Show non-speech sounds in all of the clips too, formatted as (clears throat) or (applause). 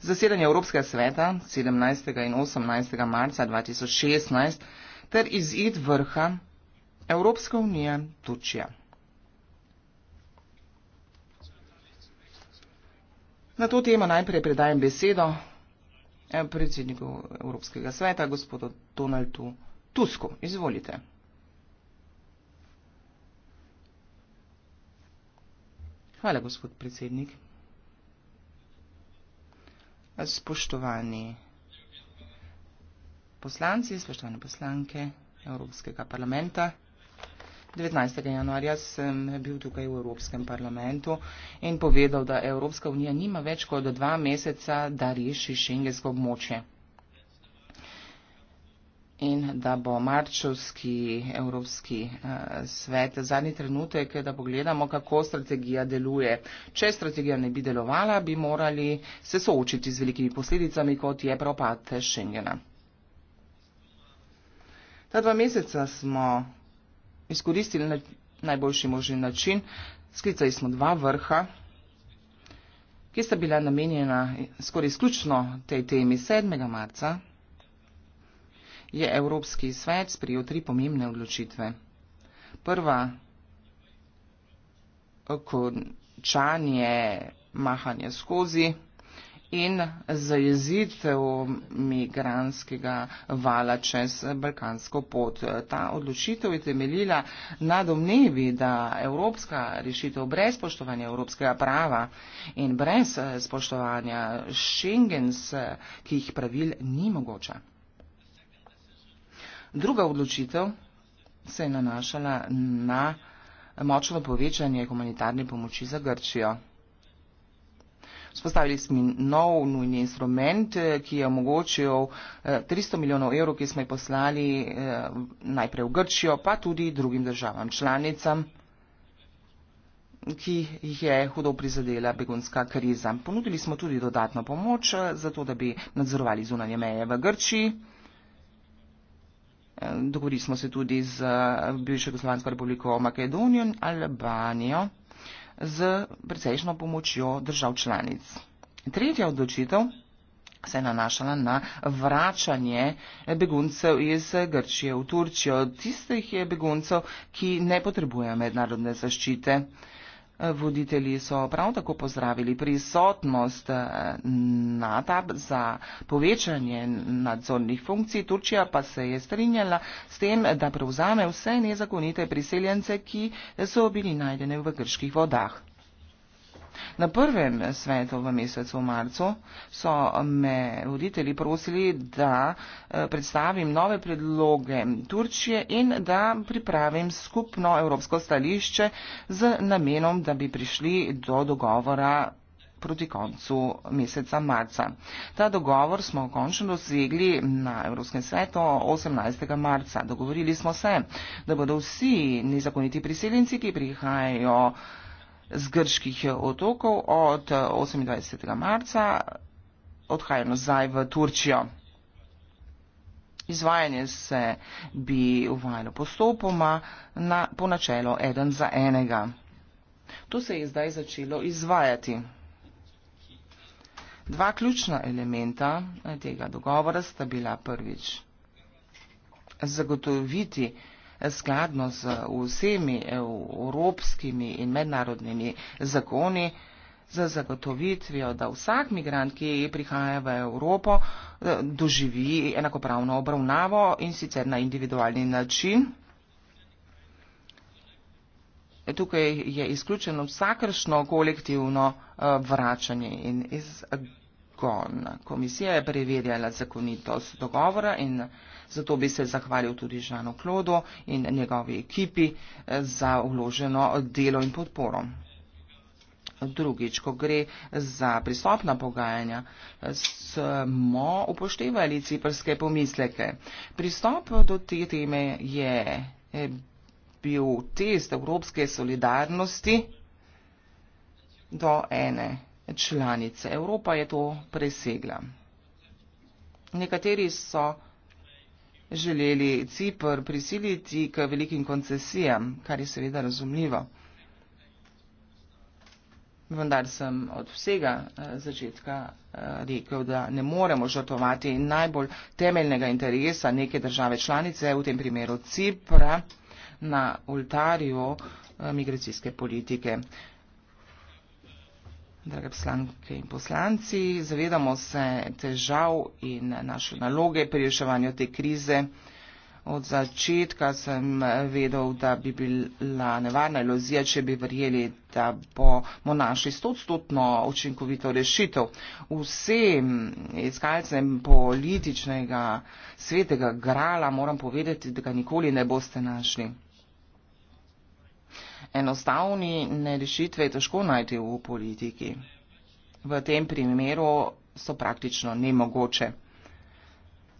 zasedanje Evropskega sveta 17. in 18. marca 2016 ter izid vrha Evropska unija Turčija. Na to temo najprej predajem besedo eh, predsedniku Evropskega sveta, gospodu Donaldu Tusku. Izvolite. Hvala, gospod predsednik spoštovani poslanci, spoštovane poslanke Evropskega parlamenta. 19. januarja sem bil tukaj v Evropskem parlamentu in povedal, da Evropska unija nima več kot dva meseca, da reši šengensko območje in da bo marčovski Evropski eh, svet zadnji trenutek, da pogledamo, kako strategija deluje. Če strategija ne bi delovala, bi morali se soočiti z velikimi posledicami, kot je propad Schengena. Ta dva meseca smo izkoristili na najboljši možen način. Sklicali smo dva vrha, ki sta bila namenjena skoraj izključno tej temi 7. marca je Evropski svet sprijel tri pomembne odločitve. Prva, končanje mahanja skozi in zajezitev migranskega vala čez Balkansko pot. Ta odločitev je temeljila na domnevi, da evropska rešitev brez spoštovanja evropskega prava in brez spoštovanja Schengens, ki jih pravil ni mogoča. Druga odločitev se je nanašala na močno povečanje humanitarne pomoči za Grčijo. Spostavili smo nov nujni instrument, ki je omogočil 300 eh, milijonov evrov, ki smo jih poslali eh, najprej v Grčijo, pa tudi drugim državam članicam, ki jih je hudo prizadela begunska kriza. Ponudili smo tudi dodatno pomoč, eh, zato da bi nadzorovali zunanje meje v Grčiji. Dogovorili smo se tudi z bivšo Jugoslavijsko republiko Makedonijo in Albanijo z precejšno pomočjo držav članic. Tretja odločitev se je nanašala na vračanje beguncev iz Grčije v Turčijo, tistih beguncev, ki ne potrebujejo mednarodne zaščite. Voditelji so prav tako pozdravili prisotnost eh, NATO za povečanje nadzornih funkcij. Turčija pa se je strinjala s tem, da prevzame vse nezakonite priseljence, ki so bili najdene v grških vodah. Na prvem svetu v mesecu v marcu so me voditelji prosili, da eh, predstavim nove predloge Turčije in da pripravim skupno evropsko stališče z namenom, da bi prišli do dogovora proti koncu meseca marca. Ta dogovor smo končno dosegli na Evropskem svetu 18. marca. Dogovorili smo se, da bodo vsi nezakoniti priseljenci, ki prihajajo z grških eh, otokov od 28. Eh, marca odhajajo nazaj v Turčijo. Izvajanje se bi uvajalo postopoma na, po načelo eden za enega. To se je zdaj začelo izvajati. Dva ključna elementa eh, tega dogovora sta bila prvič zagotoviti skladno z vsemi evropskimi in mednarodnimi zakoni za zagotovitvijo, da vsak migrant, ki prihaja v Evropo, eh, doživi enakopravno obravnavo in sicer na individualni način. Tukaj je izključeno vsakršno kolektivno eh, vračanje in izgon. Komisija je preverjala zakonitost dogovora in izgon. Zato bi se zahvalil tudi Žanu Klodu in njegovi ekipi eh, za vloženo delo in podporo. Drugič, ko gre za pristopna pogajanja, eh, smo upoštevali ciprske pomisleke. Pristop do te teme je eh, bil test evropske solidarnosti do ene članice. Evropa je to presegla. Nekateri so želeli Cipr prisiliti k velikim koncesijam, kar je seveda razumljivo. Vendar sem od vsega eh, začetka eh, rekel, da ne moremo žrtovati najbolj temeljnega interesa neke države članice, v tem primeru Cipra, na oltarju eh, migracijske politike. Drage poslanke in poslanci, zavedamo se težav in naše naloge pri reševanju te krize. Od začetka sem vedel, da bi bila nevarna iluzija, če bi verjeli, da bomo našli stotstotno učinkovito rešitev. Vsem iskalcem političnega svetega grala moram povedati, da ga nikoli ne boste našli enostavni rešitve težko najti v politiki. V tem primeru so praktično nemogoče.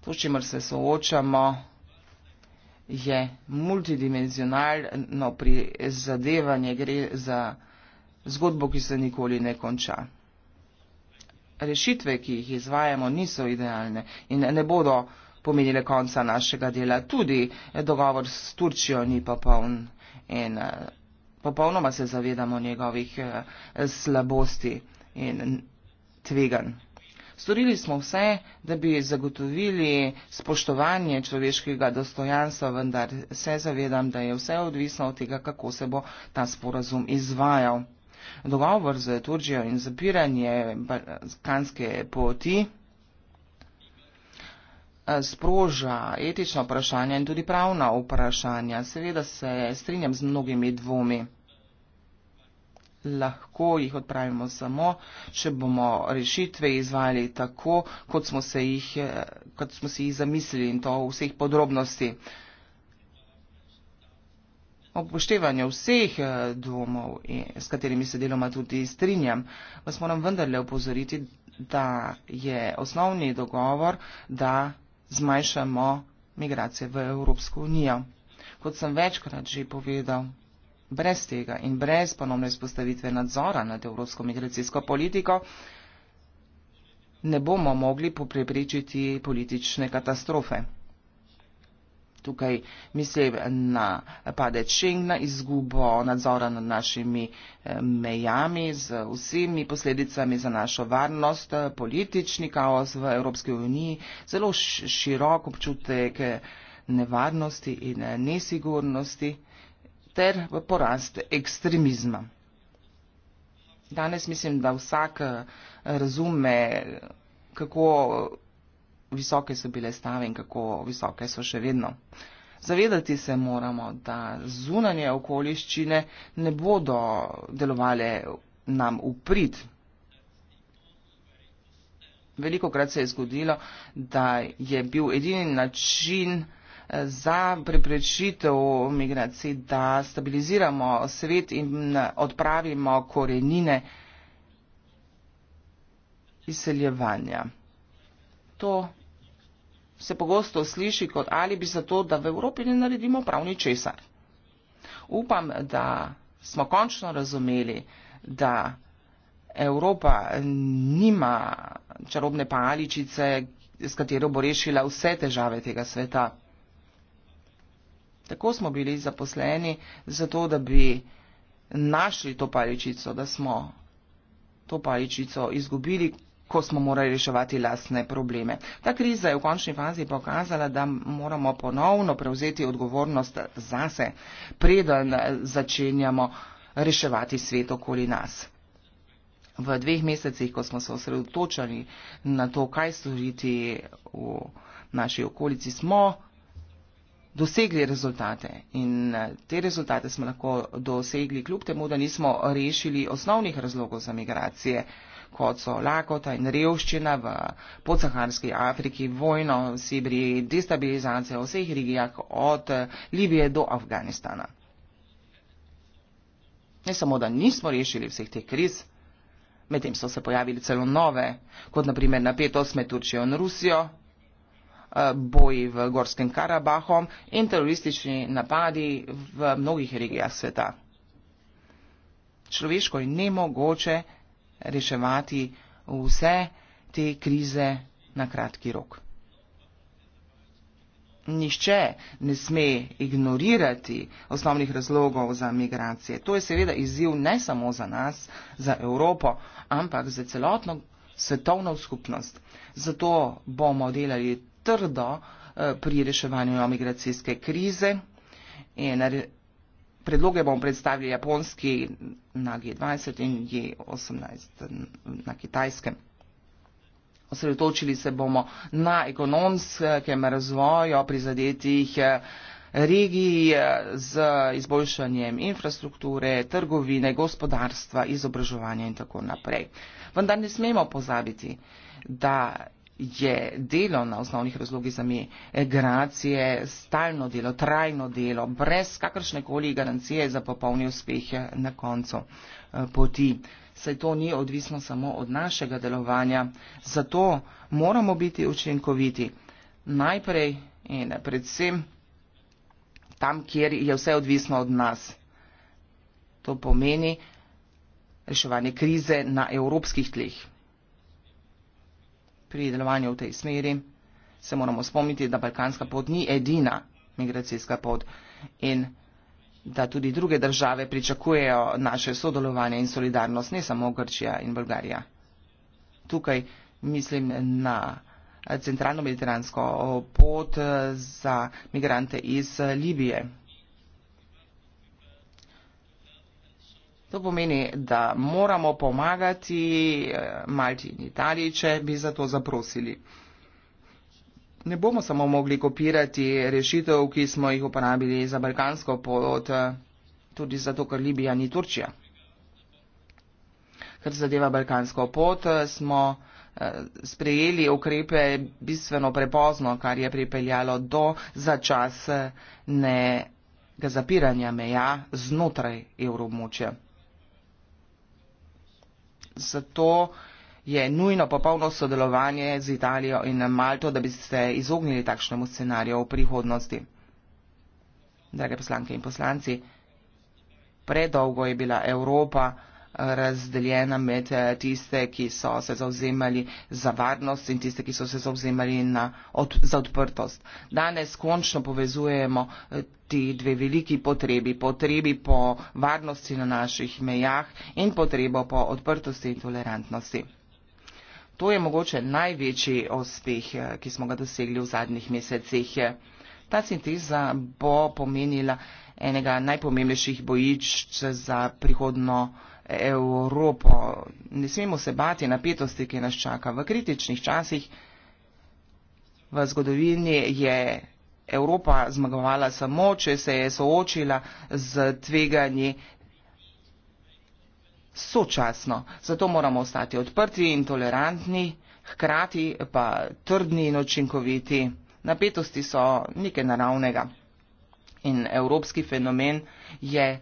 To, s čimer se soočamo, je multidimenzionalno prizadevanje, gre za zgodbo, ki se nikoli ne konča. Rešitve, ki jih izvajamo, niso idealne in ne bodo pomenile konca našega dela. Tudi dogovor s Turčijo ni popoln in popolnoma se zavedamo njegovih eh, slabosti in tvegan. Storili smo vse, da bi zagotovili spoštovanje človeškega dostojanstva, vendar se zavedam, da je vse odvisno od tega, kako se bo ta sporazum izvajal. Dogovor z Turčijo in zapiranje kanske poti sproža etična vprašanja in tudi pravna vprašanja. Seveda se strinjam z mnogimi dvomi. Lahko jih odpravimo samo, če bomo rešitve izvajali tako, kot smo se jih, kot smo si jih zamislili in to vseh podrobnosti. Obuštevanje vseh eh, dvomov, eh, s katerimi se deloma tudi strinjam, vas moram vendarle upozoriti, da je osnovni dogovor, da zmanjšamo migracije v Evropsko unijo. Kot sem večkrat že povedal, brez tega in brez ponovne vzpostavitve nadzora nad evropsko migracijsko politiko ne bomo mogli poprepričiti politične katastrofe. Tukaj mislim na padec Schengna, izgubo nadzora nad našimi eh, mejami z vsemi posledicami za našo varnost, politični kaos v Evropski uniji, zelo širok občutek eh, nevarnosti in eh, nesigurnosti ter porast ekstremizma. Danes mislim, da vsak razume, kako visoke so bile stave in kako visoke so še vedno. Zavedati se moramo, da zunanje okoliščine ne bodo delovale nam v prid. Veliko krat se je zgodilo, da je bil edini način eh, za preprečitev migracij, da stabiliziramo svet in eh, odpravimo korenine izseljevanja. To se pogosto sliši kot ali bi zato, da v Evropi ne naredimo prav ničesar. Upam, da smo končno razumeli, da Evropa nima čarobne paličice, s katero bo rešila vse težave tega sveta. Tako smo bili zaposleni zato, da bi našli to paličico, da smo to paličico izgubili, ko smo morali reševati lastne probleme. Ta kriza je v končni fazi pokazala, da moramo ponovno prevzeti odgovornost zase, preden eh, začenjamo reševati svet okoli nas. V dveh mesecih, ko smo se osredotočali na to, kaj storiti v naši okolici, smo dosegli rezultate in eh, te rezultate smo lahko dosegli kljub temu, da nismo rešili osnovnih razlogov za migracije kot so lakota in revščina v podsaharski Afriki, vojno v Sibriji, destabilizacija v vseh regijah od Libije do Afganistana. Ne samo, da nismo rešili vseh teh kriz, medtem so se pojavili celo nove, kot naprimer napetost med Turčijo in Rusijo, eh, boji v Gorskem Karabahu in teroristični napadi v mnogih regijah sveta. Človeško je nemogoče reševati vse te krize na kratki rok. Nišče ne sme ignorirati osnovnih razlogov za migracije. To je seveda izziv ne samo za nas, za Evropo, ampak za celotno svetovno skupnost. Zato bomo delali trdo eh, pri reševanju migracijske krize in predloge bomo predstavili japonski na G20 in G18 na kitajskem. Osredotočili se bomo na ekonomskem razvoju prizadetih eh, regij eh, z izboljšanjem infrastrukture, trgovine, gospodarstva, izobraževanja in tako naprej. Vendar ne smemo pozabiti, da je delo na osnovnih razlogih za migracije eh, stalno delo, trajno delo, brez kakršnekoli garancije za popolni uspeh eh, na koncu eh, poti. Saj to ni odvisno samo od našega delovanja, zato moramo biti učinkoviti najprej in predvsem tam, kjer je vse odvisno od nas. To pomeni reševanje krize na evropskih tleh pri delovanju v tej smeri. Se moramo spomniti, da balkanska pot ni edina migracijska pot in da tudi druge države pričakujejo naše sodelovanje in solidarnost, ne samo Grčija in Bolgarija. Tukaj mislim na centralno-mediteransko pot za migrante iz Libije. To pomeni, da moramo pomagati eh, Malti in Italiji, če bi za to zaprosili. Ne bomo samo mogli kopirati rešitev, ki smo jih uporabili za balkansko polot, eh, tudi zato, ker Libija ni Turčija. Kar zadeva balkansko pot, eh, smo sprejeli ukrepe bistveno prepozno, kar je pripeljalo do začasnega zapiranja meja znotraj evroobmočja zato je nujno popolno sodelovanje z Italijo in Malto, da bi se izognili takšnemu scenariju v prihodnosti. Drage poslanke in poslanci, predolgo je bila Evropa razdeljena med eh, tiste, ki so se zauzemali za varnost in tiste, ki so se zauzemali na, od, za odprtost. Danes končno povezujemo eh, ti dve veliki potrebi, potrebi po varnosti na naših mejah in potrebo po odprtosti in tolerantnosti. To je mogoče največji uspeh, eh, ki smo ga dosegli v zadnjih mesecih. Ta sinteza bo pomenila enega najpomembnejših bojič za prihodnost Evropo. Ne smemo se bati napetosti, ki nas čaka. V kritičnih časih v zgodovini je Evropa zmagovala samo, če se je soočila z tveganji sočasno. Zato moramo ostati odprti in tolerantni, hkrati pa trdni in očinkoviti. Napetosti so nekaj naravnega. In evropski fenomen je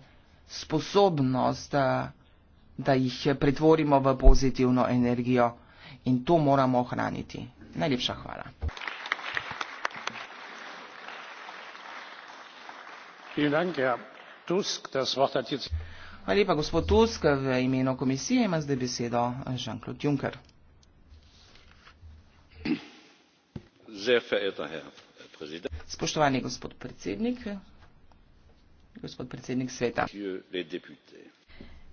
sposobnost, da eh, da jih pretvorimo v pozitivno energijo in to moramo ohraniti. Najlepša hvala. Hvala lepa, gospod Tusk. V imenu komisije ima zdaj besedo Jean-Claude Juncker. Spoštovani gospod predsednik, gospod predsednik sveta,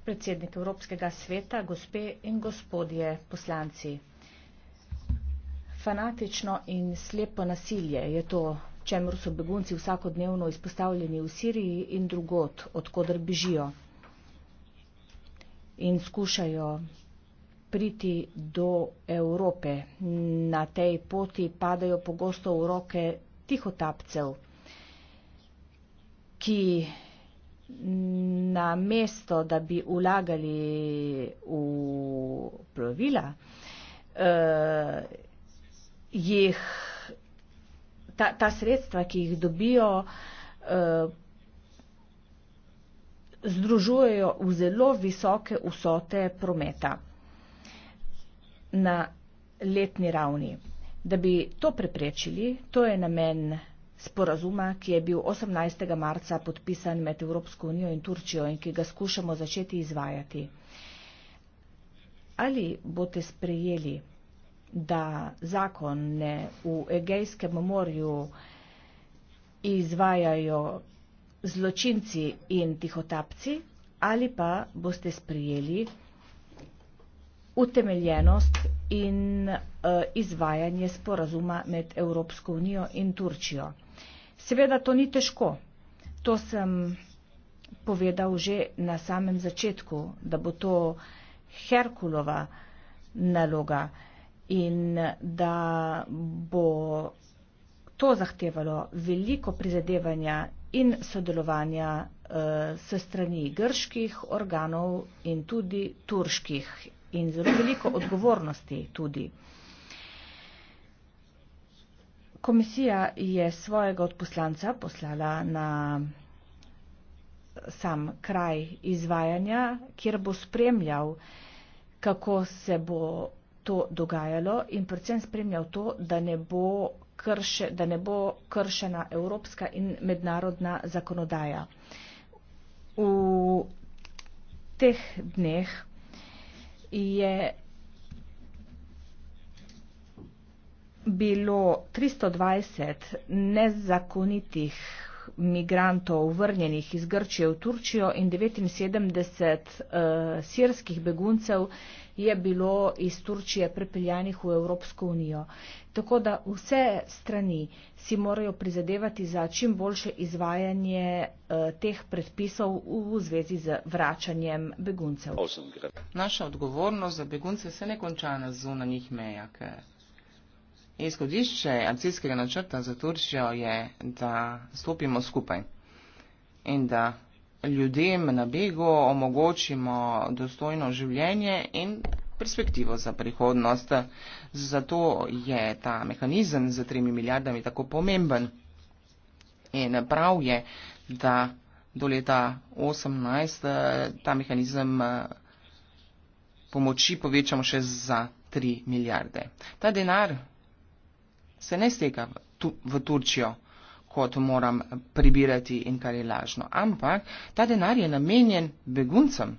predsednik Evropskega sveta, gospe in gospodje poslanci. Fanatično in slepo nasilje je to, čemer so begunci vsakodnevno izpostavljeni v Siriji in drugot, odkudr bežijo in skušajo priti do Evrope. Na tej poti padajo pogosto v roke tihotapcev, ki na mesto, da bi ulagali v plovila, eh, jih ta, ta sredstva, ki jih dobijo, eh, združujejo v zelo visoke vsote prometa na letni ravni. Da bi to preprečili, to je namen sporazuma, ki je bil 18. marca podpisan med Evropsko unijo in Turčijo in ki ga skušamo začeti izvajati. Ali boste sprejeli, da zakon ne v Egejskem morju izvajajo zločinci in tihotapci, ali pa boste sprejeli utemeljenost in uh, izvajanje sporazuma med Evropsko unijo in Turčijo. Seveda to ni težko. To sem povedal že na samem začetku, da bo to Herkulova naloga in da bo to zahtevalo veliko prizadevanja in sodelovanja eh, s strani grških organov in tudi turških in zelo veliko odgovornosti tudi. Komisija je svojega odposlanca poslala na sam kraj izvajanja, kjer bo spremljal, kako se bo to dogajalo in predvsem spremljal to, da ne bo, krše, da ne bo kršena evropska in mednarodna zakonodaja. V teh dneh je bilo 320 nezakonitih migrantov vrnjenih iz Grčije v Turčijo in 79 uh, eh, sirskih beguncev je bilo iz Turčije prepeljanih v Evropsko unijo. Tako da vse strani si morajo prizadevati za čim boljše izvajanje uh, teh predpisov v, v zvezi z vračanjem beguncev. Naša odgovornost za begunce se ne konča na zunanjih mejah. Izhodišče akcijskega načrta za Turčijo je, da stopimo skupaj in da ljudem na begu omogočimo dostojno življenje in perspektivo za prihodnost. Zato je ta mehanizem z tremi milijardami tako pomemben. In prav je, da do leta 2018 eh, ta mehanizem eh, pomoči povečamo še za 3 milijarde. Ta denar se ne stega v, tu, v Turčijo, kot moram pribirati in kar je lažno, ampak ta denar je namenjen beguncem,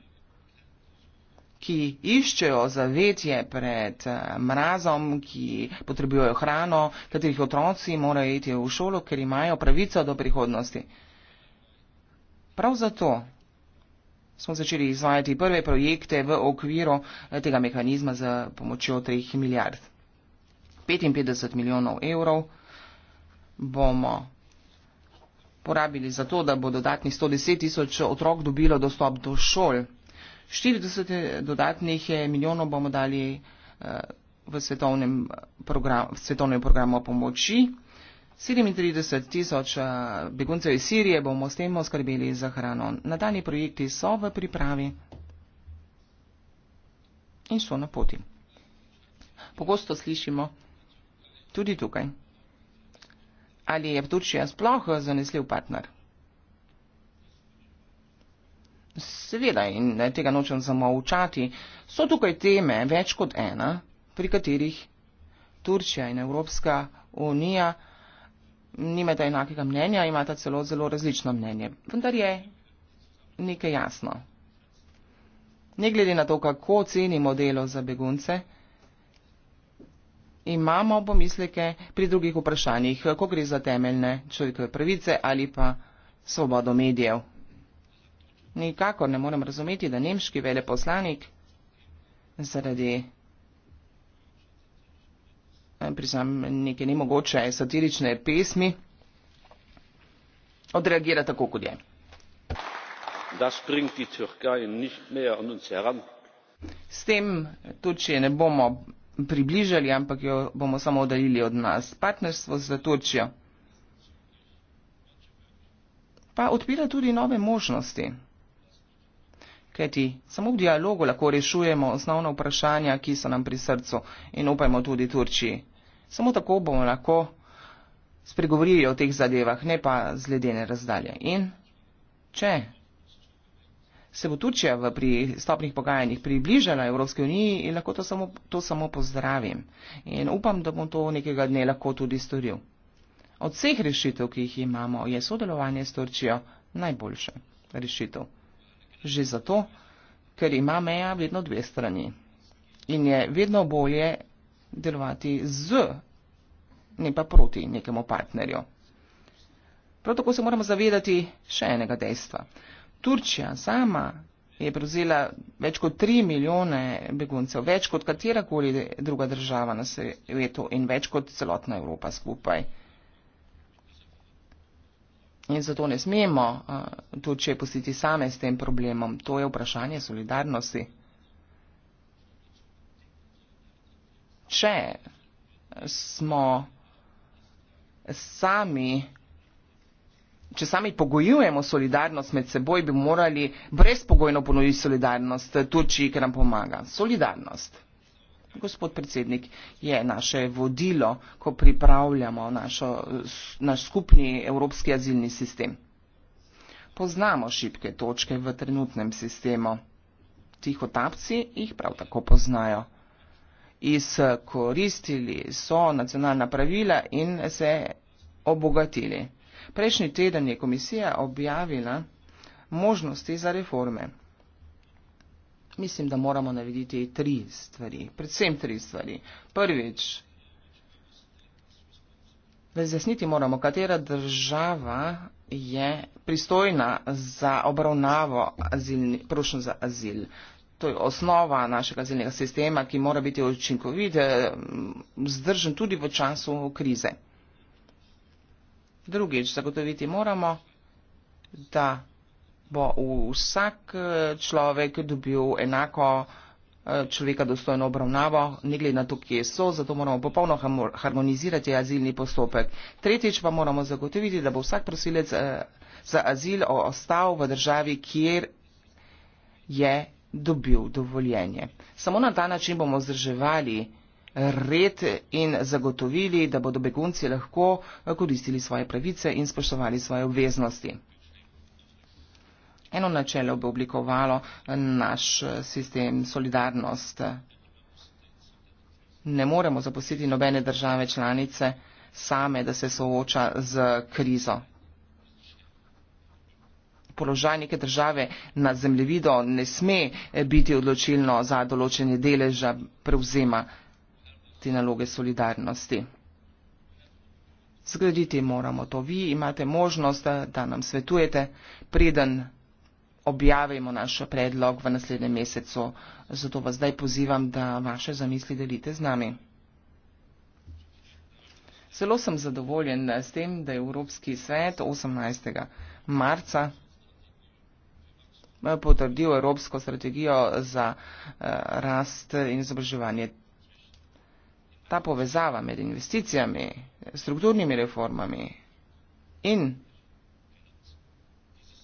ki iščejo zavetje pred eh, mrazom, ki potrebujejo hrano, katerih otroci morajo iti v šolo, ker imajo pravico do prihodnosti. Prav zato smo začeli izvajati prve projekte v okviru eh, tega mehanizma z pomočjo 3 milijard. 55 milijonov evrov bomo porabili za to, da bo dodatnih 110 tisoč otrok dobilo dostop do šol. 40 dodatnih eh, milijonov bomo dali eh, v svetovnem, program, v svetovnem programu pomoči. 37 tisoč eh, beguncev iz Sirije bomo s tem oskrbeli za hrano. Nadaljni projekti so v pripravi in so na poti. Pogosto slišimo, tudi tukaj. Ali je Turčija sploh zanesljiv partner? Seveda, in tega nočem zamolčati, so tukaj teme več kot ena, pri katerih Turčija in Evropska unija nimata enakega mnenja, imata celo zelo različno mnenje. Vendar je nekaj jasno. Ne glede na to, kako cenimo delo za begunce, imamo pomisleke pri drugih vprašanjih, ko gre za temeljne človekove pravice ali pa svobodo medijev. Nikakor ne morem razumeti, da nemški veleposlanik zaradi eh, priznam, neke nemogoče satirične pesmi odreagira tako, kot je. Das bringt die Türkei nicht mehr an uns heran. S tem Turčije ne bomo približali, ampak jo bomo samo oddaljili od nas. Partnerstvo z Turčijo pa odpira tudi nove možnosti. Kajti samo v dialogu lahko rešujemo osnovna vprašanja, ki so nam pri srcu in upajmo tudi Turčiji. Samo tako bomo lahko spregovorili o teh zadevah, ne pa z ledene razdalje. In če se bo Turčija v pristopnih pogajanjih približala Evropske unije in lahko to samo, to samo pozdravim. In upam, da bom to nekega dne lahko tudi storil. Od vseh rešitev, ki jih imamo, je sodelovanje s Turčijo najboljša rešitev. Že zato, ker ima meja vedno dve strani. In je vedno bolje delovati z, ne pa proti nekemu partnerju. Prav tako se moramo zavedati še enega dejstva. Turčija sama je prevzela več kot tri milijone beguncev, več kot katerakoli druga država na svetu in več kot celotna Evropa skupaj. In zato ne smemo uh, Turčije pustiti same s tem problemom. To je vprašanje solidarnosti. Če smo sami če sami pogojujemo solidarnost med seboj, bi morali brezpogojno ponuditi solidarnost Turčiji, ki nam pomaga. Solidarnost. Gospod predsednik, je naše vodilo, ko pripravljamo našo, naš skupni evropski azilni sistem. Poznamo šibke točke v trenutnem sistemu. Tiho tapci jih prav tako poznajo. Izkoristili so nacionalna pravila in se obogatili. Prejšnji teden je komisija objavila možnosti za reforme. Mislim, da moramo narediti tri stvari, predvsem tri stvari. Prvič, razjasniti moramo, katera država je pristojna za obravnavo prošnja za azil. To je osnova našega azilnega sistema, ki mora biti učinkovit, eh, zdržen tudi v času krize. Drugič, zagotoviti moramo, da bo vsak eh, človek dobil enako eh, človeka dostojno obravnavo, ne glede na to, kje so, zato moramo popolno harmonizirati azilni postopek. Tretjič pa moramo zagotoviti, da bo vsak prosilec eh, za azil ostal v državi, kjer je dobil dovoljenje. Samo na ta način bomo zdrževali red in zagotovili, da bodo begunci lahko koristili svoje pravice in spoštovali svoje obveznosti. Eno načelo bi oblikovalo naš sistem solidarnost. Ne moremo zapustiti nobene države članice same, da se sooča z krizo. Položaj neke države na zemljevido ne sme biti odločilno za določene deleža prevzema te naloge solidarnosti. Zgraditi moramo to. Vi imate možnost, da, da nam svetujete, preden objavimo naš predlog v naslednjem mesecu. Zato vas zdaj pozivam, da vaše zamisli delite z nami. Zelo sem zadovoljen s tem, da je Evropski svet 18. marca eh, potrdil Evropsko strategijo za eh, rast in izobraževanje 2.0 ta povezava med investicijami, strukturnimi reformami in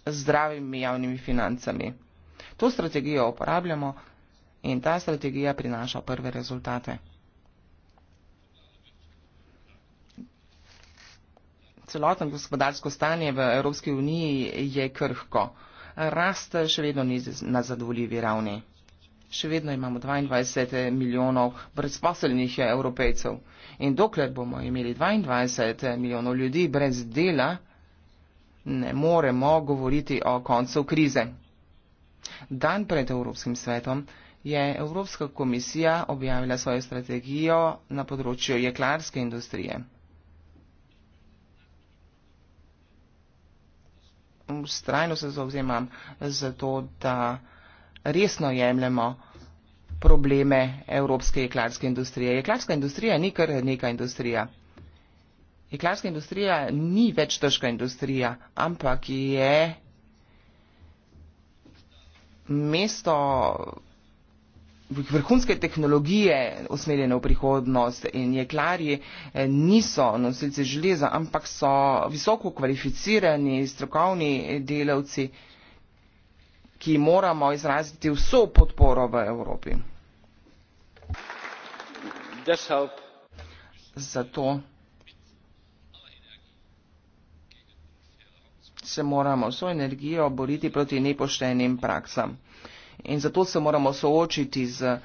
zdravimi javnimi financami. To strategijo uporabljamo in ta strategija prinaša prve rezultate. Celoten gospodarsko stanje v Evropski uniji je krhko. Rast še vedno ni na zadovoljivi ravni še vedno imamo 22 milijonov brezposelnih evropejcev. In dokler bomo imeli 22 milijonov ljudi brez dela, ne moremo govoriti o koncu krize. Dan pred Evropskim svetom je Evropska komisija objavila svojo strategijo na področju jeklarske industrije. Ustrajno se zauzemam za to, da resno jemljemo probleme evropske jeklarske industrije. Jeklarska industrija ni kar neka industrija. Jeklarska industrija ni več težka industrija, ampak je mesto vrhunske tehnologije usmerjene v prihodnost in jeklarji eh, niso nosilci železa, ampak so visoko kvalificirani strokovni delavci ki ji moramo izraziti vso podporo v Evropi. Zato se moramo vso energijo boriti proti nepoštenim praksam. In zato se moramo soočiti z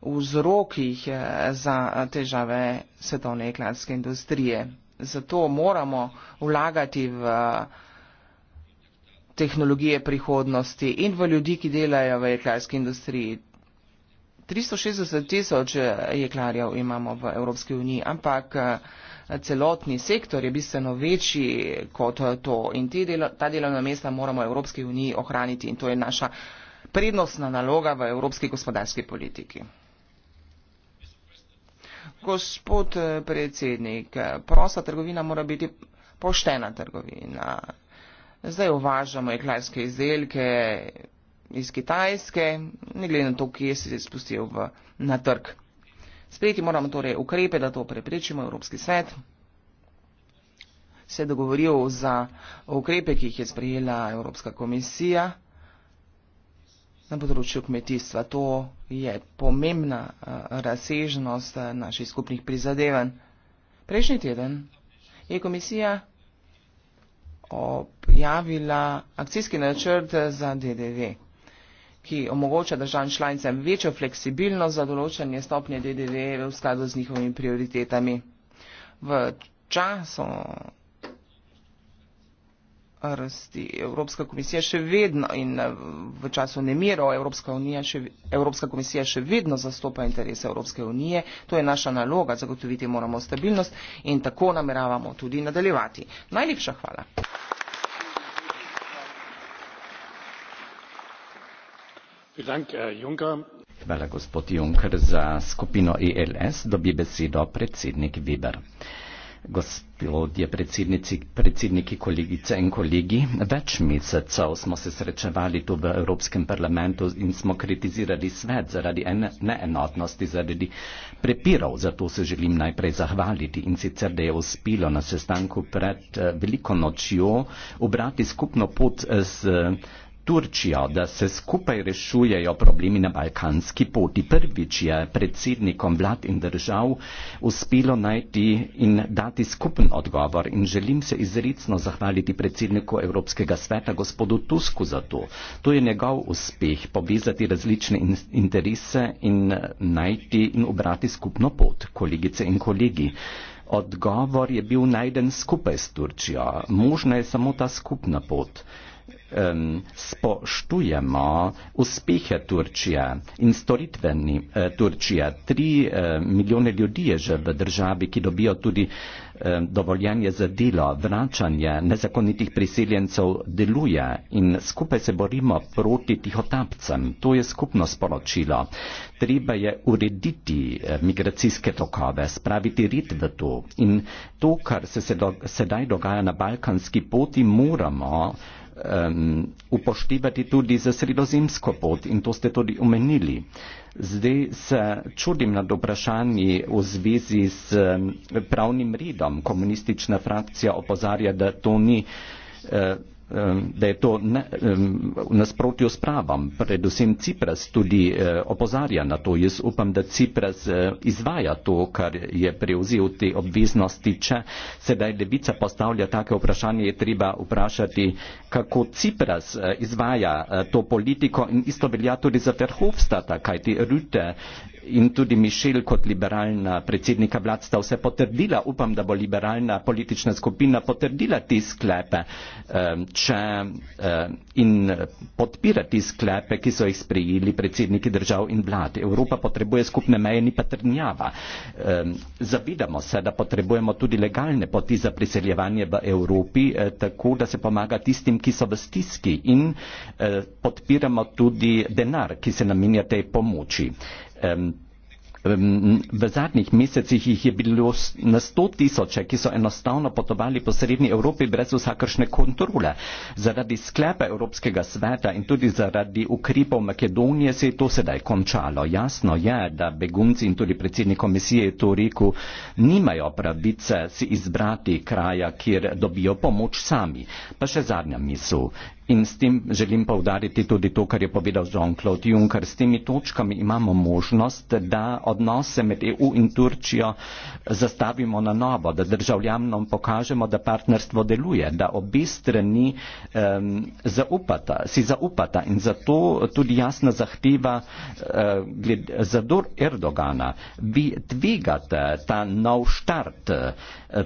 vzrokih eh, za eh, težave svetovne jeklarske industrije. Zato moramo vlagati v tehnologije prihodnosti in v ljudi, ki delajo v jeklarski industriji. 360 tisoč eh, jeklarjev imamo v Evropski uniji, ampak eh, celotni sektor je bistveno večji kot eh, to in delo, ta delovna mesta moramo Evropski uniji ohraniti in to je naša prednostna naloga v evropski gospodarski politiki. Gospod predsednik, prosta trgovina mora biti poštena trgovina zdaj uvažamo jeklarske izdelke iz Kitajske, ne glede na to, kje se je spustil v, na trg. Sprejeti moramo torej ukrepe, da to preprečimo, Evropski svet se je dogovoril za ukrepe, ki jih je sprejela Evropska komisija na področju kmetijstva. To je pomembna razsežnost naših skupnih prizadevanj. Prejšnji teden je komisija objavila akcijski načrt za DDV, ki omogoča državam članicam večjo fleksibilnost za določanje stopnje DDV v skladu z njihovimi prioritetami. V času rasti. Evropska komisija še vedno in eh, v času nemirov Evropska, Evropska komisija še vedno zastopa interese Evropske unije. To je naša naloga, zagotoviti moramo stabilnost in tako nameravamo tudi nadaljevati. Najlepša hvala. Eh, hvala gospod Juncker za skupino ILS, e dobi besedo predsednik Weber gospodje predsednici, predsedniki, kolegice in kolegi. Več mesecev smo se srečevali tu v Evropskem parlamentu in smo kritizirali svet zaradi ene, neenotnosti, zaradi prepirov. Zato se želim najprej zahvaliti in sicer, da je uspelo na sestanku pred eh, veliko nočjo obrati skupno pot z eh, Turčijo, da se skupaj rešujejo problemi na balkanski poti. Prvič je predsednikom vlad in držav uspelo najti in dati skupen odgovor in želim se izredno zahvaliti predsedniku Evropskega sveta, gospodu Tusku, za to. To je njegov uspeh povezati različne in interese in eh, najti in obrati skupno pot, kolegice in kolegi. Odgovor je bil najden skupaj s Turčijo. Možna je samo ta skupna pot um, spoštujemo uspehe Turčije in storitveni uh, Turčije. Tri uh, milijone ljudi je že v državi, ki dobijo tudi um, dovoljenje za delo. Vračanje nezakonitih priseljencev deluje in skupaj se borimo proti tihotapcem. To je skupno sporočilo. Treba je urediti uh, migracijske tokove, spraviti rit v to. In to, kar se sedaj dogaja na balkanski poti, moramo um, upoštevati tudi za sredozemsko pot in to ste tudi omenili. Zdaj se čudim nad vprašanji v zvezi s pravnim redom. Komunistična frakcija opozarja, da to ni uh, da je to ne, v nasprotju s pravom. Predvsem Cipras tudi eh, opozarja na to. Jaz upam, da Cipras eh, izvaja to, kar je prevzel te obveznosti. Če sedaj levica postavlja take vprašanje, je treba vprašati, kako Cipras eh, izvaja to politiko in isto velja tudi za Verhofstata, kajti Rute in tudi Mišel kot liberalna predsednika vlad sta vse potrdila, upam, da bo liberalna politična skupina potrdila te sklepe ehm, če, ehm, in podpira te sklepe, ki so jih sprejeli predsedniki držav in vlad. Evropa potrebuje skupne meje, ni pa trdnjava. Ehm, Zavidamo se, da potrebujemo tudi legalne poti za priseljevanje v Evropi, eh, tako da se pomaga tistim, ki so v stiski in eh, podpiramo tudi denar, ki se namenja tej pomoči um, v zadnjih mesecih jih je bilo na sto tisoče, ki so enostavno potovali po srednji Evropi brez vsakršne kontrole. Zaradi sklepa Evropskega sveta in tudi zaradi ukrepov Makedonije se je to sedaj končalo. Jasno je, da begunci in tudi predsednik komisije je to rekel, nimajo pravice si izbrati kraja, kjer dobijo pomoč sami. Pa še zadnja misel. In s tem želim povdariti tudi to, kar je povedal Jean-Claude Juncker. S temi točkami imamo možnost, da odnose med EU in Turčijo zastavimo na novo, da državljanom pokažemo, da partnerstvo deluje, da obi strani um, zaupata, si zaupata. In zato tudi jasna zahteva uh, gled, zador Erdogana, vi tvegate ta nov štart. Uh,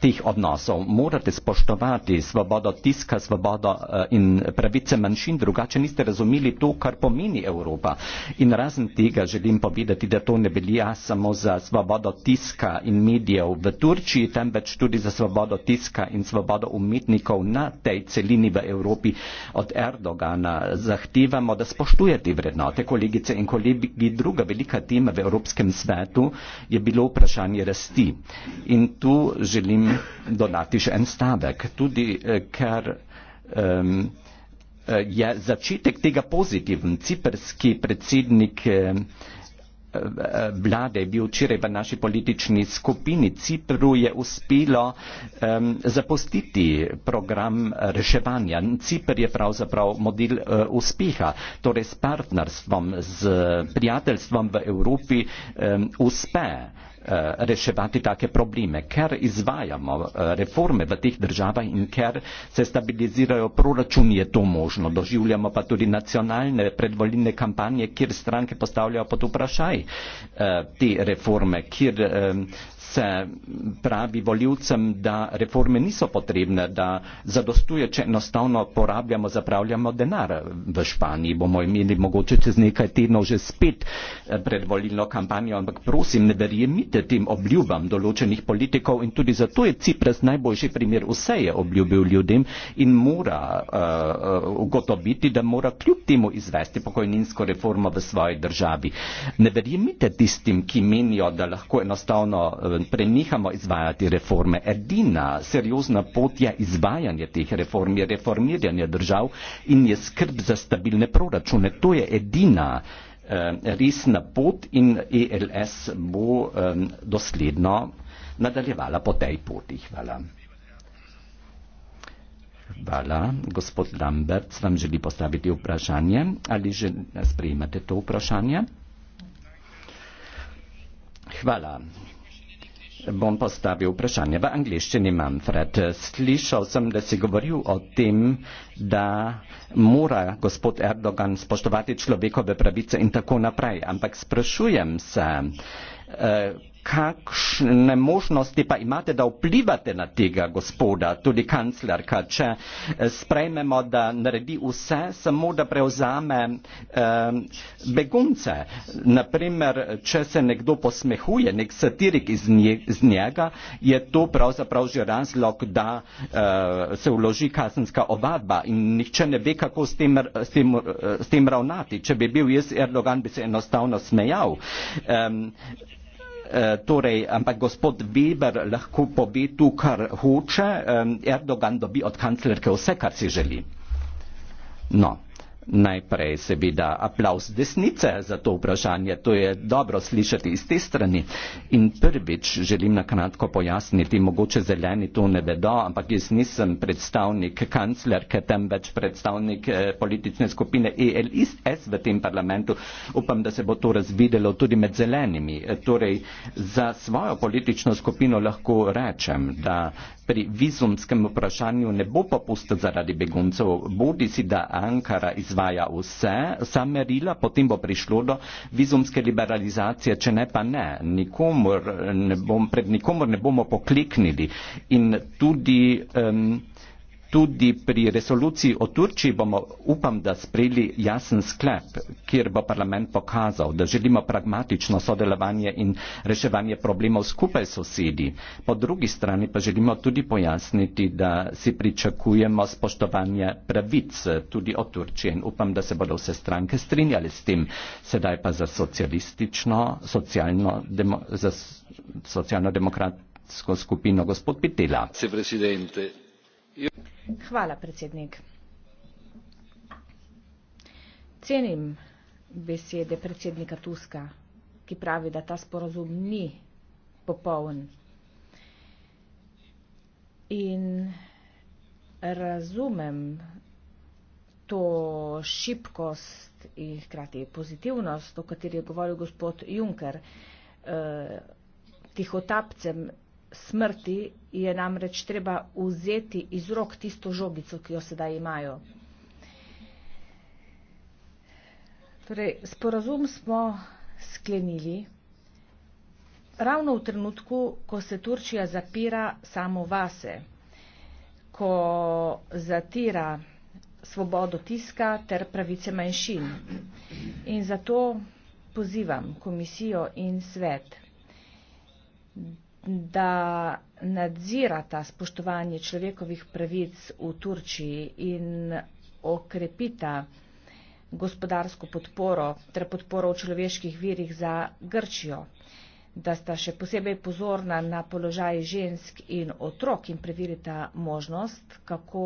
tih odnosov. Morate spoštovati svobodo tiska, svobodo eh, in pravice manjšin, drugače niste razumeli to, kar pomeni Evropa. In razen tega želim povedati, da to ne velja samo za svobodo tiska in medijev v Turčiji, temveč tudi za svobodo tiska in svobodo umetnikov na tej celini v Evropi od Erdogana. Zahtevamo, da spoštujete vrednote, kolegice in kolegi. Druga velika tema v Evropskem svetu je bilo vprašanje rasti. In tu želim dodati še en stavek, tudi eh, ker um, je začetek tega pozitiven. Ciperski predsednik eh, vlade je bil včeraj v naši politični skupini. Cipru je uspelo um, zapustiti program reševanja. Cipr je pravzaprav model uh, uspeha. Torej s partnerstvom, s prijateljstvom v Evropi um, uspe. Eh, reševati take probleme, ker izvajamo eh, reforme v teh državah in ker se stabilizirajo proračuni, je to možno. Doživljamo pa tudi nacionalne predvoljene kampanje, kjer stranke postavljajo pod vprašaj eh, te reforme, kjer se pravi voljivcem, da reforme niso potrebne, da zadostuje, če enostavno porabljamo, zapravljamo denar v Španiji. Bomo imeli mogoče čez nekaj tednov že spet eh, predvolilno kampanjo, ampak prosim, ne verjemite tem obljubam določenih politikov in tudi zato je Cipres najboljši primer. Vse je obljubil ljudem in mora uh, ugotoviti, da mora kljub temu izvesti pokojninsko reformo v svoji državi. Ne verjemite tistim, ki menijo, da lahko enostavno eh, in prenehamo izvajati reforme. Edina seriozna pot je izvajanje teh reform, je reformiranje držav in je skrb za stabilne proračune. To je edina eh, resna pot in ELS bo eh, dosledno nadaljevala po tej poti. Hvala. Hvala. Gospod Lambert, vam želi postaviti vprašanje ali že sprejmete to vprašanje? Hvala bom postavil vprašanje. V angliščini imam, Fred. Slišal sem, da si govoril o tem, da mora gospod Erdogan spoštovati človekove pravice in tako naprej. Ampak sprašujem se, eh, kakšne možnosti pa imate, da vplivate na tega gospoda, tudi kanclerka, če eh, sprejmemo, da naredi vse, samo da prevzame eh, begunce. Naprimer, če se nekdo posmehuje, nek satirik iz, nje, iz njega, je to pravzaprav že razlog, da eh, se vloži kazenska ovadba in nihče ne ve, kako s tem, s, tem, eh, s tem ravnati. Če bi bil jaz Erdogan, bi se enostavno smejal. Eh, Eh, torej ampak gospod Weber lahko pove tu, kar hoče, Erdogan dobi od kanclerke vse, kar si želi. No najprej seveda aplavz desnice za to vprašanje. To je dobro slišati iz te strani. In prvič želim na kratko pojasniti, mogoče zeleni to ne vedo, ampak jaz nisem predstavnik kanclerke, temveč predstavnik eh, politične skupine ELS v tem parlamentu. Upam, da se bo to razvidelo tudi med zelenimi. Eh, torej, za svojo politično skupino lahko rečem, da pri vizumskem vprašanju ne bo popust zaradi beguncev. Bodi si, da Ankara izvaja vse, sam merila, potem bo prišlo do vizumske liberalizacije, če ne pa ne. Nikomor ne bom, pred nikomor ne bomo pokliknili. In tudi um, Tudi pri resoluciji o Turčiji bomo, upam, da sprejeli jasen sklep, kjer bo parlament pokazal, da želimo pragmatično sodelovanje in reševanje problemov skupaj s sosedi. Po drugi strani pa želimo tudi pojasniti, da si pričakujemo spoštovanje pravic tudi o Turčiji in upam, da se bodo vse stranke strinjali s tem. Sedaj pa za socialistično, socialno, demo, za socialno demokratsko skupino gospod Pitela. Se, Yeah. Hvala, predsednik. Cenim besede predsednika Tuska, ki pravi, da ta sporazum ni popoln. In razumem to šibkost in hkrati pozitivnost, o kateri je govoril gospod Juncker, eh, tihotapcem smrti je namreč treba vzeti iz rok tisto žogico, ki jo sedaj imajo. Torej, sporazum smo sklenili ravno v trenutku, ko se Turčija zapira samo vase, ko zatira svobodo tiska ter pravice manjšin. In zato pozivam komisijo in svet, da nadzirata spoštovanje človekovih pravic v Turčiji in okrepita gospodarsko podporo ter podporo v človeških virih za Grčijo, da sta še posebej pozorna na položaj žensk in otrok in preverita možnost, kako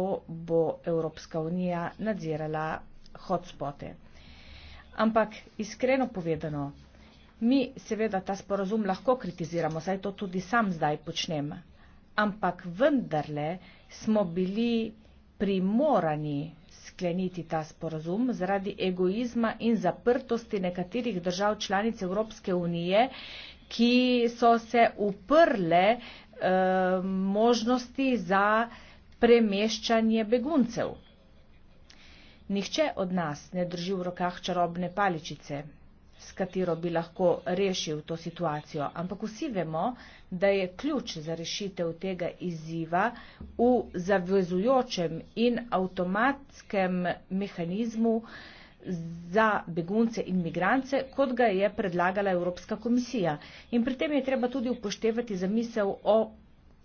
bo Evropska unija nadzirala hotspote. Ampak iskreno povedano, Mi seveda ta sporozum lahko kritiziramo, saj to tudi sam zdaj počnem, ampak vendarle smo bili primorani skleniti ta sporozum zaradi egoizma in zaprtosti nekaterih držav članic Evropske unije, ki so se uprle e, možnosti za premeščanje beguncev. Nihče od nas ne drži v rokah čarobne paličice s katero bi lahko rešil to situacijo. Ampak vsi vemo, da je ključ za rešitev tega izziva v zavezujočem in avtomatskem mehanizmu za begunce in migrance, kot ga je predlagala Evropska komisija. In pri tem je treba tudi upoštevati zamisel o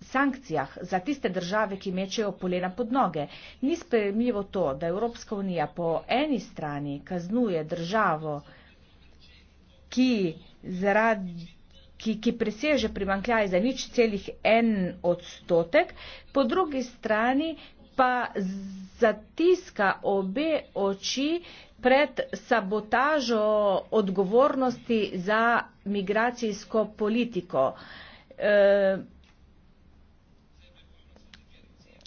sankcijah za tiste države, ki mečejo polena pod noge. Ni spremljivo to, da Evropska unija po eni strani kaznuje državo, ki, zarad, ki, ki preseže primankljaj za nič celih en odstotek, po drugi strani pa zatiska obe oči pred sabotažo odgovornosti za migracijsko politiko. E,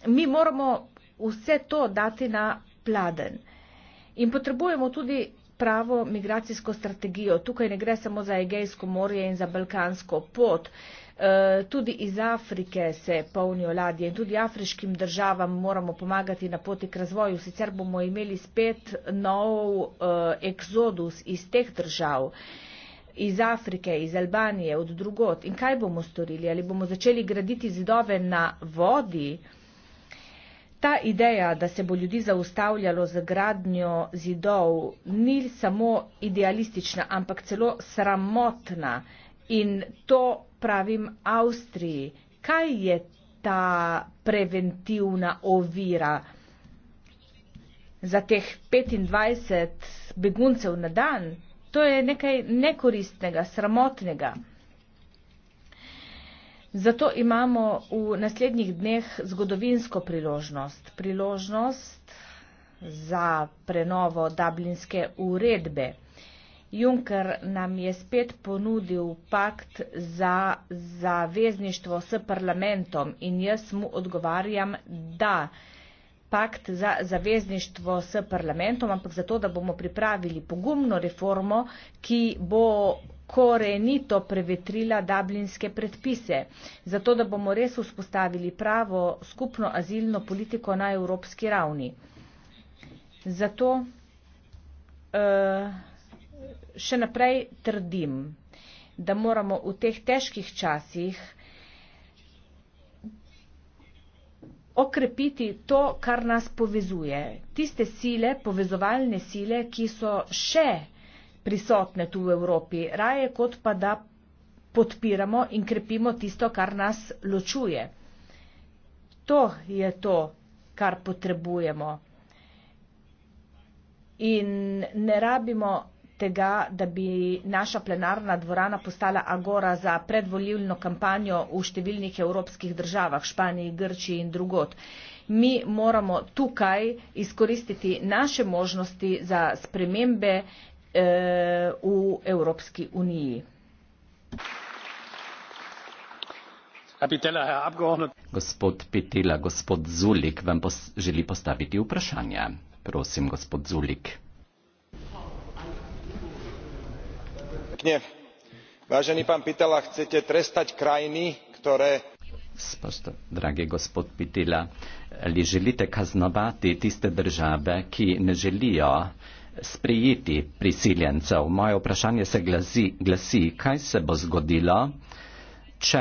mi moramo vse to dati na pladen. In potrebujemo tudi pravo migracijsko strategijo. Tukaj ne gre samo za Egejsko morje in za Balkansko pot. E, tudi iz Afrike se polnijo ladje in tudi afriškim državam moramo pomagati na poti k razvoju, sicer bomo imeli spet nov e, eksodus iz teh držav, iz Afrike, iz Albanije, od drugot. In kaj bomo storili? Ali bomo začeli graditi zidove na vodi? Ta ideja, da se bo ljudi zaustavljalo z gradnjo zidov, ni samo idealistična, ampak celo sramotna. In to pravim Avstriji. Kaj je ta preventivna ovira za teh 25 beguncev na dan? To je nekaj nekoristnega, sramotnega. Zato imamo v naslednjih dneh zgodovinsko priložnost, priložnost za prenovo dublinske uredbe. Juncker nam je spet ponudil pakt za zavezništvo s parlamentom in jaz mu odgovarjam, da pakt za zavezništvo s parlamentom, ampak zato, da bomo pripravili pogumno reformo, ki bo korenito prevetrila dublinske predpise, zato da bomo res vzpostavili pravo skupno azilno politiko na evropski ravni. Zato uh, še naprej trdim, da moramo v teh težkih časih okrepiti to, kar nas povezuje. Tiste sile, povezovalne sile, ki so še prisotne tu v Evropi, raje kot pa da podpiramo in krepimo tisto, kar nas ločuje. To je to, kar potrebujemo. In ne rabimo tega, da bi naša plenarna dvorana postala agora za predvoljivno kampanjo v številnih evropskih državah, Španiji, Grčiji in drugot. Mi moramo tukaj izkoristiti naše možnosti za spremembe Eh, v evropski uniji. Gospod Pitela, gospod Zulik vam pos želi postaviti vprašanje. Prosim, gospod Zulik. Važeni pan Pitela, chcete trestať krajiny, ktoré... Spošto, dragi gospod Pitela, ali želite kaznovati tiste države, ki ne želijo sprijeti prisiljencev. Moje vprašanje se glasi, glasi, kaj se bo zgodilo, če,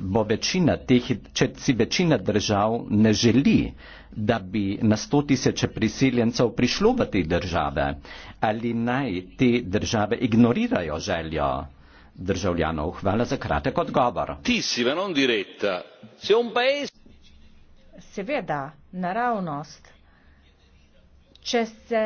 bo večina teh, če si večina držav ne želi, da bi na sto tisoče prisiljencev prišlo v te države, ali naj te države ignorirajo željo državljanov. Hvala za kratek odgovor. Seveda, naravnost. Če se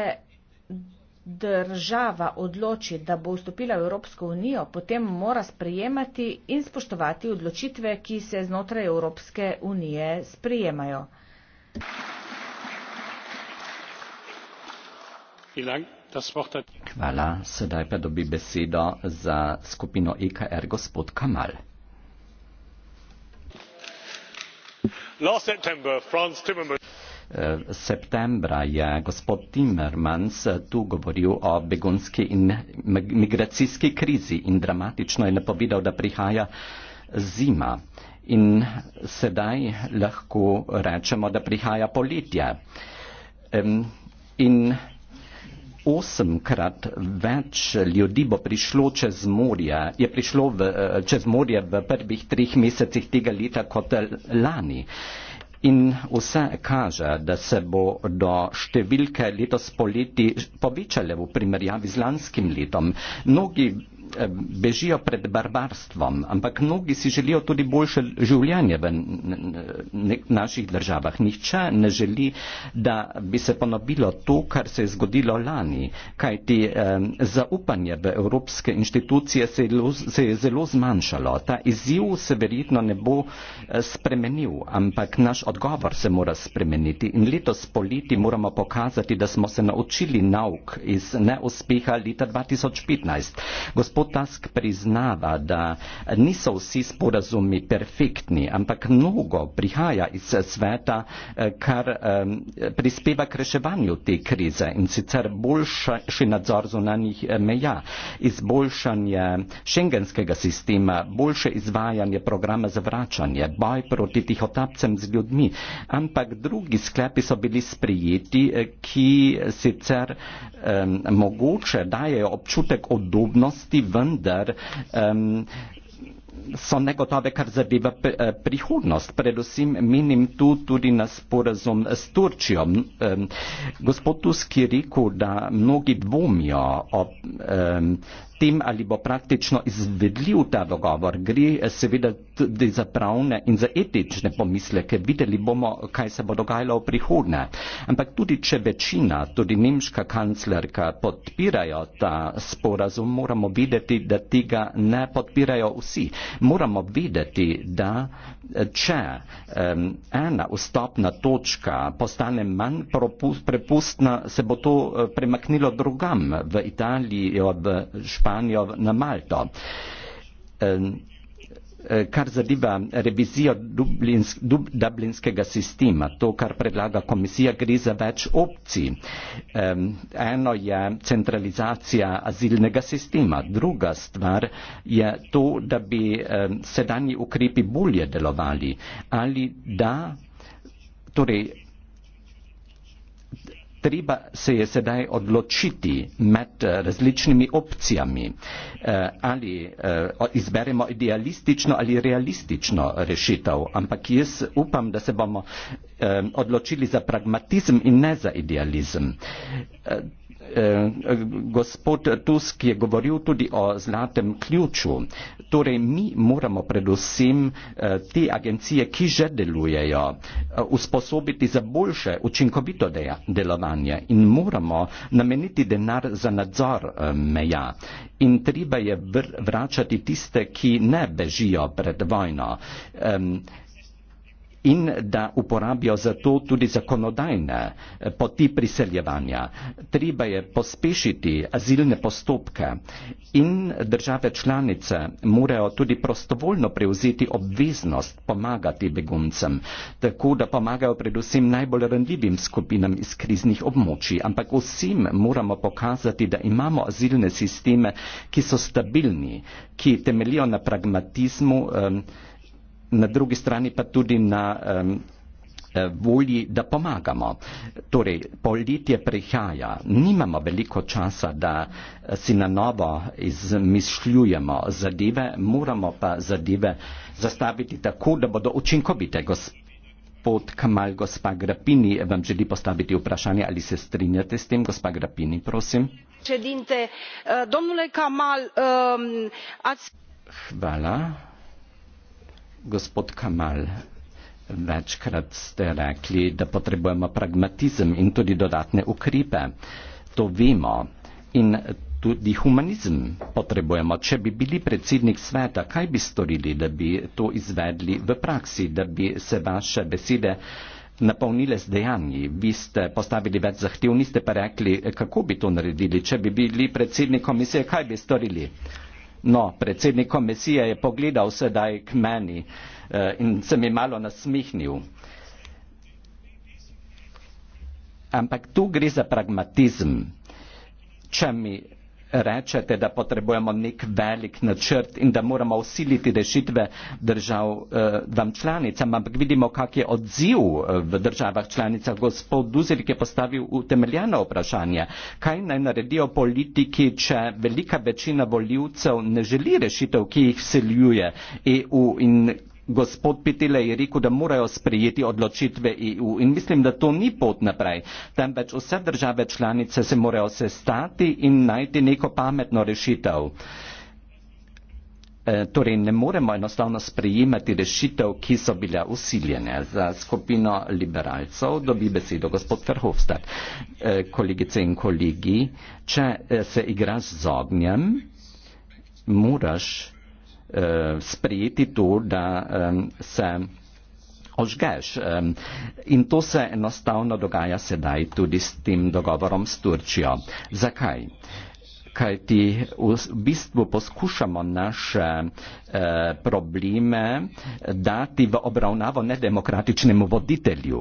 država odloči, da bo vstopila v Evropsko unijo, potem mora sprejemati in spoštovati odločitve, ki se znotraj Evropske unije sprejemajo. Hvala, sedaj pa dobi besedo za skupino EKR gospod Kamal. Last September, Franz Timmermans. Eh, septembra je gospod Timmermans eh, tu govoril o begunski in migracijski krizi in dramatično je napovedal, da prihaja zima. In sedaj lahko rečemo, da prihaja poletje. In osemkrat več ljudi bo prišlo čez morje, je prišlo v, eh, čez morje v prvih treh mesecih tega leta kot lani in vse kaže, da se bo do številke letos poleti povečale v primerjavi z lanskim letom. Mnogi Eh, bežijo pred barbarstvom, ampak mnogi si želijo tudi boljše življenje v naših državah. Nihče ne želi, da bi se ponovilo to, kar se je zgodilo lani, kajti zaupanje v evropske inštitucije se je zelo zmanjšalo. Ta izziv se verjetno ne bo eh, spremenil, ampak naš odgovor se mora spremeniti in letos poleti moramo pokazati, da smo se naučili nauk iz neuspeha leta 2015. Gospod gospod Tusk priznava, da niso vsi sporazumi perfektni, ampak mnogo prihaja iz sveta, eh, kar eh, prispeva k reševanju te krize in sicer boljši nadzor zunanjih eh, meja, izboljšanje šengenskega sistema, boljše izvajanje programa za vračanje, boj proti tihotapcem z ljudmi. Ampak drugi sklepi so bili sprijeti, ki sicer um, mogoče dajejo občutek odobnosti, vendar um, so negotove, kar zadeva eh, prihodnost. Predvsem menim tu tudi na sporazum s Turčijo. Gospod Tusk je rekel, da mnogi dvomijo o tem, ali bo praktično izvedljiv ta dogovor. Gre seveda tudi za pravne in za etične pomisleke. Videli bomo, kaj se bo dogajalo v prihodnje. Ampak tudi, če večina, tudi nemška kanclerka, podpirajo ta sporazum, moramo videti, da tega ne podpirajo vsi. Moramo videti, da če um, ena vstopna točka postane manj prepustna, se bo to eh, premaknilo drugam v Italijo, v Španijo, na Malto. Um, Eh, kar zadeva revizijo dublinsk, dub, dublinskega sistema. To, kar predlaga komisija, gre za več opcij. Eno je centralizacija azilnega sistema. Druga stvar je to, da bi sedanji ukrepi bolje delovali ali da. Torej, Treba se je sedaj odločiti med eh, različnimi opcijami, eh, ali eh, izberemo idealistično ali realistično rešitev, ampak jaz upam, da se bomo odločili za pragmatizem in ne za idealizem. Gospod Tusk je govoril tudi o zlatem ključu. Torej, mi moramo predvsem eh, te agencije, ki že delujejo, eh, usposobiti za boljše, učinkovito deja, delovanje in moramo nameniti denar za nadzor eh, meja. In treba je vr vračati tiste, ki ne bežijo pred vojno. Um, in da uporabijo za to tudi zakonodajne eh, poti priseljevanja. Treba je pospešiti azilne postopke in države članice morajo tudi prostovoljno prevzeti obveznost pomagati beguncem, tako da pomagajo predvsem najbolj randljivim skupinam iz kriznih območij. Ampak vsem moramo pokazati, da imamo azilne sisteme, ki so stabilni, ki temelijo na pragmatizmu. Um, na drugi strani pa tudi na um, volji, da pomagamo. Torej, poletje prihaja, nimamo veliko časa, da eh, si na novo izmišljujemo zadeve, moramo pa zadeve zastaviti tako, da bodo učinkovite. Gospod Kamal, gospa Grapini, vam želi postaviti vprašanje, ali se strinjate s tem, gospa Grapini, prosim. Eh, Hvala gospod Kamal, večkrat ste rekli, da potrebujemo pragmatizem in tudi dodatne ukrepe. To vemo. In tudi humanizem potrebujemo. Če bi bili predsednik sveta, kaj bi storili, da bi to izvedli v praksi, da bi se vaše besede napolnile z dejanji. Vi ste postavili več zahtev, niste pa rekli, kako bi to naredili, če bi bili predsednik komisije, kaj bi storili. No, predsednik komisije je pogledal sedaj k meni eh, in se mi malo nasmihnil. Ampak tu gre za pragmatizem. Če mi rečete, da potrebujemo nek velik načrt in da moramo usiliti rešitve držav eh, vam članicam, ampak vidimo, kak je odziv eh, v državah članicah. Gospod Duzelik je postavil utemeljeno vprašanje, kaj naj naredijo politiki, če velika večina voljivcev ne želi rešitev, ki jih seljuje EU in gospod pitele je rekel da morajo sprejeti odločitve eu in mislim da to ni pot naprej temveč vse države članice se morajo sestati in najti neko pametno rešitev e, torej ne moremo enostavno sprejemati rešitev ki so bile usiljene za skupino liberalcev dobi besedo gospod verhofstadt e, kolegice in kolegi če e, se igraš z ognjem moraš Eh, sprejeti to, da se ožgeš. In to se enostavno dogaja sedaj tudi s tem dogovorom s Turčijo. Zakaj? kaj ti v bistvu poskušamo naše eh, probleme dati v obravnavo nedemokratičnemu voditelju.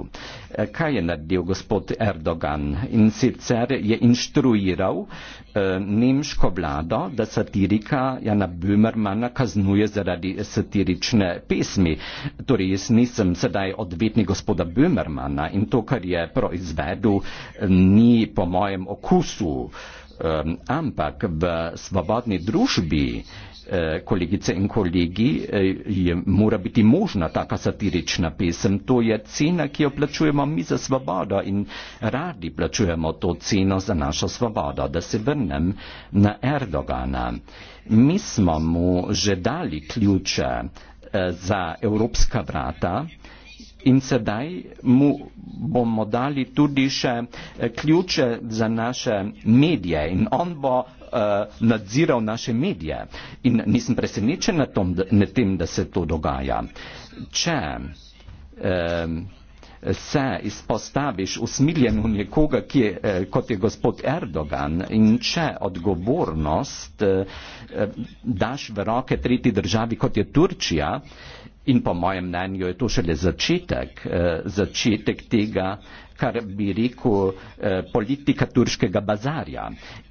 Eh, kaj je naredil gospod Erdogan? In sicer je inštruiral eh, nemško vlado, da satirika Jana Bümermana kaznuje zaradi satirične pesmi. Torej, jaz nisem sedaj odvetnik gospoda Bümermana in to, kar je proizvedel, ni po mojem okusu ampak v svobodni družbi, eh, kolegice in kolegi, eh, je, mora biti možna taka satirična pesem. To je cena, ki jo plačujemo mi za svobodo in radi plačujemo to ceno za našo svobodo. Da se vrnem na Erdogana. Mi smo mu že dali ključe eh, za evropska vrata. In sedaj mu bomo dali tudi še eh, ključe za naše medije in on bo uh, nadziral naše medije. In nisem presenečen na, tom, da, na tem, da se to dogaja. Če uh, se izpostaviš usmiljeno nekoga, ki je, uh, kot je gospod Erdogan, in če odgovornost uh, daš v roke tretji državi, kot je Turčija, uh, In po mojem mnenju je to šele začetek, eh, začetek tega, kar bi rekel eh, politika turškega bazarja.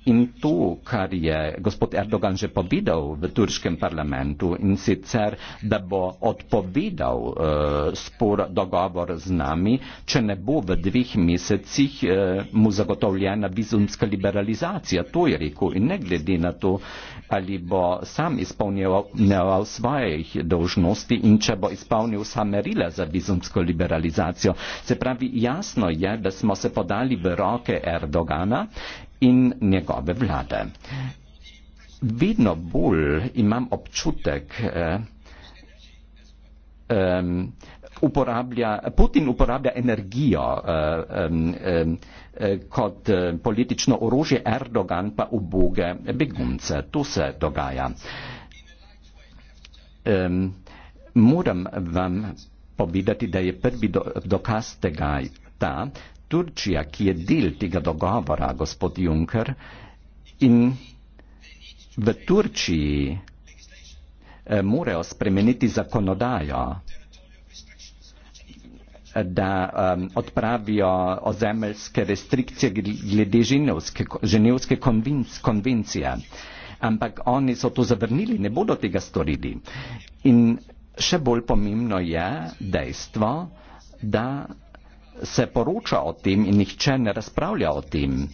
In to, kar je gospod Erdogan že povedal v turškem parlamentu in sicer, da bo odpovedal eh, spor dogovor z nami, če ne bo v dveh mesecih eh, mu zagotovljena vizumska liberalizacija. To je rekel in ne glede na to, eh, ali bo sam izpolnjeval svojih dolžnosti in če bo izpolnil vsa merila za vizumsko liberalizacijo. Se pravi, jasno je, da smo se podali v roke Erdogana in njegove vlade. Vedno bolj imam občutek, eh, eh, uporablja, Putin uporablja energijo eh, eh, kot eh, politično orožje, Erdogan pa uboge begunce. To se dogaja. Moram vam povedati, da je prvi dokaz tega ta, Turčija, ki je del tega dogovora, gospod Juncker, in v Turčiji morajo spremeniti zakonodajo, da um, odpravijo ozemeljske restrikcije glede ženevske, ženevske konvinc, konvencije. Ampak oni so to zavrnili, ne bodo tega storili. In še bolj pomembno je dejstvo, da se poroča o tem in nihče ne razpravlja o tem.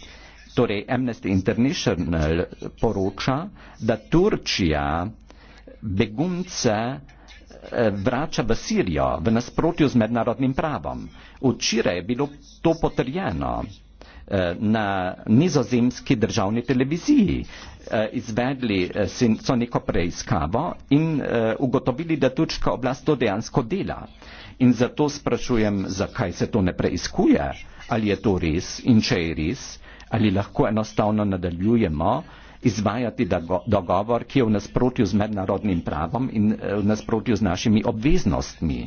Torej, Amnesty International poroča, da Turčija begunce Eh, vrača v Sirijo v nasprotju z mednarodnim pravom. Včeraj je bilo to potrjeno eh, na nizozemski državni televiziji. Eh, izvedli so neko preiskavo in ugotovili, da turška oblast to dejansko dela. In zato sprašujem, zakaj se to ne preiskuje, ali je to res in če je res, ali lahko enostavno nadaljujemo izvajati dogovor, ki je v nasprotju z mednarodnim pravom in eh, v nasprotju z našimi obveznostmi.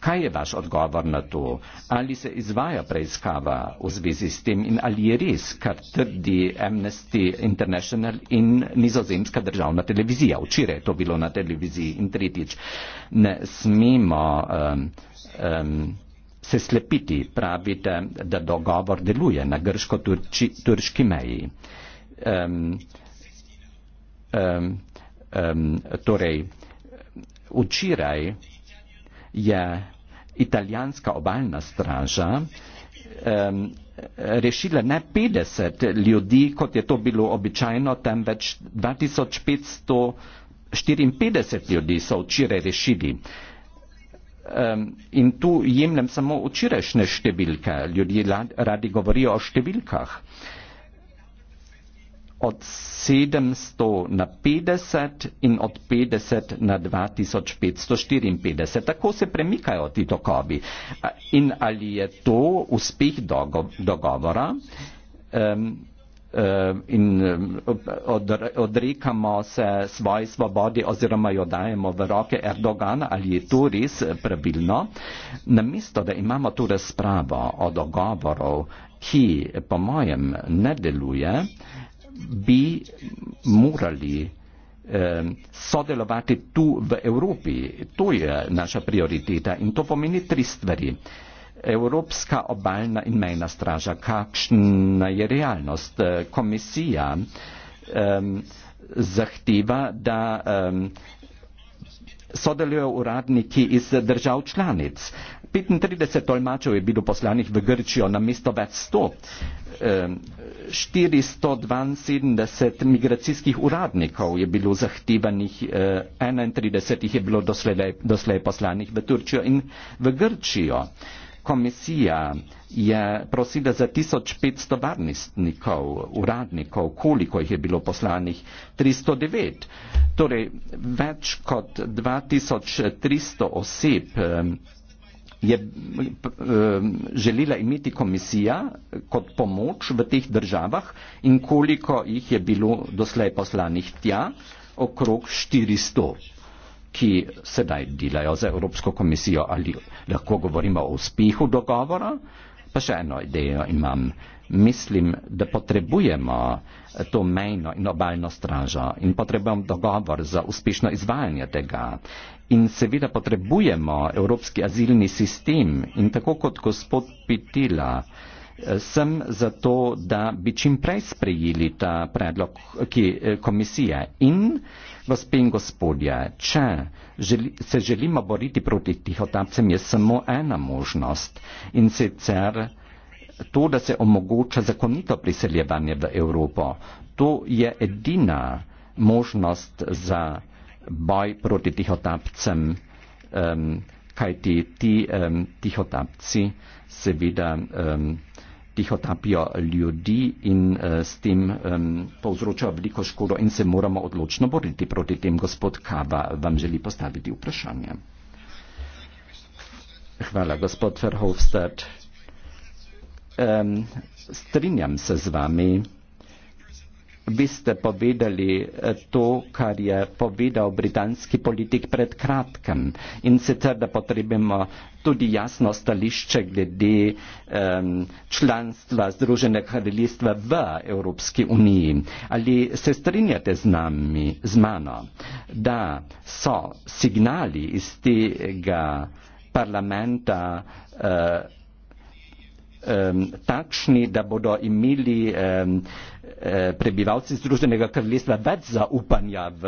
Kaj je vaš odgovor na to? Ali se izvaja preiskava v zvezi s tem in ali je res, kar trdi Amnesty International in nizozemska državna televizija? Včeraj je to bilo na televiziji in tretjič. Ne smemo. Um, um, se slepiti, pravite, da dogovor deluje na grško-turški meji. Um, um, um, torej, včeraj je italijanska obaljna straža um, rešila ne 50 ljudi, kot je to bilo običajno, temveč 2554 ljudi so včeraj rešili. Um, in tu jemljem samo včerajšnje številke. Ljudje radi govorijo o številkah. Um, od 750 na 50 in od 50 na 2554. Tako se premikajo ti tokovi. In ali je to uspeh dogovora? Um, in odrekamo se svoji svobodi oziroma jo dajemo v roke Erdogana, ali je to res pravilno. Namesto, da imamo tu razpravo o dogovoru, ki po mojem ne deluje, bi morali eh, sodelovati tu v Evropi. To je naša prioriteta in to pomeni tri stvari. Evropska obaljna in mejna straža, kakšna je realnost. Eh, komisija um, zahteva, da um, sodelujejo uradniki iz držav članic. 35 tolmačev je bilo poslanih v Grčijo na mesto več sto. Um, 472 migracijskih uradnikov je bilo zahtevanih, 31 eh, jih je bilo doslej, doslej poslanih v Turčijo in v Grčijo. Komisija je prosila za 1500 varnostnikov, uradnikov, koliko jih je bilo poslanih? 309. Torej, več kot 2300 oseb eh, je eh, želila imeti komisija eh, kot pomoč v teh državah in koliko jih je bilo doslej poslanih tja, okrog 400, ki sedaj delajo za Evropsko komisijo ali lahko govorimo o uspehu dogovora. Pa še eno idejo imam mislim, da potrebujemo to mejno in obaljno stražo in potrebujemo dogovor za uspešno izvajanje tega. In seveda potrebujemo evropski azilni sistem in tako kot gospod Pitila sem zato, da bi čim prej sprejeli ta predlog komisije. In, gospe in gospodje, če želi, se želimo boriti proti tihotapcem, je samo ena možnost in sicer to, da se omogoča zakonito priseljevanje v Evropo. To je edina možnost za boj proti tihotapcem, um, kajti ti um, tihotapci seveda um, tihotapijo ljudi in uh, s tem um, povzročajo veliko škodo in se moramo odločno boriti proti tem. Gospod Kava vam želi postaviti vprašanje. Hvala, gospod Verhofstadt um, strinjam se z vami. Vi ste povedali eh, to, kar je povedal britanski politik pred kratkem in sicer, da potrebujemo tudi jasno stališče glede um, članstva Združene kraljestva v Evropski uniji. Ali se strinjate z nami, z mano, da so signali iz tega parlamenta uh, um, takšni, da bodo imeli um, prebivalci Združenega kraljestva več zaupanja v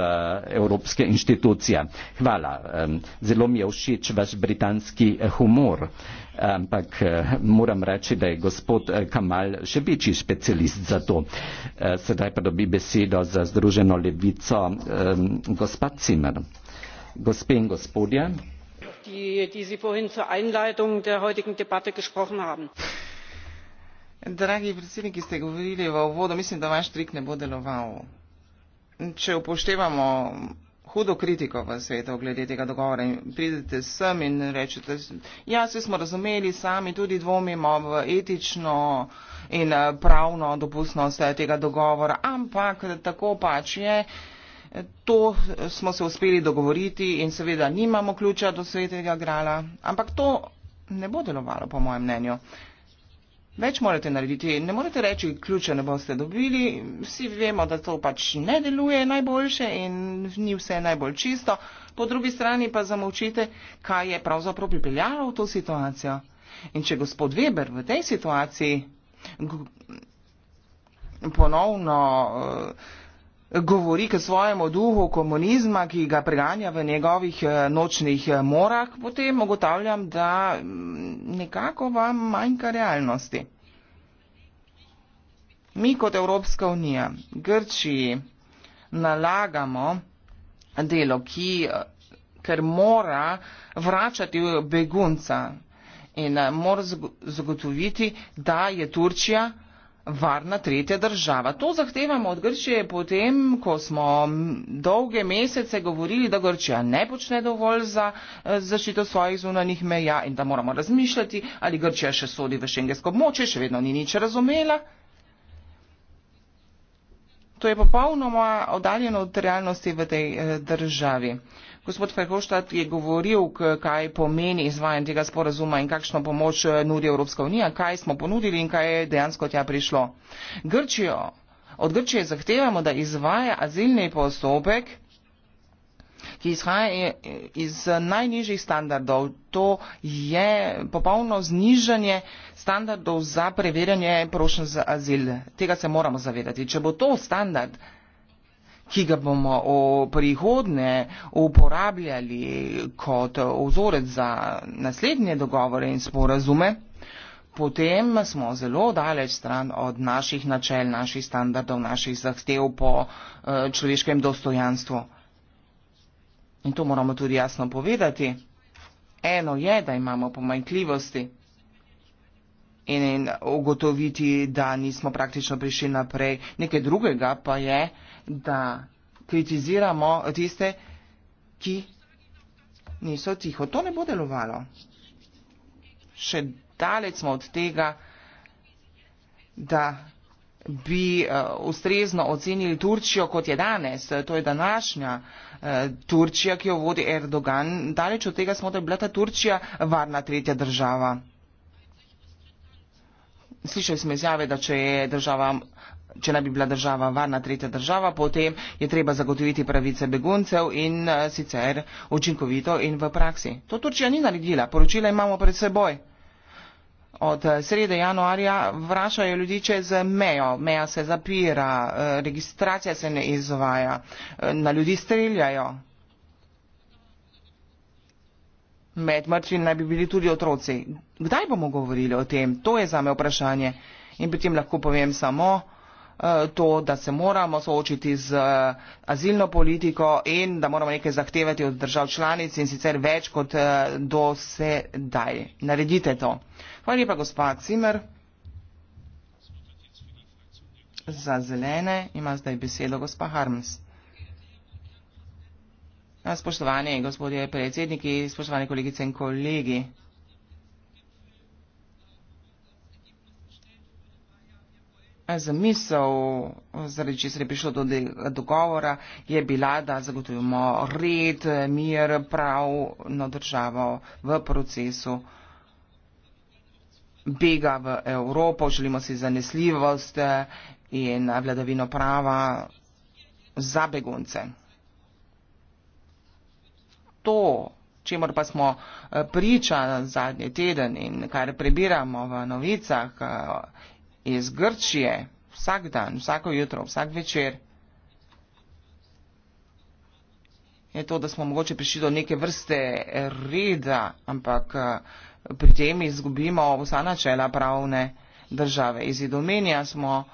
evropske inštitucije. Hvala. Um, zelo mi je všeč vaš britanski humor, ampak um, moram reči, da je gospod e, Kamal še večji specialist za to. Uh, sedaj pa dobi besedo za Združeno levico um, gospod Cimer. Gospe in gospodje die sie vorhin zur einleitung der heutigen debatte gesprochen haben. dragi predsednik ki ste govorili v uvodu mislim da vaš trik ne bo deloval. če upoštevamo hudo kritiko v svetu glede tega dogovora in pridete sem in rečete ja vsi smo razumeli sami tudi dvomimo v etično in pravno dopustnost tega dogovora ampak tako pač je. To smo se uspeli dogovoriti in seveda nimamo ključa do svetega grala, ampak to ne bo delovalo, po mojem mnenju. Več morate narediti, ne morete reči, ključe ne boste dobili, vsi vemo, da to pač ne deluje najboljše in ni vse najbolj čisto, po drugi strani pa zamovčite, kaj je pravzaprav pripeljalo v to situacijo. In če gospod Weber v tej situaciji ponovno. Uh, govori k svojemu duhu komunizma, ki ga preganja v njegovih eh, nočnih eh, morah, potem ugotavljam, da mm, nekako vam manjka realnosti. Mi kot Evropska unija Grčiji nalagamo delo, ki, eh, ker mora vračati begunca in mora zagotoviti, da je Turčija varna tretja država. To zahtevamo od Grčije potem, ko smo dolge mesece govorili, da Grčija ne počne dovolj za eh, zaščito svojih zunanih meja in da moramo razmišljati, ali Grčija še sodi v šengensko območje, še vedno ni nič razumela. To je popolnoma oddaljeno od realnosti v tej eh, državi. Gospod Verhoštad je govoril, kaj pomeni izvajanje tega sporazuma in kakšno pomoč eh, nudi Evropska unija, kaj smo ponudili in kaj je dejansko tja prišlo. Grčijo, od Grčije zahtevamo, da izvaja azilni postopek, ki izhaja eh, iz najnižjih standardov. To je popolno znižanje standardov za preverjanje prošen za azil. Tega se moramo zavedati. Če bo to standard, ki ga bomo v prihodnje uporabljali kot vzorec za naslednje dogovore in sporazume, potem smo zelo daleč stran od naših načel, naših standardov, naših zahtev po eh, človeškem dostojanstvu. In to moramo tudi jasno povedati. Eno je, da imamo pomanjkljivosti in, in ugotoviti, da nismo praktično prišli naprej. Nekaj drugega pa je, da kritiziramo tiste, ki niso tiho. To ne bo delovalo. Še daleč smo od tega, da bi uh, ustrezno ocenili Turčijo, kot je danes. To je današnja uh, Turčija, ki jo vodi Erdogan. Daleč od tega smo, da je bila ta Turčija varna tretja država slišali smo izjave, da če je država. Če naj bi bila država varna tretja država, potem je treba zagotoviti pravice beguncev in eh, sicer učinkovito in v praksi. To Turčija ni naredila, poročila imamo pred seboj. Od eh, srede januarja vračajo ljudi čez mejo, meja se zapira, eh, registracija se ne izvaja, na ljudi streljajo. Med mrtvi naj bi bili tudi otroci. Kdaj bomo govorili o tem? To je zame vprašanje. In potem lahko povem samo eh, to, da se moramo soočiti z eh, azilno politiko in da moramo nekaj zahtevati od držav članic in sicer več kot eh, do sedaj. Naredite to. Hvala lepa, gospa Cimer. Za zelene ima zdaj besedo gospa Harms. Spoštovani gospodje predsedniki, spoštovani kolegice in kolegi. Zamisel, zaradi česar je prišlo do dogovora, je bila, da zagotovimo red, mir, pravno državo v procesu bega v Evropo. Želimo si zanesljivost in vladavino prava za begunce to, čemor pa smo eh, priča zadnji teden in kar prebiramo v novicah eh, iz Grčije vsak dan, vsako jutro, vsak večer, je to, da smo mogoče prišli do neke vrste reda, ampak eh, pri tem izgubimo vsa načela pravne države. Iz idomenja smo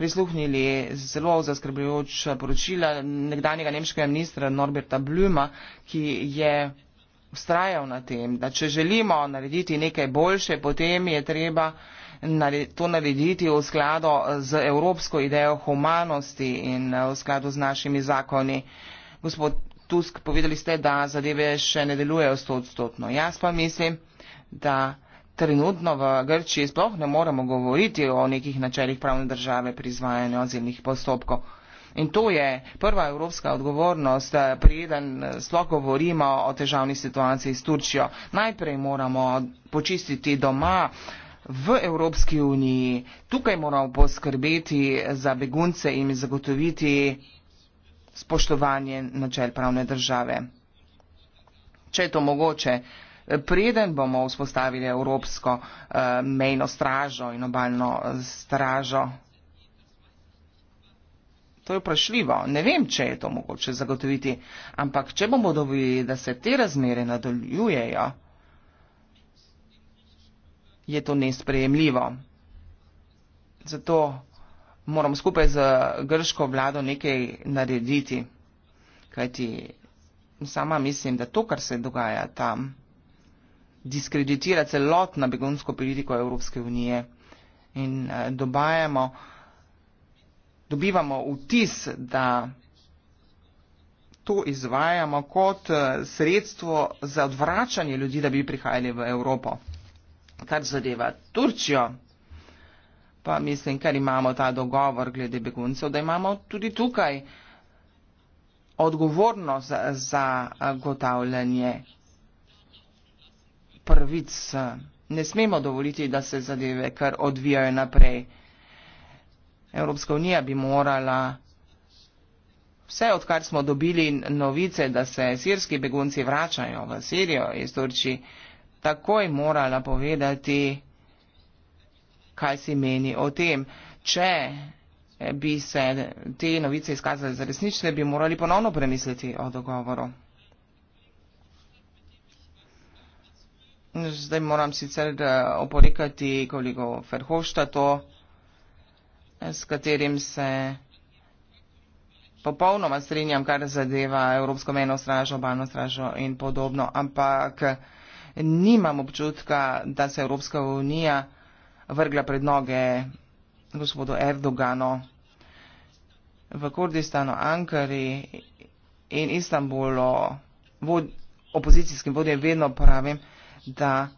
prisluhnili zelo zaskrbljujoča poročila nekdanjega nemškega ministra Norberta Blüma, ki je ustrajal na tem, da če želimo narediti nekaj boljše, potem je treba to narediti v skladu z evropsko idejo humanosti in eh, v skladu z našimi zakoni. Gospod Tusk, povedali ste, da zadeve še ne delujejo stotstotno. Jaz pa mislim, da trenutno v Grčiji sploh ne moremo govoriti o nekih načelih pravne države pri izvajanju azilnih postopkov. In to je prva evropska odgovornost, preden sploh govorimo o težavni situaciji s Turčijo. Najprej moramo počistiti doma v Evropski uniji. Tukaj moramo poskrbeti za begunce in zagotoviti spoštovanje načel pravne države. Če je to mogoče, preden bomo vzpostavili evropsko uh, mejno stražo in obaljno eh, stražo. To je vprašljivo. Ne vem, če je to mogoče zagotoviti, ampak če bomo dovolili, da se te razmere nadaljujejo, je to nesprejemljivo. Zato moram skupaj z grško vlado nekaj narediti, kajti sama mislim, da to, kar se dogaja tam, diskreditira celotno begunsko politiko Evropske unije in eh, dobajamo, dobivamo vtis, da to izvajamo kot eh, sredstvo za odvračanje ljudi, da bi prihajali v Evropo. Kar zadeva Turčijo, pa mislim, ker imamo ta dogovor glede beguncev, da imamo tudi tukaj odgovornost za eh, gotavljanje prvic. Eh, ne smemo dovoliti, da se zadeve kar odvijajo naprej. Evropska unija bi morala. Vse odkar smo dobili novice, da se sirski begunci vračajo v Sirijo iz Turčije, takoj morala povedati, kaj si meni o tem. Če bi se te novice izkazali za resnične, bi morali ponovno premisliti o dogovoru. Zdaj moram sicer eh, oporekati kolego Ferhoštato, eh, s katerim se popolnoma strinjam, kar zadeva Evropsko meno stražo, obalno stražo in podobno, ampak eh, nimam občutka, da se Evropska unija vrgla pred noge gospodu Erdoganu v Kurdistanu, Ankari in Istanbulu, opozicijskim vodjem vedno pravim, da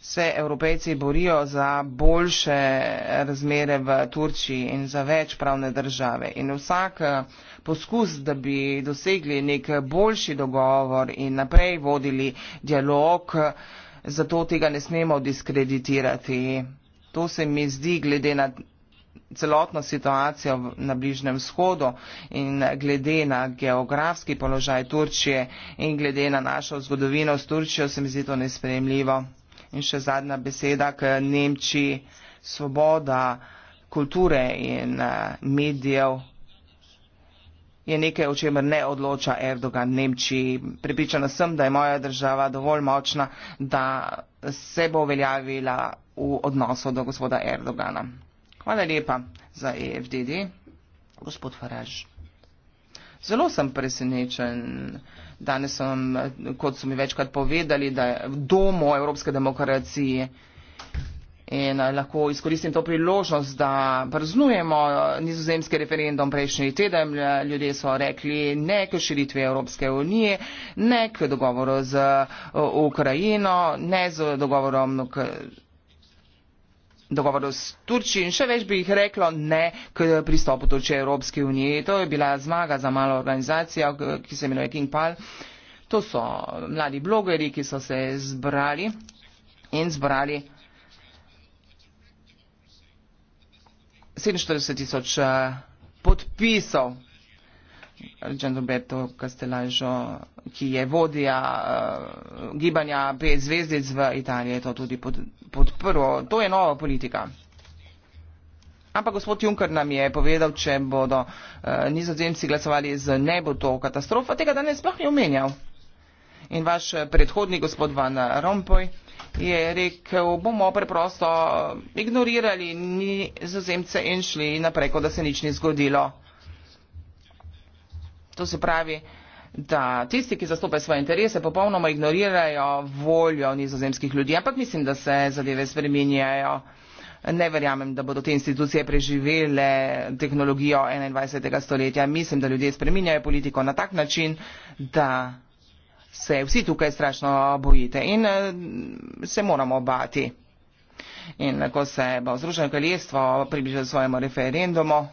se evropejci borijo za boljše razmere v Turčiji in za več pravne države. In vsak eh, poskus, da bi dosegli nek boljši dogovor in naprej vodili dialog, eh, zato tega ne smemo diskreditirati. To se mi zdi glede na celotno situacijo na Bližnem vzhodu in glede na geografski položaj Turčije in glede na našo zgodovino s Turčijo se mi zdi to nespremljivo. In še zadnja beseda k Nemčiji, svoboda kulture in eh, medijev je nekaj, o čemer ne odloča Erdogan Nemčiji. Pripričana sem, da je moja država dovolj močna, da se bo uveljavila v odnosu do gospoda Erdogana. Hvala lepa za EFDD, gospod Faraž. Zelo sem presenečen. Danes sem, kot so mi večkrat povedali, da je v domu evropske demokracije. In eh, lahko izkoristim to priložnost, da praznujemo nizozemski referendum prejšnji teden. Ljudje so rekli ne k širitvi Evropske unije, ne k dogovoru z eh, Ukrajino, ne z dogovorom. No, dogovoru s Turčijo in še več bi jih reklo ne k pristopu Turčije Evropske unije. To je bila zmaga za malo organizacijo, ki se imenuje King Pal. To so mladi blogeri, ki so se zbrali in zbrali 47 tisoč eh, podpisov. Gianroberto Castellažo, ki je vodja uh, gibanja pet zvezdic v Italiji, to tudi pod, podprlo. To je nova politika. Ampak gospod Juncker nam je povedal, če bodo uh, nizozemci glasovali z ne, bo to katastrofa. Tega danes sploh ni omenjal. In vaš eh, predhodnik, gospod Van Rompuy, je rekel, bomo preprosto ignorirali nizozemce in šli naprej, kot da se nič ni zgodilo. To se pravi, da tisti, ki zastopajo svoje interese, popolnoma ignorirajo voljo nizozemskih ljudi. Ampak mislim, da se zadeve spreminjajo. Ne verjamem, da bodo te institucije preživele tehnologijo 21. stoletja. Mislim, da ljudje spreminjajo politiko na tak način, da se vsi tukaj strašno bojite in eh, se moramo bati. In eh, ko se bo Združeno kraljestvo približalo svojemu referendumu,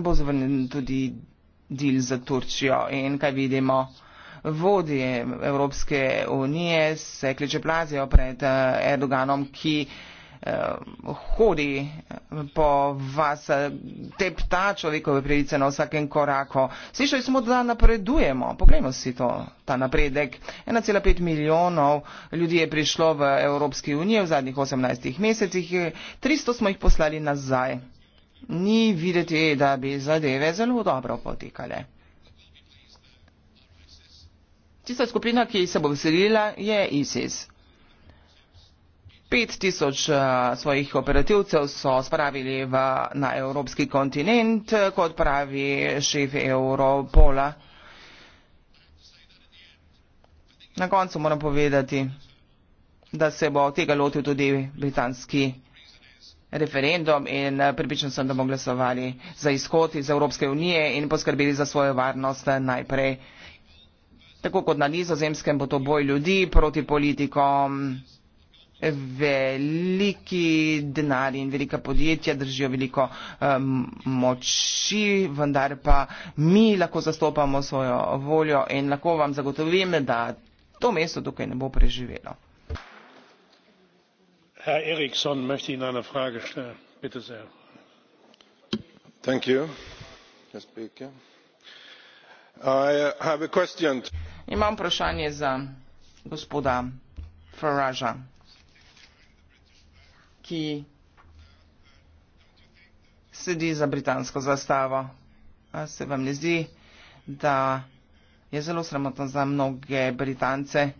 bo zavrnjen tudi del za Turčijo. In kaj vidimo? Vodje Evropske unije se kliče plazijo pred eh, Erdoganom, ki eh, hodi eh, po vas, eh, tepta človekove pravice na vsakem koraku. Slišali smo, da napredujemo. Poglejmo si to, ta napredek. 1,5 milijonov ljudi je prišlo v Evropske unije v zadnjih 18 mesecih. 300 smo jih poslali nazaj ni videti, da bi zadeve zelo dobro potekale. Tista skupina, ki se bo veselila, je ISIS. 5000 uh, eh, svojih operativcev so spravili v, na evropski kontinent, kot pravi šef Europola. Na koncu moram povedati, da se bo tega lotil tudi britanski referendum in eh, pripričan sem, da bomo glasovali za izhod iz Evropske unije in poskrbeli za svojo varnost eh, najprej. Tako kot na nizozemskem bo to boj ljudi proti politikom. Veliki denar in velika podjetja držijo veliko um, moči, vendar pa mi lahko zastopamo svojo voljo in lahko vam zagotovim, da to mesto tukaj ne bo preživelo herr eriksson möchte ihnen eine frage stellen. bitte sehr! imam vprašanje za gospoda farage ki sedi za britansko zastavo. A se vam ne zdi da je zelo sramotno za mnoge britance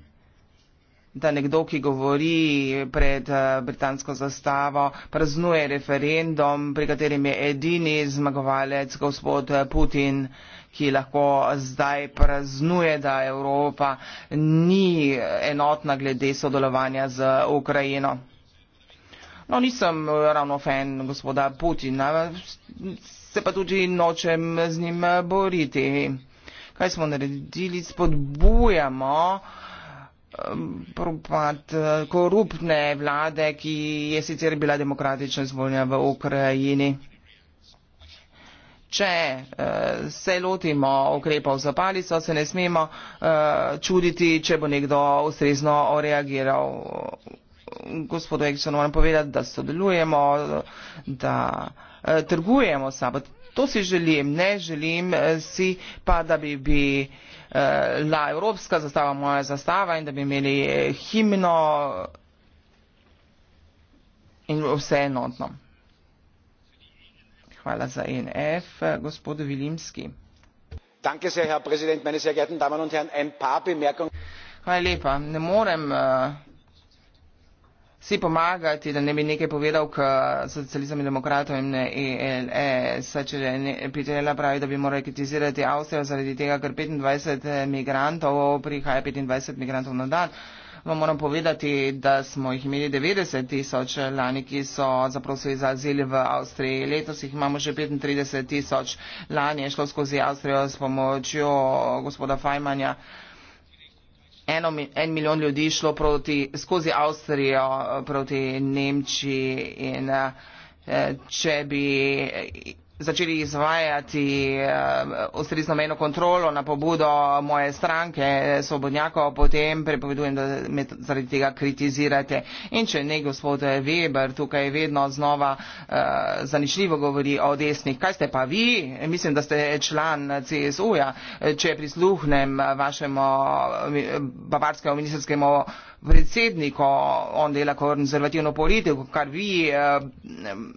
da nekdo, ki govori pred eh, britansko zastavo, praznuje referendum, pri katerem je edini zmagovalec gospod eh, Putin, ki lahko zdaj praznuje, da Evropa ni enotna glede sodelovanja z Ukrajino. No, nisem eh, ravno fan gospoda Putina, se pa tudi nočem z njim boriti. Kaj smo naredili? Spodbujamo. Um, propad uh, korupne vlade, ki je sicer bila demokratična izvoljena v Ukrajini. Če uh, se lotimo ukrepov za palico, se ne smemo uh, čuditi, če bo nekdo ustrezno reagiral. Gospodu Eksonu moram povedati, da sodelujemo, da uh, trgujemo sabo. To si želim, ne želim uh, si pa, da bi bi uh, Eh, la evropska zastava moja zastava in da bi imeli eh, himno in vse enotno. Hvala za e NF, gospod Vilimski. Hvala lepa. Ne morem. Uh, si pomagati, da ne bi nekaj povedal k socializem in demokratom in ELE. Saj, če ne, Pitela pravi, da bi morali kritizirati Avstrijo zaradi tega, ker 25 eh, migrantov prihaja 25 migrantov na dan. Vam moram povedati, da smo jih imeli 90 tisoč lani, ki so zaprosili za azil v Avstriji. Letos jih imamo že 35 tisoč. Lani je šlo skozi Avstrijo s pomočjo gospoda Fajmanja. Uh, eno, en milijon ljudi šlo proti, skozi Avstrijo eh, proti Nemčiji in eh, če bi začeli izvajati eh, ustrezno mejno kontrolo na pobudo moje stranke Svobodnjakov, potem prepovedujem, da me zaradi tega kritizirate. In če ne, gospod Weber, tukaj vedno znova uh, eh, zanišljivo govori o desnih. Kaj ste pa vi? Mislim, da ste član CSU-ja, če prisluhnem vašemu eh, bavarskemu ministerskemu predsedniku, on dela kot konzervativno politiko, kar vi eh,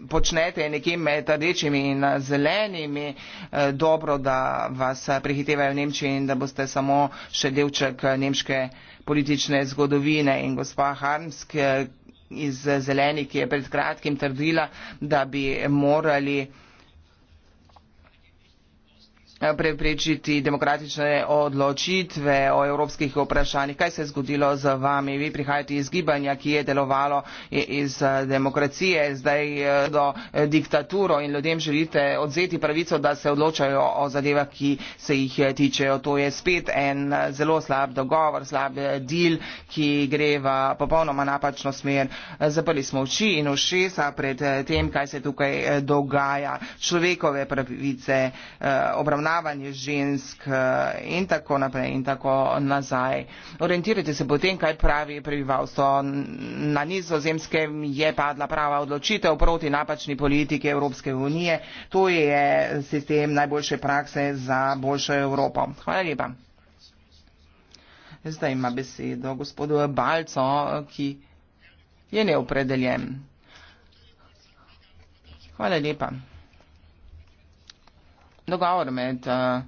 počnete nekje med rdečimi in eh, zelenimi, eh, dobro, da vas prehitevajo v Nemčiji in da boste samo še delček nemške politične zgodovine in gospa Harmsk iz zelenih, ki je pred kratkim trdila, da bi morali preprečiti demokratične odločitve o evropskih vprašanjih. Kaj se je zgodilo z vami? Vi prihajate iz gibanja, ki je delovalo iz demokracije, zdaj eh, do eh, diktaturo in ljudem želite odzeti pravico, da se odločajo o zadevah, ki se jih eh, tičejo. To je spet en zelo slab dogovor, slab deal, ki gre v popolnoma napačno smer. Zaprli smo oči in ušesa pred tem, kaj se tukaj dogaja. Človekove pravice obravnavajo obravnavanje žensk eh, in tako naprej in tako nazaj. Orientirajte se potem, kaj pravi prebivalstvo. Na nizozemskem je padla prava odločitev proti napačni politiki Evropske unije. To je sistem najboljše prakse za boljšo Evropo. Hvala lepa. Zdaj ima besedo gospodu Balco, ki je neopredeljen. Hvala lepa dogovor med eh,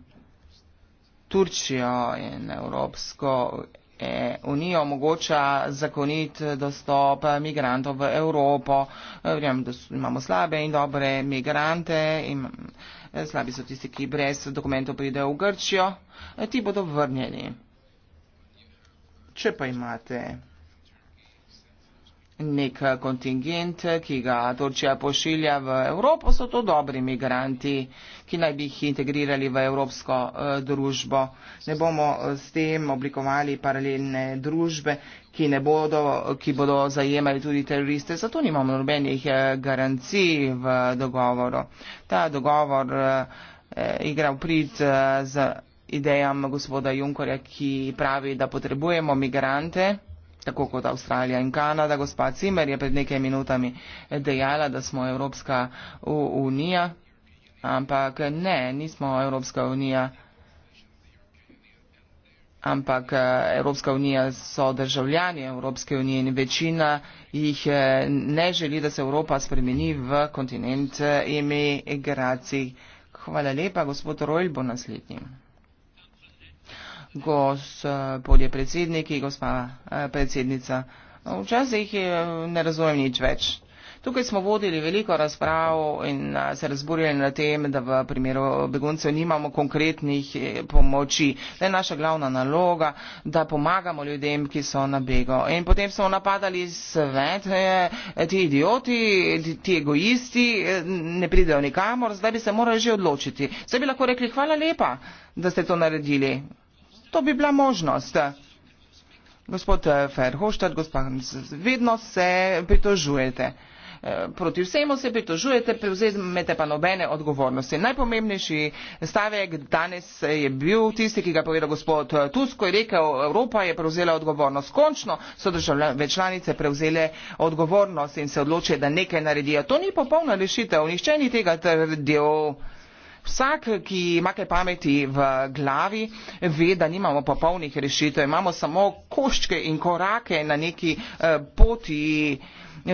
Turčijo in Evropsko eh, unijo omogoča zakonit dostop eh, migrantov v Evropo. Verjamem, da imamo slabe in dobre migrante. In slabi so tisti, ki brez dokumentov pridejo v Grčijo. Ti bodo vrnjeni. Če pa imate nek eh, kontingent, eh, ki ga Turčija pošilja v Evropo, so to dobri migranti, ki naj bi jih integrirali v evropsko eh, družbo. Ne bomo s tem oblikovali paralelne družbe, ki, bodo, ki bodo zajemali tudi teroriste, zato nimamo nobenih garancij v dogovoru. Ta dogovor eh, igra v prid eh, z idejam gospoda Junkorja, ki pravi, da potrebujemo migrante tako kot Avstralija in Kanada. Gospa Cimer je pred nekaj minutami dejala, da smo Evropska unija, ampak ne, nismo Evropska unija. Ampak Evropska unija so državljani Evropske unije in večina jih ne želi, da se Evropa spremeni v kontinent imigracij. Hvala lepa, gospod Rojl bo naslednji gospodje predsedniki, gospa eh, predsednica. Včasih eh, ne razumem nič več. Tukaj smo vodili veliko razprav in eh, se razburjali na tem, da v primeru beguncev nimamo konkretnih pomoči. To je naša glavna naloga, da pomagamo ljudem, ki so na bego. In potem smo napadali svet, ti idioti, ti egoisti ne pridejo nikamor, zdaj bi se morali že odločiti. Zdaj bi lahko rekli hvala lepa, da ste to naredili. To bi bila možnost. Gospod Ferhoštad, eh, gospod, vedno se pritožujete. Eh, proti vsemu se pritožujete, prevzemete pa nobene odgovornosti. Najpomembnejši stavek danes je bil tisti, ki ga povedal gospod eh, Tusko, je rekel, Evropa je prevzela odgovornost. Končno so države članice prevzele odgovornost in se odločile, da nekaj naredijo. To ni popolna rešitev, nišče ni tega trdil. Vsak, ki ima kaj pameti v glavi, ve, da nimamo popolnih rešitev. Imamo samo koščke in korake na neki eh, poti.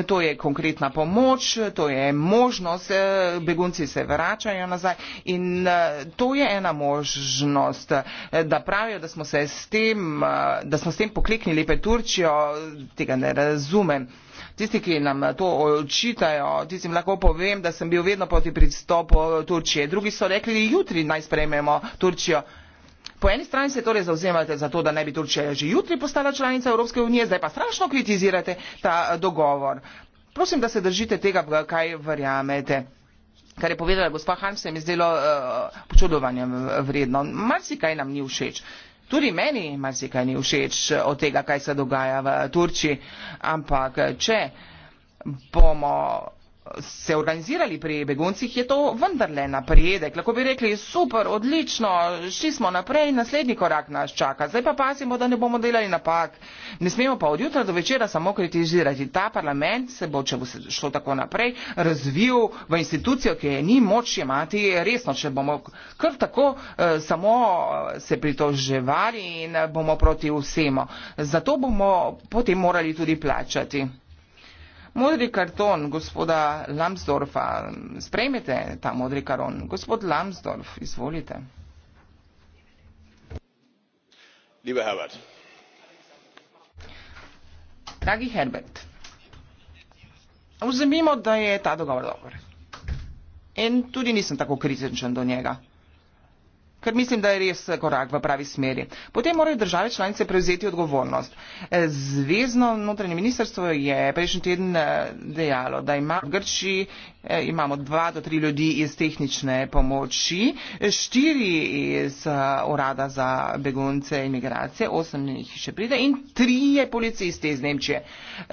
To je konkretna pomoč, to je možnost, eh, begunci se vračajo nazaj in eh, to je ena možnost, da pravijo, da smo, se s, tem, da smo s tem pokliknili pred Turčijo, tega ne razumem tisti, ki nam to očitajo, tistim lahko povem, da sem bil vedno proti pristopu Turčije. Drugi so rekli, jutri naj sprejmemo Turčijo. Po eni strani se torej zauzemate za to, da ne bi Turčija že jutri postala članica Evropske unije, zdaj pa strašno kritizirate ta dogovor. Prosim, da se držite tega, kaj verjamete. Kar je povedala gospa Hans, se mi zdelo uh, eh, počudovanjem vredno. Marsikaj nam ni všeč. Uh, Tudi meni marsikaj ni všeč eh, od tega, kaj se dogaja v Turčiji, ampak eh, če bomo se organizirali pri beguncih, je to vendarle napredek. Lahko bi rekli, super, odlično, šli smo naprej, naslednji korak nas čaka. Zdaj pa pazimo, da ne bomo delali napak. Ne smemo pa od jutra do večera samo kritizirati. Ta parlament se bo, če bo se šlo tako naprej, razvil v institucijo, ki je ni moč imati resno, če bomo kar tako eh, samo eh, se pritoževali in eh, bomo proti vsemu. Zato bomo potem morali tudi plačati modri karton gospoda Lambsdorfa. Sprejmite ta modri karton. Gospod Lambsdorf, izvolite. Herbert. Dragi Herbert, vzemimo, da je ta dogovor dober. In tudi nisem tako kritičen do njega kar mislim, da je res korak v pravi smeri. Potem morajo države članice prevzeti odgovornost. E, Zvezno notranje ministrstvo je prejšnji teden e, dejalo, da ima v Grčiji, e, imamo dva do tri ljudi iz tehnične pomoči, štiri iz urada za begunce in migracije, osem njih še pride in tri je policiste iz Nemčije.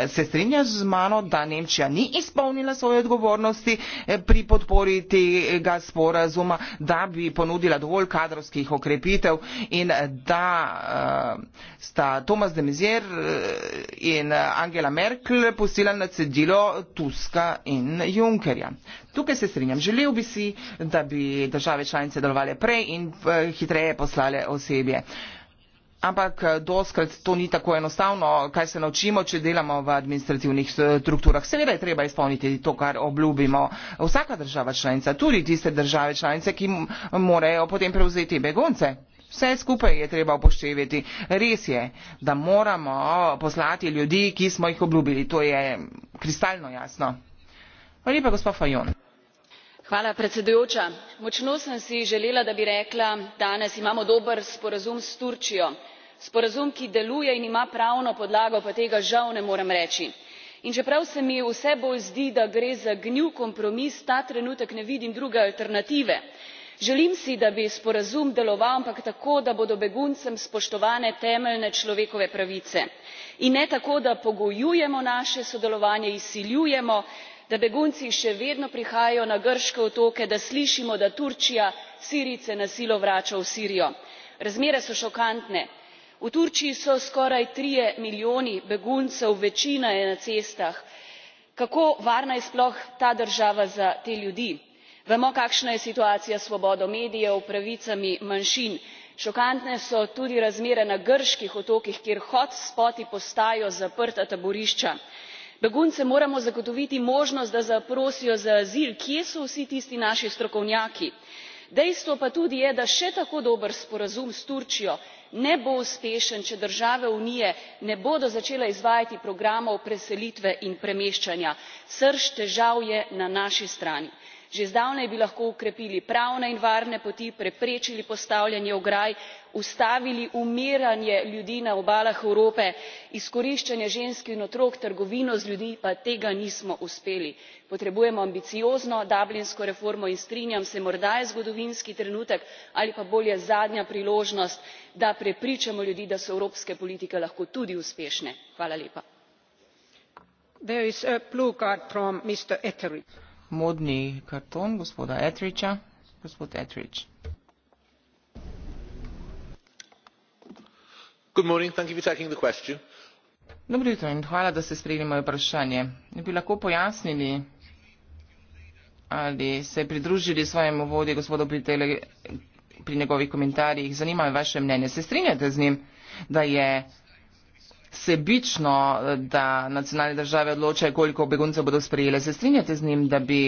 Se strinja z mano, da Nemčija ni izpolnila svoje odgovornosti pri podpori tega sporazuma, da bi ponudila dovolj kadrovskih okrepitev in eh, da eh, sta Tomas Demizier eh, in Angela Merkel posila na cedilo Tuska in Junkerja. Tukaj se strinjam. Želel bi si, da bi države članice delovale prej in hitreje poslale osebje. Ampak eh, doskrat to ni tako enostavno, kaj se naučimo, če delamo v administrativnih strukturah. Seveda je treba izpolniti to, kar obljubimo. Vsaka država članica, tudi tiste države članice, ki morajo potem prevzeti begunce. Vse skupaj je treba upoštevati. Res je, da moramo poslati ljudi, ki smo jih obljubili. To je kristalno jasno. Hvala lepa, gospod Fajon močno sem si želela da bi rekla danes imamo dober sporazum s turčijo sporazum ki deluje in ima pravno podlago pa tega žal ne morem reči. in čeprav se mi vse bolj zdi da gre za gnil kompromis ta trenutek ne vidim druge alternative. želim si da bi sporazum deloval ampak tako da bodo beguncem spoštovane temeljne človekove pravice in ne tako da pogojujemo naše sodelovanje izsiljujemo in da se bojimo da begunci še vedno prihajajo na grške otoke da slišimo da turčija sirijce na silo vrača v sirijo. razmere so šokantne v turčiji so skoraj trije milijoni beguncev večina je na cestah. kako varna je sploh ta država za te ljudi? vemo kakšna je situacija s svobodo medijev pravicami manjšin. šokantne so tudi razmere na grških otokih kjer hotspoti postajajo zaprta taborišča beguncem moramo zagotoviti možnost da zaprosijo za azil kje so vsi tisti naši strokovnjaki dejstvo pa tudi je da še tako dober sporazum s turčijo ne bo uspešen če države unije ne bodo začele izvajati programov preselitve in premeščanja srž težav je na naši strani že zdavnaj bi lahko okrepili pravne in varne poti preprečili postavljanje ograj ustavili umiranje ljudi na obalah evrope izkoriščanje žensk in otrok trgovino z ljudmi pa tega nismo uspeli. potrebujemo ambiciozno dublinsko reformo in strinjam se morda je zgodovinski trenutek ali pa bolje zadnja priložnost da prepričamo ljudi da so evropske politike lahko tudi uspešne modni karton gospoda Etriča. Gospod Etrič. Dobro jutro in hvala, da ste sprejeli moje vprašanje. Ne bi lahko pojasnili ali se pridružili svojemu vodi gospodu Pritele pri njegovih komentarjih. Zanima me vaše mnenje. Se strinjate z njim, da je sebično eh, da nacionalne države odločajo koliko beguncev bodo sprejele. se strinjate z njim da bi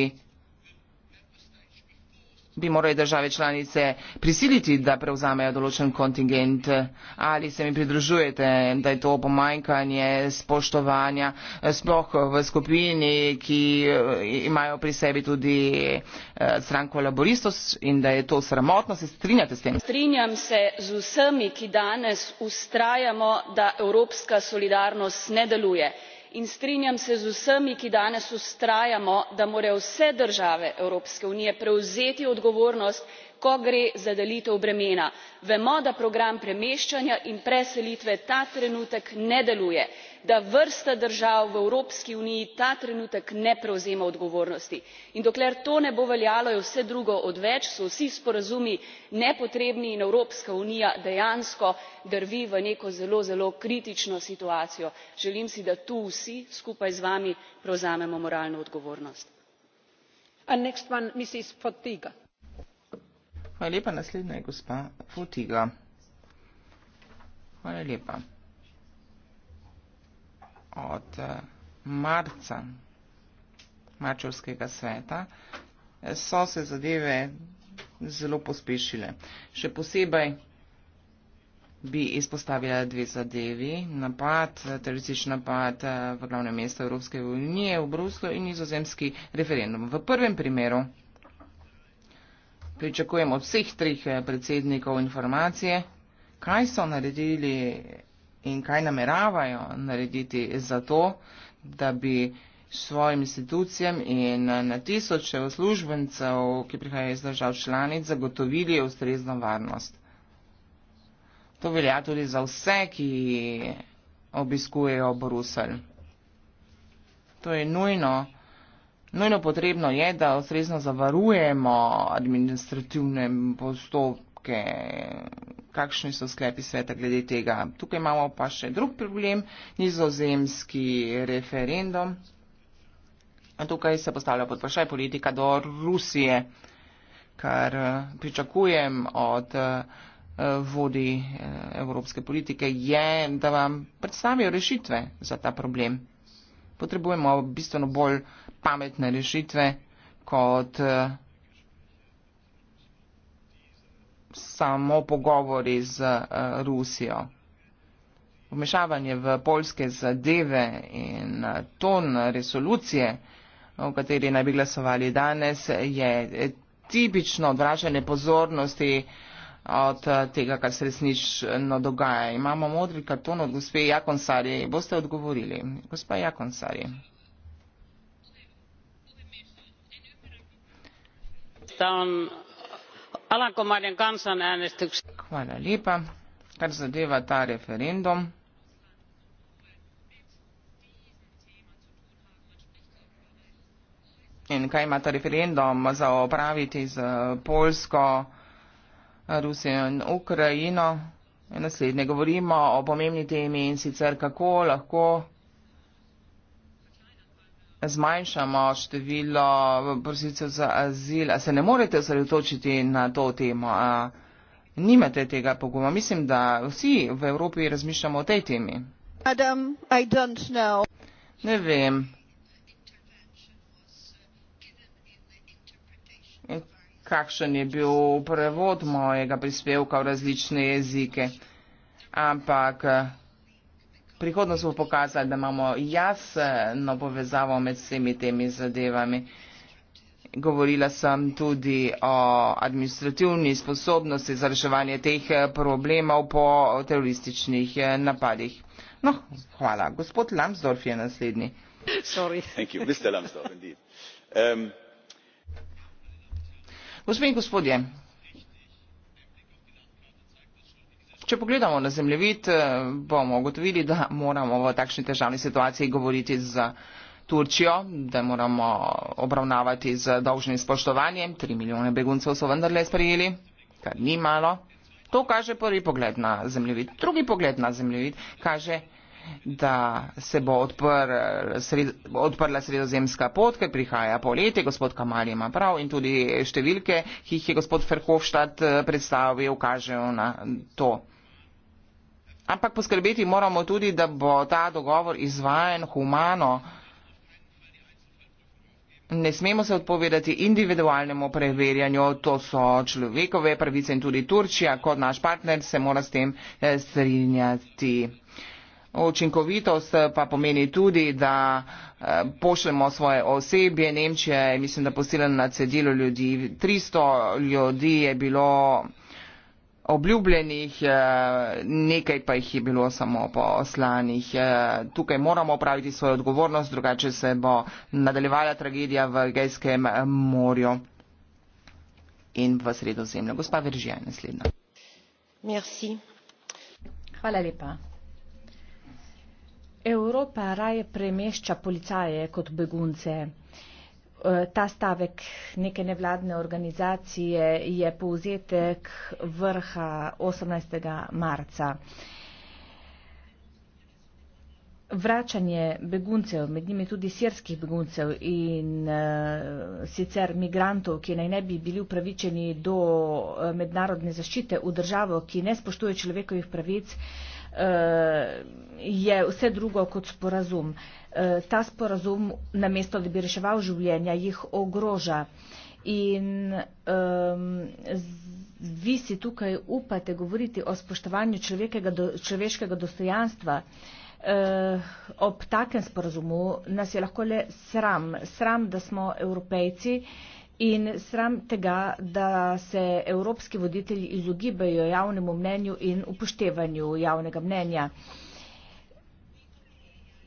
bi morale države članice prisiliti, da prevzamejo določen kontingent. Ali se mi pridružujete, da je to pomanjkanje spoštovanja, sploh v skupini, ki eh, imajo pri sebi tudi eh, stranko laboristov in da je to sramotno? Se strinjate s tem? Strinjam se z vsemi, ki danes ustrajamo, da evropska solidarnost ne deluje in strinjam se z vsemi ki danes vztrajamo da morajo vse države evropske unije prevzeti odgovornost za vzpostavitev mira ko gre za delitev bremena vemo da program premeščanja in preselitve ta trenutek ne deluje da vrsta držav v evropski uniji ta trenutek ne prevzema odgovornosti in dokler to ne bo veljalo je vse drugo odveč so vsi sporazumi nepotrebni in evropska unija dejansko drvi v neko zelo zelo kritično situacijo želim si da tu vsi skupaj z vami prevzamemo moralno odgovornost. Hvala lepa. Naslednja je gospa Fotiga. Hvala lepa. Od eh, marca Mačevskega sveta eh, so se zadeve zelo pospešile. Še posebej bi izpostavila dve zadevi. Napad, eh, teroristični napad v glavnem mesta Evropske unije v Bruslu in nizozemski referendum. V prvem primeru pričakujem od vseh treh eh, predsednikov informacije, kaj so naredili in kaj nameravajo narediti za to, da bi svojim institucijam in eh, na tisoče uslužbencev, ki prihajajo iz držav članic, zagotovili ustrezno varnost. To velja tudi za vse, ki obiskujejo Brusel. To je nujno. Nujno potrebno je, da ustrezno zavarujemo administrativne postopke, kakšni so sklepi sveta glede tega. Tukaj imamo pa še drug problem, nizozemski referendum. Tukaj se postavlja pod vprašaj politika do Rusije, kar eh, pričakujem od eh, vodi eh, evropske politike, je, da vam predstavijo rešitve za ta problem. Potrebujemo bistveno bolj pametne rešitve kot eh, samo pogovori z eh, Rusijo. Vmešavanje v polske zadeve in eh, ton resolucije, o kateri naj bi glasovali danes, je tipično odvračanje pozornosti od tega, kar se resnično dogaja. Imamo modri karton od gospe Jakonsari. Boste odgovorili. Gospa Jakonsari. Hvala lepa. Kar zadeva ta referendum, In kaj ima ta referendum za opraviti z eh, Polsko, Rusijo in Ukrajino? In naslednje, govorimo o pomembni temi in sicer kako lahko zmanjšamo število prosilcev za azil, a se ne morete osredotočiti na to temo, a nimate tega poguma. Mislim, da vsi v Evropi razmišljamo o tej temi. Adam, ne vem. Kakšen je bil prevod mojega prispevka v različne jezike. Ampak prihodnost bo pokazala, da imamo jasno povezavo med vsemi temi zadevami. Govorila sem tudi o administrativni sposobnosti za reševanje teh problemov po terorističnih napadih. No, hvala. Gospod Lambsdorff je naslednji. Gospod in gospodje. če pogledamo na zemljevid, eh, bomo ugotovili, da moramo v takšni težavni situaciji govoriti z Turčijo, da moramo obravnavati z dolžnim spoštovanjem. 3 milijone beguncev so vendarle sprejeli, kar ni malo. To kaže prvi pogled na zemljevid. Drugi pogled na zemljevid kaže, da se bo odpr, sred, odprla sredozemska pot, ker prihaja poletje, gospod Kamal ima prav in tudi številke, ki jih je gospod Ferhofštad eh, predstavil, kažejo na to. Ampak poskrbeti moramo tudi, da bo ta dogovor izvajen humano. Ne smemo se odpovedati individualnemu preverjanju, to so človekove pravice in tudi Turčija, kot naš partner se mora s tem eh, strinjati. Očinkovitost eh, pa pomeni tudi, da eh, pošljemo svoje osebje. Nemčija je, mislim, da posilena na cedilo ljudi. 300 ljudi je bilo obljubljenih, eh, nekaj pa jih je bilo samo poslanih. Eh, tukaj moramo opraviti svojo odgovornost, drugače se bo nadaljevala tragedija v Gejskem eh, morju in v sredozemlju. Gospa Veržija je naslednja. Merci. Hvala lepa. Evropa raje premešča policaje kot begunce ta stavek neke nevladne organizacije je povzetek vrha 18. marca. Vračanje beguncev, med njimi tudi sirskih beguncev in uh, sicer migrantov, ki naj ne bi bili upravičeni do uh, mednarodne zaščite v državo, ki ne spoštuje človekovih pravic, uh, Eh, je vse drugo kot sporazum. Eh, ta sporazum, namesto da bi reševal življenja, jih ogroža. In um, vi si tukaj upate govoriti o spoštovanju do, človeškega dostojanstva. Uh, ob takem sporazumu nas je lahko le sram. Sram, da smo evropejci in sram tega, da se evropski voditelji izogibajo javnemu mnenju in upoštevanju javnega mnenja.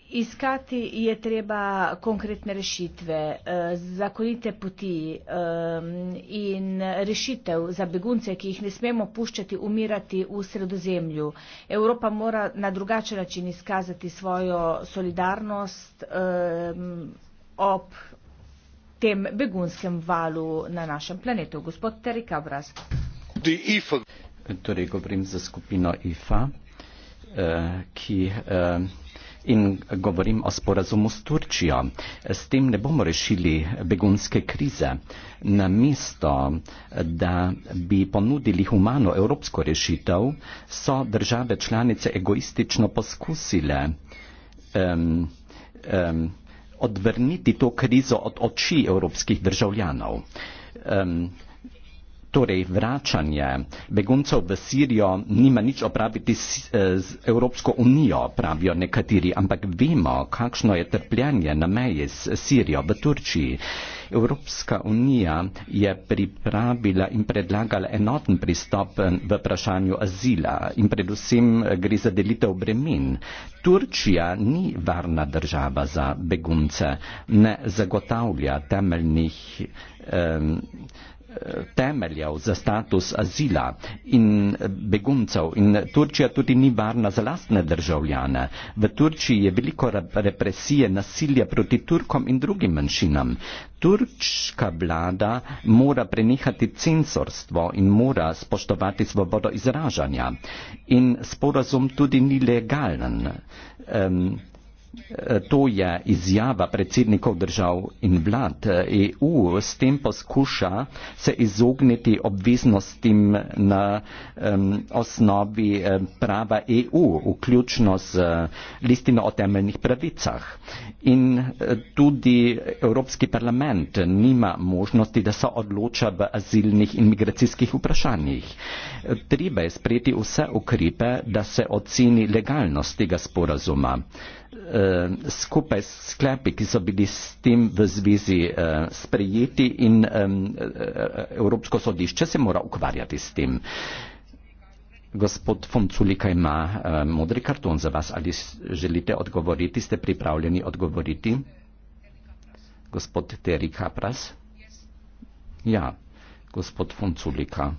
Iskati je treba konkretne rešitve, eh, zakonite poti eh, in rešitev za begunce, ki jih ne smemo puščati umirati v sredozemlju. Evropa mora na drugačen način izkazati svojo solidarnost eh, ob tem begunskem valu na našem planetu. Gospod Terik Abraz. E torej, govorim za skupino IFA e eh, ki, eh, in govorim o sporazumu s Turčijo. S tem ne bomo rešili begunske krize. Na mesto, da bi ponudili humano evropsko rešitev, so države članice egoistično poskusile eh, eh, odvrniti to krizo od oči evropskih državljanov. Um, torej vračanje beguncev v Sirijo nima nič opraviti s, e, z Evropsko unijo, pravijo nekateri, ampak vemo, kakšno je trpljenje na meji s Sirijo v Turčiji. Uh, Evropska unija je pripravila in predlagala enoten pristop eh, v vprašanju azila in predvsem eh, gre za delitev bremen. Turčija ni varna država za begunce, ne zagotavlja temeljnih. Um, temeljev za status azila in beguncev. In Turčija tudi ni varna za lastne državljane. V Turčiji je veliko represije, nasilja proti Turkom in drugim manjšinam. Turčka vlada mora prenehati cenzorstvo in mora spoštovati svobodo izražanja. In sporazum tudi ni legalen. Um, Eh, to je izjava predsednikov držav in vlad. EU eh, e s tem poskuša se izogniti obveznostim na um, osnovi eh, prava EU, vključno z listino o temeljnih pravicah. In tudi Evropski parlament nima možnosti, da se odloča v azilnih in migracijskih vprašanjih. Treba je sprejeti vse ukripe, da se oceni legalnost tega sporazuma eh, skupaj s sklepi, ki so bili s tem v zvezi eh, sprejeti in eh, eh Evropsko sodišče se mora ukvarjati s tem. Gospod Fonculika ima eh, modri karton za vas. Ali želite odgovoriti? Ste pripravljeni odgovoriti? Gospod Terry Capras? Ja, gospod Fonculika.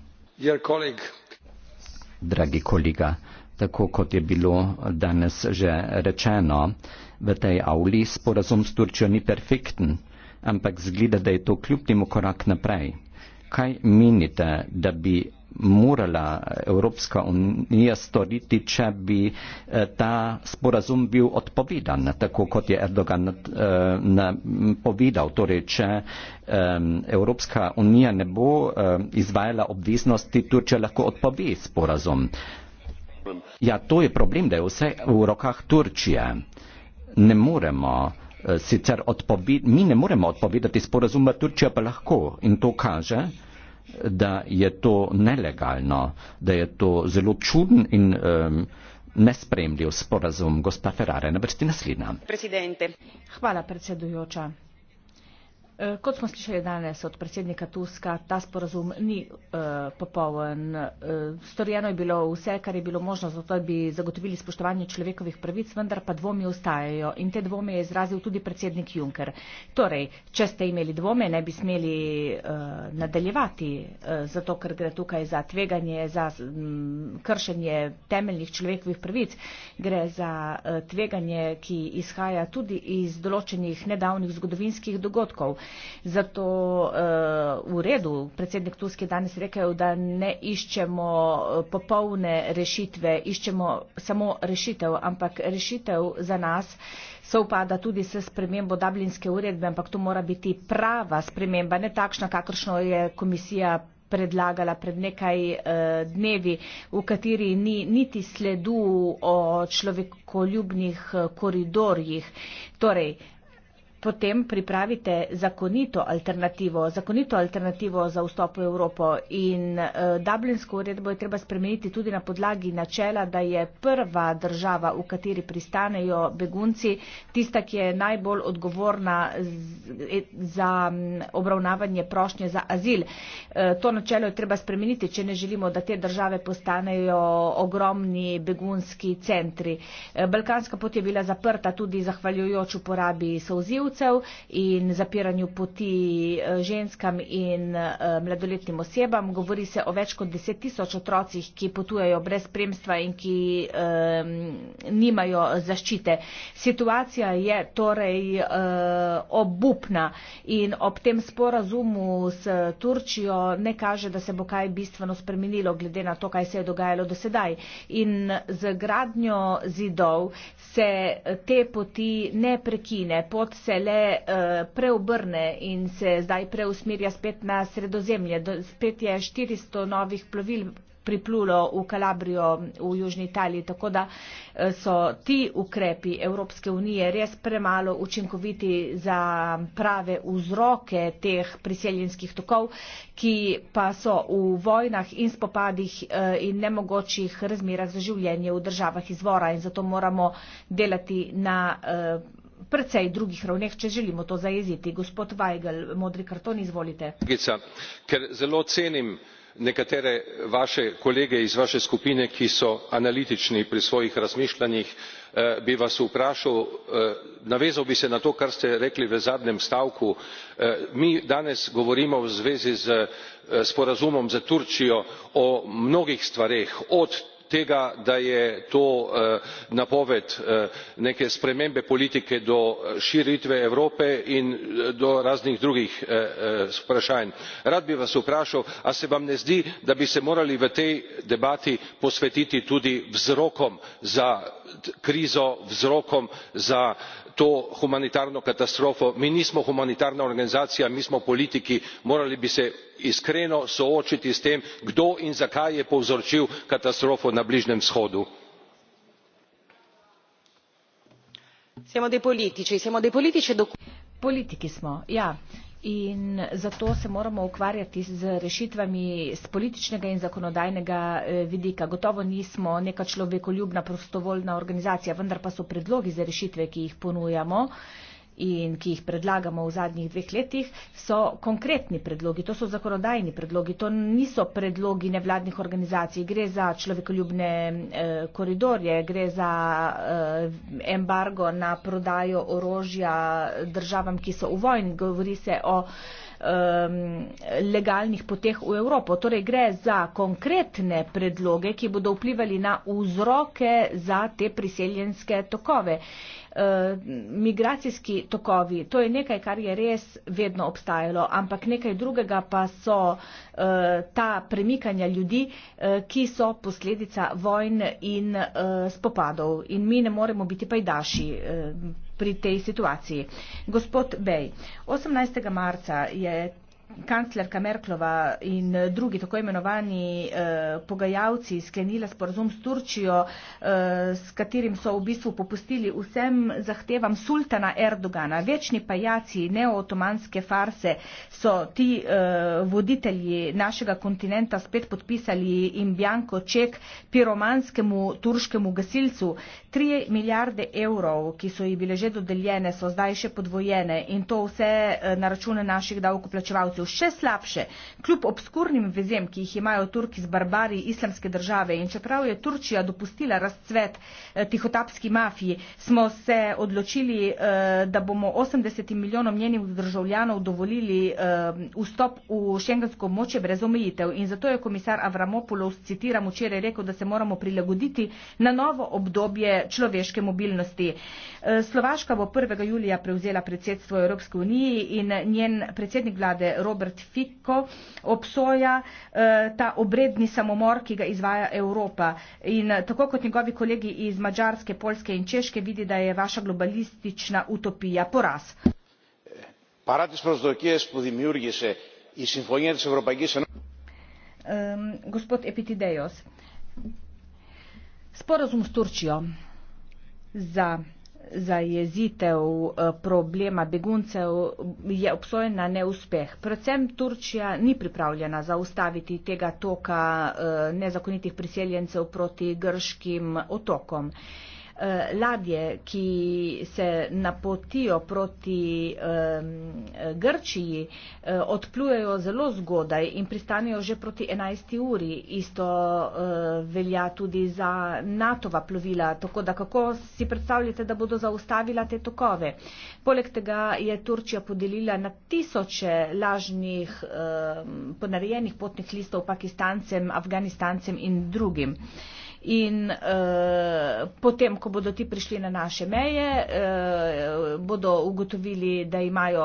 Dragi kolega, tako kot je bilo danes že rečeno, v tej avli sporazum s Turčjo ni perfekten, ampak zgleda, da je to kljub temu korak naprej. Kaj menite, da bi morala Evropska unija storiti, če bi eh, ta sporazum bil odpovedan, tako kot je Erdogan eh, napovedal. Torej, če Evropska unija ne bo eh, izvajala obveznosti, Turčja lahko odpove sporazum. Ja, to je problem, da je vse v rokah Turčije. Ne moremo eh, sicer odpovedati, mi ne moremo odpovedati sporazuma, Turčija pa lahko in to kaže, da je to nelegalno, da je to zelo čuden in um, nespremljiv sporazum. Gospa Ferrara, na vrsti naslednja. Hvala predsedujoča. Eh, kot smo slišali danes od predsednika Tuska, ta sporazum ni uh, popoln. Uh, storjeno je bilo vse, kar je bilo možno, zato bi zagotovili spoštovanje človekovih pravic, vendar pa dvomi ostajajo. In te dvome je izrazil tudi predsednik Juncker. Torej, če ste imeli dvome, ne bi smeli uh, nadaljevati, uh, zato ker gre tukaj za tveganje, za um, kršenje temeljnih človekovih pravic. Gre za uh, tveganje, ki izhaja tudi iz določenih nedavnih zgodovinskih dogodkov. Zato uh, v redu, predsednik Tusk je danes rekel, da ne iščemo eh, popolne rešitve, iščemo samo rešitev, ampak rešitev za nas se upada tudi s spremembo Dublinske uredbe, ampak to mora biti prava sprememba, ne takšna, kakršno je komisija predlagala pred nekaj eh, dnevi, v kateri ni niti sledu o človekoljubnih eh, koridorjih. Torej, potem pripravite zakonito alternativo, zakonito alternativo za vstop v Evropo in uh, Dublinsko uredbo je treba spremeniti tudi na podlagi načela, da je prva država, v kateri pristanejo begunci, tista, ki je najbolj odgovorna z, za mm, obravnavanje prošnje za azil. Uh, to načelo je treba spremeniti, če ne želimo, da te države postanejo ogromni begunski centri. Uh, Balkanska pot je bila zaprta tudi zahvaljujoč uporabi solzivcev, delavcev in zapiranju poti eh, ženskam in eh, mladoletnim osebam. Govori se o več kot deset tisoč otrocih, ki potujejo brez spremstva in ki um, nimajo zaščite. Situacija je torej uh, obupna in ob tem sporazumu s Turčijo ne kaže, da se bo kaj bistveno spremenilo glede na to, kaj se je dogajalo do sedaj. In z gradnjo zidov se te poti ne prekine, pot se le uh, preobrne in se zdaj preusmerja spet na sredozemlje. Do, spet je 400 novih plovil priplulo v Kalabrijo v Južni Italiji, tako da eh, so ti ukrepi Evropske unije res premalo učinkoviti za prave vzroke teh priseljenskih tokov, ki pa so v vojnah in spopadih eh, in nemogočih razmerah za življenje v državah izvora in zato moramo delati na precej drugih ravneh, če želimo to zajeziti. Gospod Weigel, modri karton, izvolite. Ker zelo cenim nekatere vaše kolege iz vaše skupine, ki so analitični pri svojih razmišljanjih, eh, bi vas vprašal, eh, navezal bi se na to, kar ste rekli v zadnjem stavku. Eh, mi danes govorimo v zvezi z sporazumom za Turčijo o mnogih stvareh, od tega da je to eh, napoved eh, neke spremembe politike do eh, širitve evrope in do raznih drugih vprašanj. rad bi vas vprašal a se vam ne zdi da bi se morali v tej debati posvetiti tudi vzrokom za krizo vzrokom za to humanitarno katastrofo mi nismo humanitarna organizacija mi smo politiki morali bi se iskreno soočiti s tem kdo in zakaj je povzročil katastrofo na bližnjem vzhodu in zato se moramo ukvarjati z rešitvami z političnega in zakonodajnega eh, vidika. Gotovo nismo neka človekoljubna prostovoljna organizacija, vendar pa so predlogi za rešitve, ki jih ponujamo, in ki jih predlagamo v zadnjih dveh letih, so konkretni predlogi, to so zakonodajni predlogi, to niso predlogi nevladnih organizacij, gre za človekoljubne eh, koridorje, gre za eh, embargo na prodajo orožja državam, ki so v vojni, govori se o legalnih poteh v Evropo. Torej gre za konkretne predloge, ki bodo vplivali na vzroke za te priseljenske tokove. Eh, migracijski tokovi, to je nekaj, kar je res vedno obstajalo, ampak nekaj drugega pa so eh, ta premikanja ljudi, eh, ki so posledica vojn in spopadov. In mi ne moremo biti pajdaši pri tej situaciji. Gospod Bej, 18. marca je kanclerka Merklova in eh, drugi tako imenovani eh, pogajalci sklenila sporazum s Turčijo, eh, s katerim so v bistvu popustili vsem zahtevam sultana Erdogana. Večni pajaci neotomanske farse so ti eh, voditelji našega kontinenta spet podpisali in bjanko ček piromanskemu turškemu gasilcu. Tri milijarde evrov, ki so ji bile že dodeljene, so zdaj še podvojene in to vse eh, na račune naših davkoplačevalcev otroci v še slabše, kljub obskurnim vezem, ki jih imajo Turki z barbari islamske države in čeprav je Turčija dopustila razcvet eh, tihotapski mafiji, smo se odločili, eh, da bomo 80 milijonom njenih državljanov dovolili eh, vstop v šengensko moče brez omejitev in zato je komisar Avramopoulos, citiram, včeraj rekel, da se moramo prilagoditi na novo obdobje človeške mobilnosti. Slovaška bo 1. julija prevzela predsedstvo Evropske unije in njen predsednik vlade Robert Fico obsoja eh, ta obredni samomor, ki ga izvaja Evropa. In eh, tako kot njegovi kolegi iz Mačarske, Polske in Češke vidi, da je vaša globalistična utopija poraz. Um, gospod Epitidejos, sporazum s Turčijo za zajezitev eh, problema beguncev je obsojen na neuspeh. Predvsem Turčija ni pripravljena zaustaviti tega toka eh, nezakonitih priseljencev proti grškim otokom. Eh, ladje, ki se napotijo proti Grčiji, eh, odplujejo zelo zgodaj in pristanejo že proti 11. uri. Isto eh, velja tudi za NATO-va plovila, tako da kako si predstavljate, da bodo zaustavila te tokove. Poleg tega je Turčija podelila na tisoče lažnih ponarejenih potnih listov pakistancem, afganistancem in drugim in eh, potem, ko bodo ti prišli na naše meje, eh, bodo ugotovili, da imajo,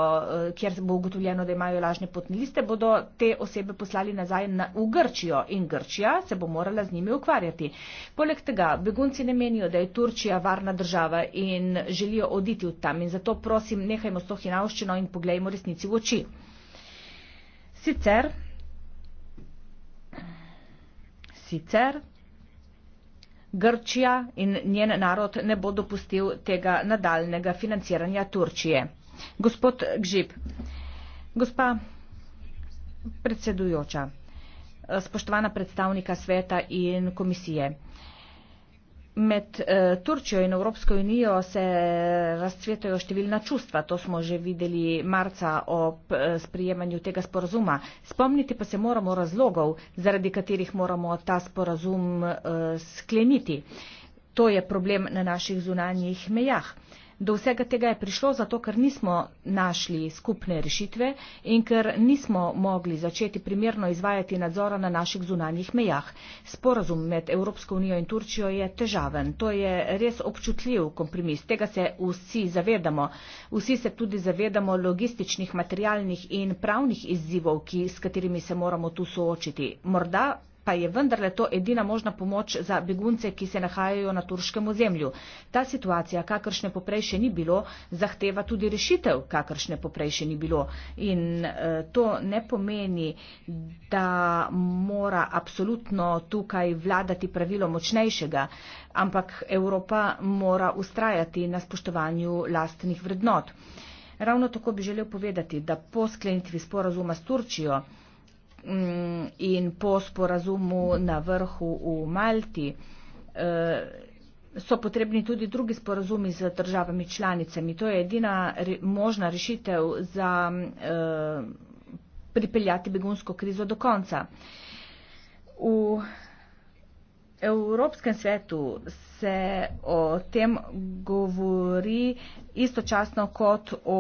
eh, kjer bo ugotovljeno, da imajo lažne potne liste, bodo te osebe poslali nazaj na, v Grčijo in Grčija se bo morala z njimi ukvarjati. Poleg tega, begunci ne menijo, da je Turčija varna država in želijo oditi od tam in zato prosim, nehajmo s to hinavščino in poglejmo resnici v oči. Sicer, sicer, Grčija in njen narod ne bo dopustil tega nadaljnega financiranja Turčije. Gospod Gžib, gospa predsedujoča, spoštovana predstavnika sveta in komisije, Med eh, Turčijo in Evropsko unijo se razcvetajo številna čustva, to smo že videli marca ob eh, sprijemanju tega sporazuma. Spomniti pa se moramo razlogov, zaradi katerih moramo ta sporazum eh, skleniti. To je problem na naših zunanjih mejah do vsega tega je prišlo zato, ker nismo našli skupne rešitve in ker nismo mogli začeti primerno izvajati nadzora na naših zunanjih mejah. Sporazum med Evropsko unijo in Turčijo je težaven. To je res občutljiv kompromis. Tega se vsi zavedamo. Vsi se tudi zavedamo logističnih, materialnih in pravnih izzivov, ki, s katerimi se moramo tu soočiti. Morda pa je vendarle to edina možna pomoč za begunce, ki se nahajajo na turškem ozemlju. Ta situacija, kakršne poprej še ni bilo, zahteva tudi rešitev, kakršne poprej še ni bilo. In eh, to ne pomeni, da mora absolutno tukaj vladati pravilo močnejšega, ampak Evropa mora ustrajati na spoštovanju lastnih vrednot. Ravno tako bi želel povedati, da po sklenitvi sporazuma s Turčijo, Mm, in po sporazumu na vrhu v Malti eh, so potrebni tudi drugi sporazumi z državami članicami. To je edina možna rešitev za eh, pripeljati begunsko krizo do konca. V Evropskem svetu se o tem govori istočasno kot o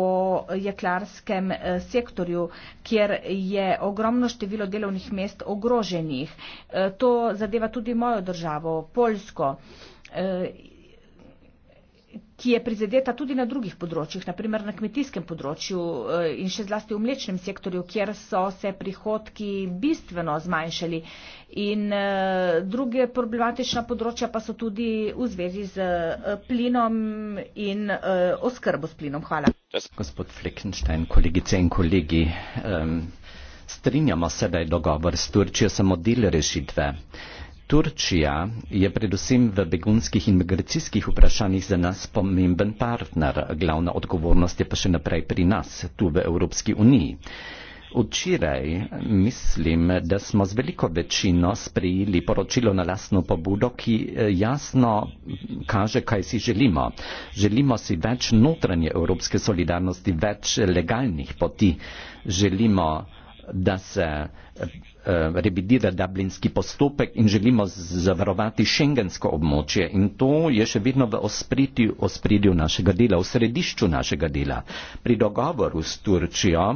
jeklarskem eh, sektorju, kjer je ogromno število delovnih mest ogroženih. Eh, to zadeva tudi mojo državo, Poljsko. Eh, ki je prizadeta tudi na drugih področjih, naprimer na kmetijskem področju eh, in še zlasti v mlečnem sektorju, kjer so se prihodki bistveno zmanjšali. In eh, druge problematična področja pa so tudi v zvezi z eh, plinom in oskrbo s plinom. Hvala. Gospod Fleckenstein, kolegice in kolegi. Um, strinjamo se, da je dogovor s Turčijo samo del rešitve. Turčija je predvsem v begunskih in migracijskih vprašanjih za nas pomemben partner. Glavna odgovornost je pa še naprej pri nas, tu v Evropski uniji. Včeraj mislim, da smo z veliko večino sprejeli poročilo na lasno pobudo, ki eh, jasno kaže, kaj si želimo. Želimo si več notranje evropske solidarnosti, več legalnih poti. Želimo, da se Eh, revidira dublinski postopek in želimo zavarovati šengensko območje. In to je še vedno v ospritju, ospritju našega dela, v središču našega dela. Pri dogovoru s Turčijo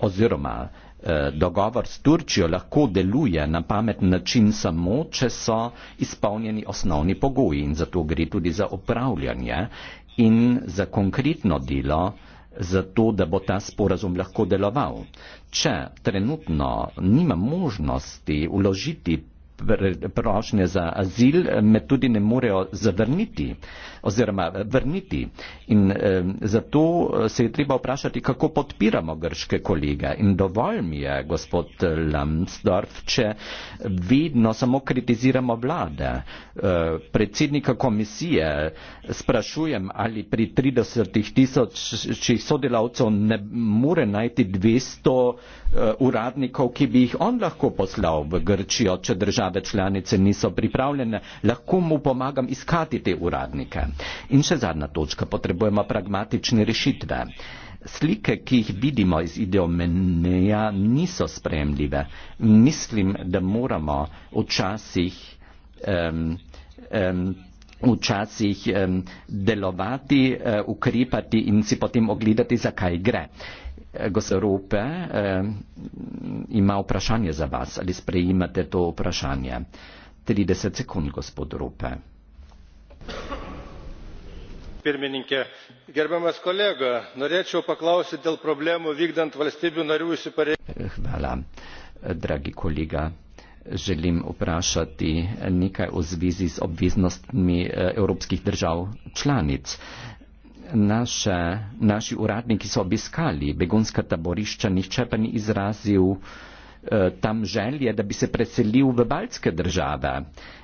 oziroma eh, dogovor s Turčijo lahko deluje na pameten način samo, če so izpolnjeni osnovni pogoji in zato gre tudi za upravljanje in za konkretno delo uh, zato da bo ta sporazum lahko deloval. Če trenutno nima možnosti uložiti prošnje za azil eh, me tudi ne morejo zavrniti oziroma eh, vrniti. In eh, zato eh, se je treba vprašati, kako podpiramo grške kolege. In dovolj mi je, gospod Lamsdorf, če vidno samo kritiziramo vlade. Eh, predsednika komisije sprašujem, ali pri 30 tisočih sodelavcev ne more najti 200 eh, uradnikov, ki bi jih on lahko poslal v Grčijo, če država države članice niso pripravljene, lahko mu pomagam iskati te uradnike. In še zadnja točka, potrebujemo pragmatične rešitve. Slike, ki jih vidimo iz ideomeneja, niso spremljive. Mislim, da moramo včasih, um, um, včasih um, delovati, uh, ukrepati in si potem ogledati, zakaj gre. Uh, grupe eh, ima vprašanje za vas, ali sprejimate to vprašanje. 30 sekund, gospod Rupe. Pirmininkė, gerbiamas kolega, norėčiau paklausyti dėl problemų vykdant valstybių narių įsipareigojimus. Eh, hvala, eh, dragi kolega. Želim vprašati nekaj v zvezi z obveznostmi eh, evropskih držav članic naše, naši uradniki so obiskali begunska taborišča, nihče pa ni izrazil eh, tam želje, da bi se preselil v baltske države.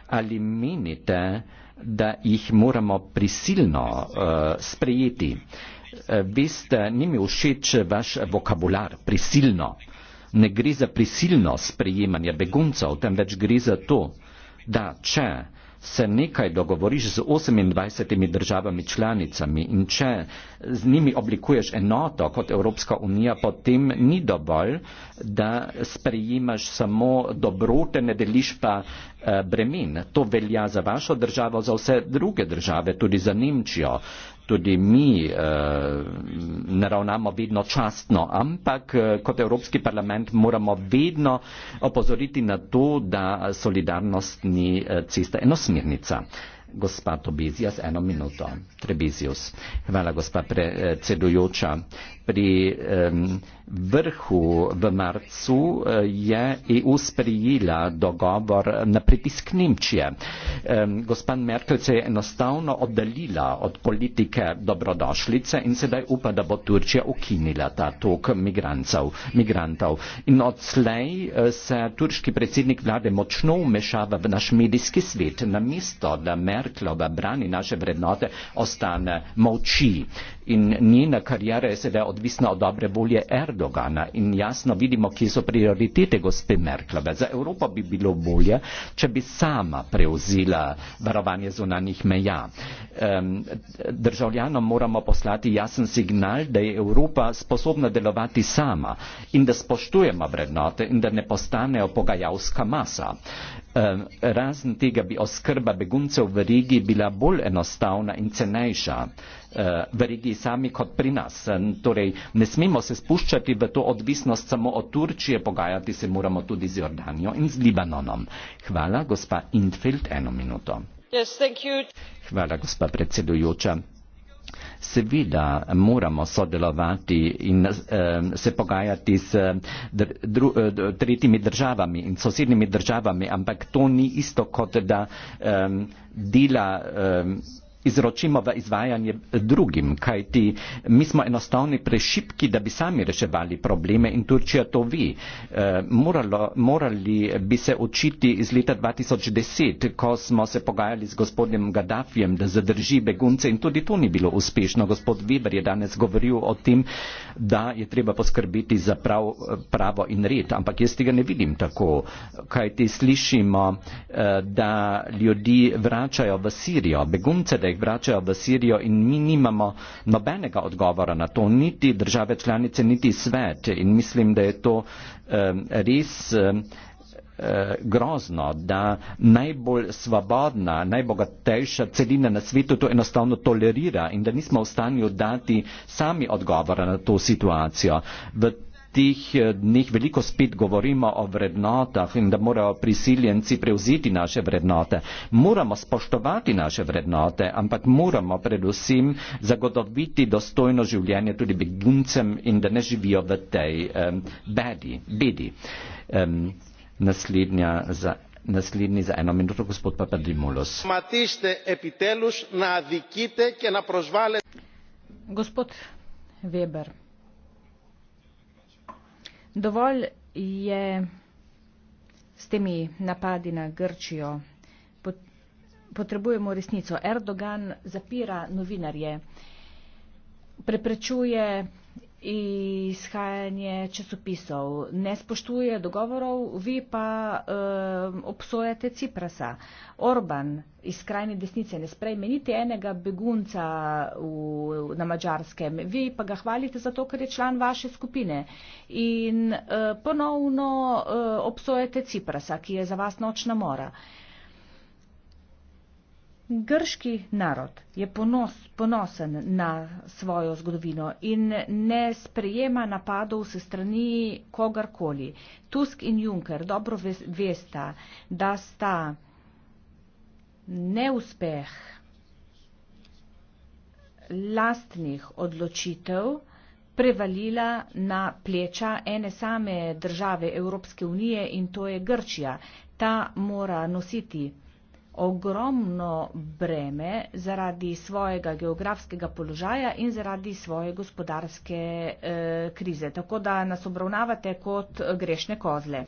Ali menite, da jih moramo prisilno eh, sprejeti? Eh, veste, ni mi všeč vaš vokabular prisilno. Ne gre za prisilno sprejemanje beguncev, temveč gre za to, da če eh, se nekaj dogovoriš z 28 državami članicami in če z njimi oblikuješ enoto kot Evropska unija, potem ni dovolj, da sprejimaš samo dobrote, ne deliš pa eh, bremen. To velja za vašo državo, za vse druge države, tudi za Nemčijo tudi mi eh, ne ravnamo vedno častno, ampak eh, kot Evropski parlament moramo vedno opozoriti na to, da solidarnost ni eh, cesta enosmirnica. Gospa Tobizijas, eno minuto. Trebizijus. Hvala, gospa predsedujoča pri vrhu v marcu eh, je EU sprejela dogovor na pritisk Nemčije. Gospod Merkel se je enostavno oddaljila od politike dobrodošlice in sedaj upa, da bo Turčija ukinila ta tok migrantov. In odslej eh, se turški predsednik vlade močno umešava v naš medijski svet, namesto da Merklova brani naše vrednote, ostane molči in njena karijera je sedaj odvisna od dobre volje Erdogana in jasno vidimo, kje so prioritete gospe Merklove. Za Evropo bi bilo bolje, če bi sama prevzela varovanje zunanjih meja. Um, državljanom moramo poslati jasen signal, da je Evropa sposobna delovati sama in da spoštujemo vrednote in da ne postanejo pogajalska masa. Um, razen tega bi oskrba beguncev v regiji bila bolj enostavna in cenejša. Eh, verigi sami kot pri nas. Torej, ne smemo se spuščati v to odvisnost samo od Turčije, pogajati se moramo tudi z Jordanijo in z Libanonom. Hvala, gospa Intfeld, eno minuto. Yes, Hvala, gospa predsedujoča. Seveda moramo sodelovati in eh, se pogajati s dr, dru, eh, tretjimi državami in sosednjimi državami, ampak to ni isto kot da eh, dela. Eh, izročimo v izvajanje drugim, kajti mi smo enostavni prešipki, da bi sami reševali probleme in Turčija to vi. E, eh, moralo, morali bi se učiti iz leta 2010, ko smo se pogajali z gospodinom Gaddafijem, da zadrži begunce in tudi to ni bilo uspešno. Gospod Weber je danes govoril o tem, da je treba poskrbiti za prav, pravo in red, ampak jaz tega ne vidim tako, kajti slišimo, eh, da ljudi vračajo v Sirijo, begunce, da jih vračajo v Sirijo in mi nimamo nobenega odgovora na to, niti države članice, niti svet. In mislim, da je to um, res um, grozno, da najbolj svobodna, najbogatejša celina na svetu to enostavno tolerira in da nismo v stanju dati sami odgovora na to situacijo. V tih eh, dneh veliko spet govorimo o vrednotah in da morajo prisiljenci prevzeti naše vrednote. Moramo spoštovati naše vrednote, ampak moramo predvsem zagotoviti dostojno življenje tudi beguncem in da ne živijo v tej um, bedi, bedi. Um, naslednja za naslednji za eno minuto, gospod Papadimulos. Gospod Weber, Dovolj je s temi napadi na Grčijo. Potrebujemo resnico. Erdogan zapira novinarje, preprečuje izhajanje časopisov, ne spoštuje dogovorov, vi pa e, obsojate Ciprasa. Orban iz skrajne desnice ne sprejme niti enega begunca v, na mačarskem, vi pa ga hvalite zato, ker je član vaše skupine in e, ponovno e, obsojate Ciprasa, ki je za vas nočna mora. E, Grški narod je ponos, ponosen na svojo zgodovino in ne sprejema napadov se strani kogarkoli. Tusk in Juncker dobro vesta, da sta neuspeh lastnih odločitev prevalila na pleča ene same države Evropske unije in to je Grčija. Ta mora nositi ogromno breme zaradi svojega geografskega položaja in zaradi svoje gospodarske e, krize. Tako da nas obravnavate kot grešne kozle.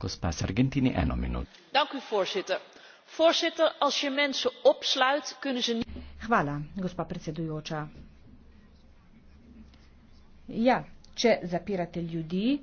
Gospa iz Argentine, eno minuto. Dank u, voorzitter. Voorzitter, als je mensen opsluit, kunnen ze niet. Hvala, gospa predsedujoča. Ja, če zapirate ljudi,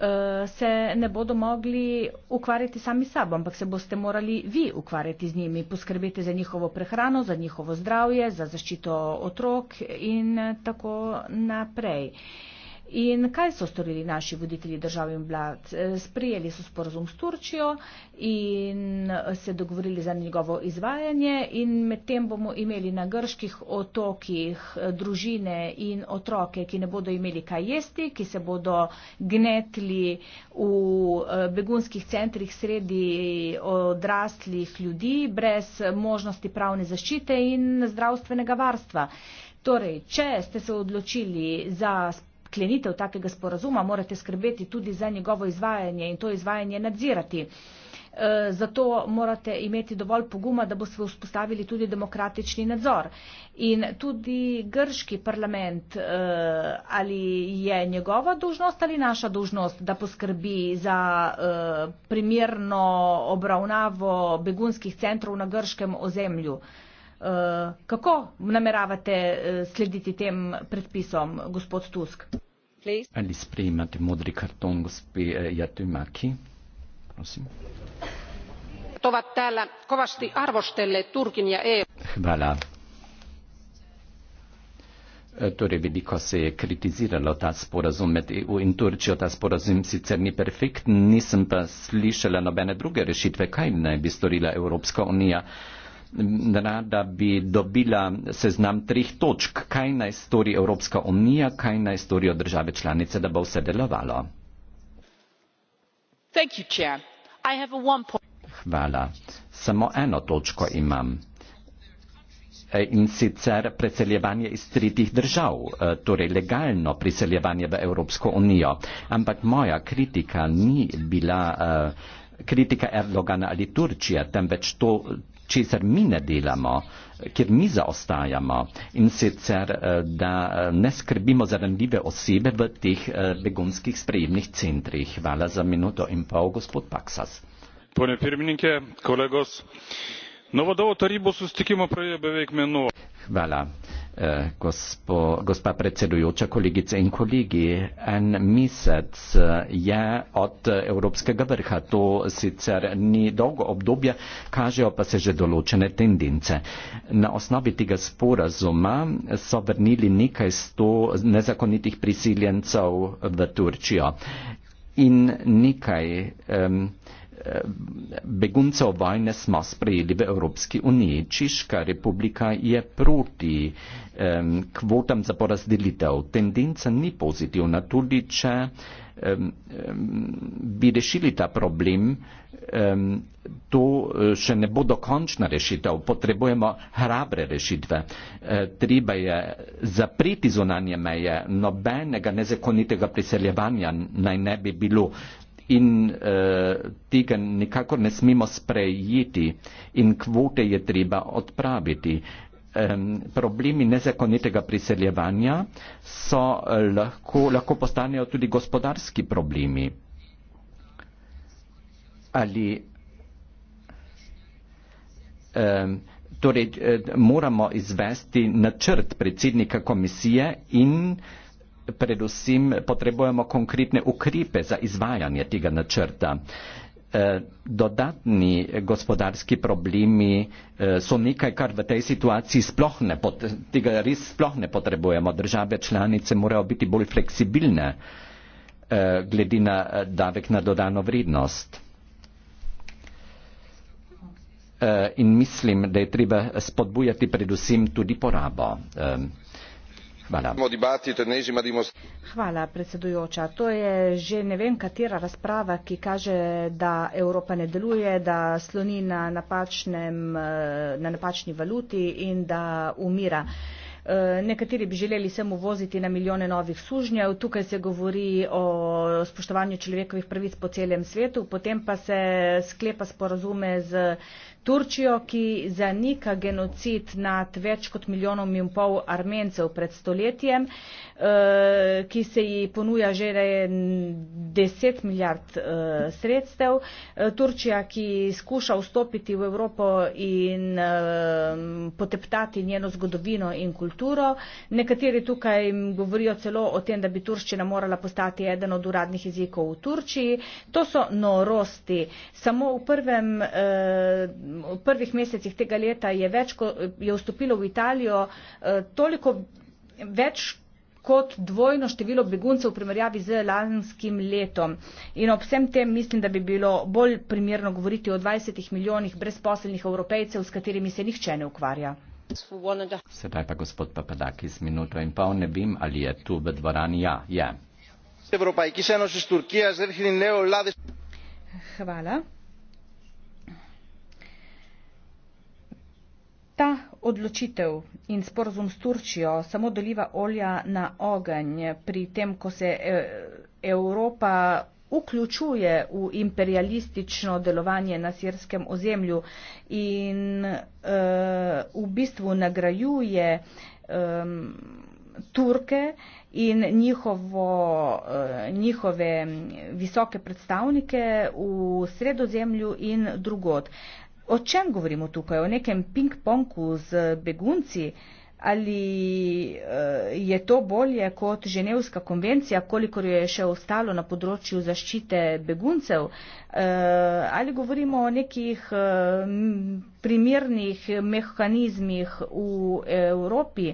Eh, se ne bodo mogli ukvarjati sami sabo, ampak se boste morali vi ukvarjati z njimi, poskrbeti za njihovo prehrano, za njihovo zdravje, za zaščito otrok in tako naprej. Uh, In kaj so storili naši voditelji državi in vlad? E, Sprijeli so sporozum s Turčijo in e, se dogovorili za njegovo izvajanje in med tem bomo imeli na grških otokih e, družine in otroke, ki ne bodo imeli kaj jesti, ki se bodo gnetli v begunskih centrih sredi odraslih ljudi brez možnosti pravne zaščite in zdravstvenega varstva. Torej, če ste se odločili za sporozum, sklenitev takega sporazuma morate skrbeti tudi za njegovo izvajanje in to izvajanje nadzirati. E, zato morate imeti dovolj poguma, da boste vzpostavili tudi demokratični nadzor. In tudi grški parlament, e, ali je njegova dožnost ali naša dožnost, da poskrbi za e, primerno obravnavo begunskih centrov na grškem ozemlju? Eh, kako nameravate eh, slediti tem predpisom, gospod Tusk? Please. Ali sprejemate modri karton, gospe eh, Jatumaki? Prosim. Ja e Hvala. Torej, veliko se je kritiziralo ta sporazum med EU in Turčijo. Ta sporazum sicer ni perfekten, nisem pa slišala nobene druge rešitve, kaj naj bi storila Evropska unija rada bi dobila seznam treh točk, kaj naj stori Evropska unija, kaj naj storijo države članice, da bo vse delovalo. You, Hvala. Samo eno točko imam. E, in sicer preseljevanje iz tretjih držav, e, torej legalno priseljevanje v Evropsko unijo. Ampak moja kritika ni bila e, kritika Erdogana ali Turčije, temveč to, česar mi ne delamo, kjer mi zaostajamo in sicer, eh, da eh, ne skrbimo za randljive osebe v teh eh, begunskih sprejemnih centrih. Hvala za minuto in pol, gospod Paksas. Pone pirmininke, kolegos nuo vadovų tarybos susitikimo praėjo beveik mėnuo. Voilà. Eh, gospo, gospa predsedujoča, kolegice in kolegi, en mesec eh, je od Evropskega vrha, to sicer ni dolgo obdobje, kažejo pa se že določene tendence. Na osnovi tega sporazuma so vrnili nekaj sto nezakonitih prisiljencev v Turčijo in nekaj. Um, begunce vojne smo sprejeli v Evropski uniji. Češka republika je proti um, kvotam za porazdelitev. Tendenca ni pozitivna, tudi če um, bi rešili ta problem, um, to eh, še ne bo dokončna rešitev. Potrebujemo hrabre rešitve. E, treba je zapreti zunanje meje, nobenega nezakonitega priseljevanja naj ne bi bilo in uh, tega nikakor ne smemo sprejeti in kvote je treba odpraviti. Um, problemi nezakonitega priseljevanja so uh, lahko, lahko postanejo tudi gospodarski problemi. Ali, um, torej, uh, moramo izvesti načrt predsednika komisije in uh, predvsem potrebujemo konkretne ukrepe za izvajanje tega načrta. Eh, dodatni gospodarski problemi eh, so nekaj, kar v tej situaciji sploh ne, tega res sploh ne potrebujemo. Države članice morajo biti bolj fleksibilne eh, glede na davek na dodano vrednost. In mislim, da je treba spodbujati predvsem tudi porabo. Hvala. Hvala, predsedujoča. To je že ne vem katera razprava, ki kaže, da Evropa ne deluje, da sloni na, napačnem, eh, na napačni valuti in da umira. Eh, nekateri bi želeli sem uvoziti na milijone novih sužnjev, tukaj se govori o spoštovanju človekovih pravic po celem svetu, potem pa se sklepa sporazume z Turčijo, ki zanika genocid nad več kot milijonom in pol armencev pred stoletjem, eh, ki se ji ponuja že 10 milijard eh, sredstev. Eh, Turčija, ki skuša vstopiti v Evropo in poteptati njeno zgodovino in kulturo. Nekateri tukaj govorijo celo o tem, da bi turščina morala postati eden od uradnih jezikov v Turčiji. To so norosti. Samo v prvem v prvih mesecih tega leta je več, ko, je vstopilo v Italijo eh, toliko več kot dvojno število beguncev v primerjavi z lanskim letom. In ob vsem tem mislim, da bi bilo bolj primerno govoriti o 20 milijonih brezposelnih evropejcev, s katerimi se nihče ne ukvarja. Sedaj pa gospod Papadaki z minuto in pol ne vem, ali je tu v dvorani. Ja, je. Hvala. Ta odločitev in sporozum s Turčijo samo doliva olja na ogenj pri tem, ko se e, Evropa vključuje v imperialistično delovanje na sirskem ozemlju in uh, v bistvu nagrajuje um, Turke in njihovo, uh, njihove visoke predstavnike v sredozemlju in drugod. Uh, O čem govorimo tukaj? O nekem ping-pongu z begunci? Ali eh, je to bolje kot Ženevska konvencija, kolikor jo je še ostalo na področju zaščite beguncev? Eh, ali govorimo o nekih eh, primernih mehanizmih v Evropi?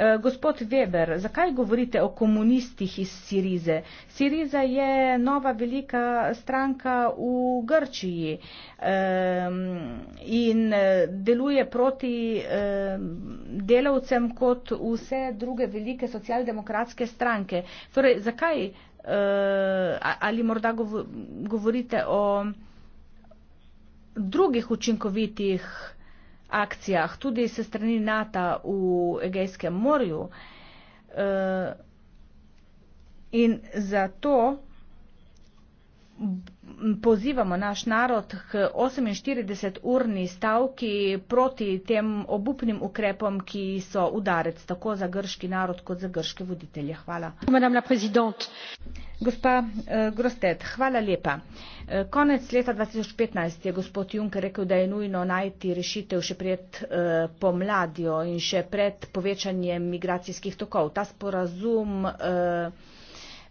Eh, gospod Weber, zakaj govorite o komunistih iz Sirize? Siriza je nova velika stranka v Grčiji ehm, in eh, deluje proti ehm, delavcem kot vse druge velike socialdemokratske stranke. Torej, zakaj eh, ali morda govorite o drugih učinkovitih akcijah, tudi se strani NATO v Egejskem morju. Eh, in zato pozivamo naš narod k 48-urni stavki proti tem obupnim ukrepom, ki so udarec tako za grški narod kot za grške voditelje. Hvala. Gospa eh, Grostet, hvala lepa. Eh, konec leta 2015 je gospod Juncker rekel, da je nujno najti rešitev še pred eh, pomladjo in še pred povečanjem migracijskih tokov. Ta sporazum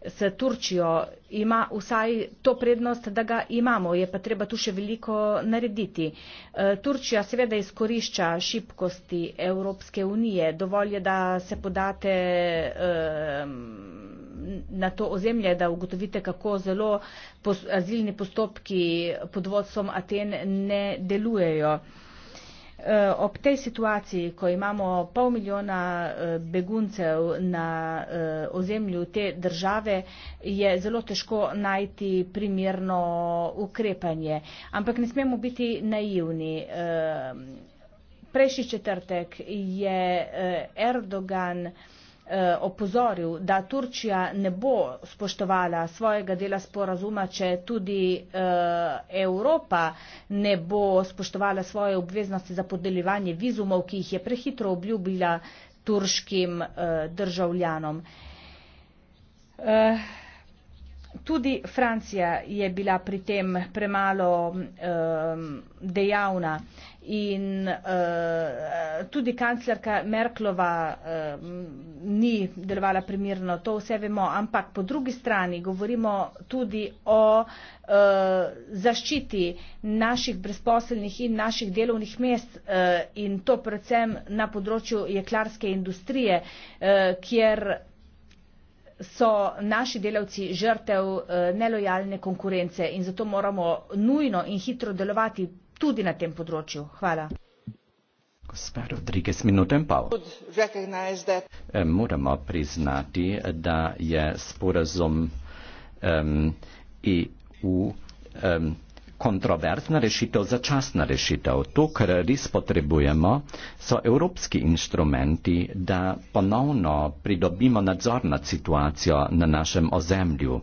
s Turčijo ima vsaj to prednost, da ga imamo, je pa treba tu še veliko narediti. E, Turčija seveda izkorišča šibkosti Evropske unije, dovolj je, da se podate e, na to ozemlje, da ugotovite, kako zelo azilni postopki pod vodstvom Aten ne delujejo. Eh, ob tej situaciji, ko imamo pol milijona eh, beguncev na eh, ozemlju te države, je zelo težko najti primerno ukrepanje. Ampak ne smemo biti naivni. Prejšnji četrtek je Erdogan Eh, opozoril, da Turčija ne bo spoštovala svojega dela sporazuma, če tudi eh, Evropa ne bo spoštovala svoje obveznosti za podeljevanje vizumov, ki jih je prehitro obljubila turškim eh, državljanom. Tudi Francija je bila pri tem premalo dejavna in uh, tudi kanclerka Merklova uh, ni delovala primirno, to vse vemo, ampak po drugi strani govorimo tudi o uh, zaščiti naših brezposelnih in naših delovnih mest uh, in to predvsem na področju jeklarske industrije, uh, kjer so naši delavci žrtev nelojalne konkurence in zato moramo nujno in hitro delovati tudi na tem področju. Hvala. Gospa Rodriguez, minuto in pol. Eh, moramo priznati, da je sporazum um, EU um, kontroverzna rešitev, začasna rešitev. To, kar res potrebujemo, so evropski inštrumenti, da ponovno pridobimo nadzor nad situacijo na našem ozemlju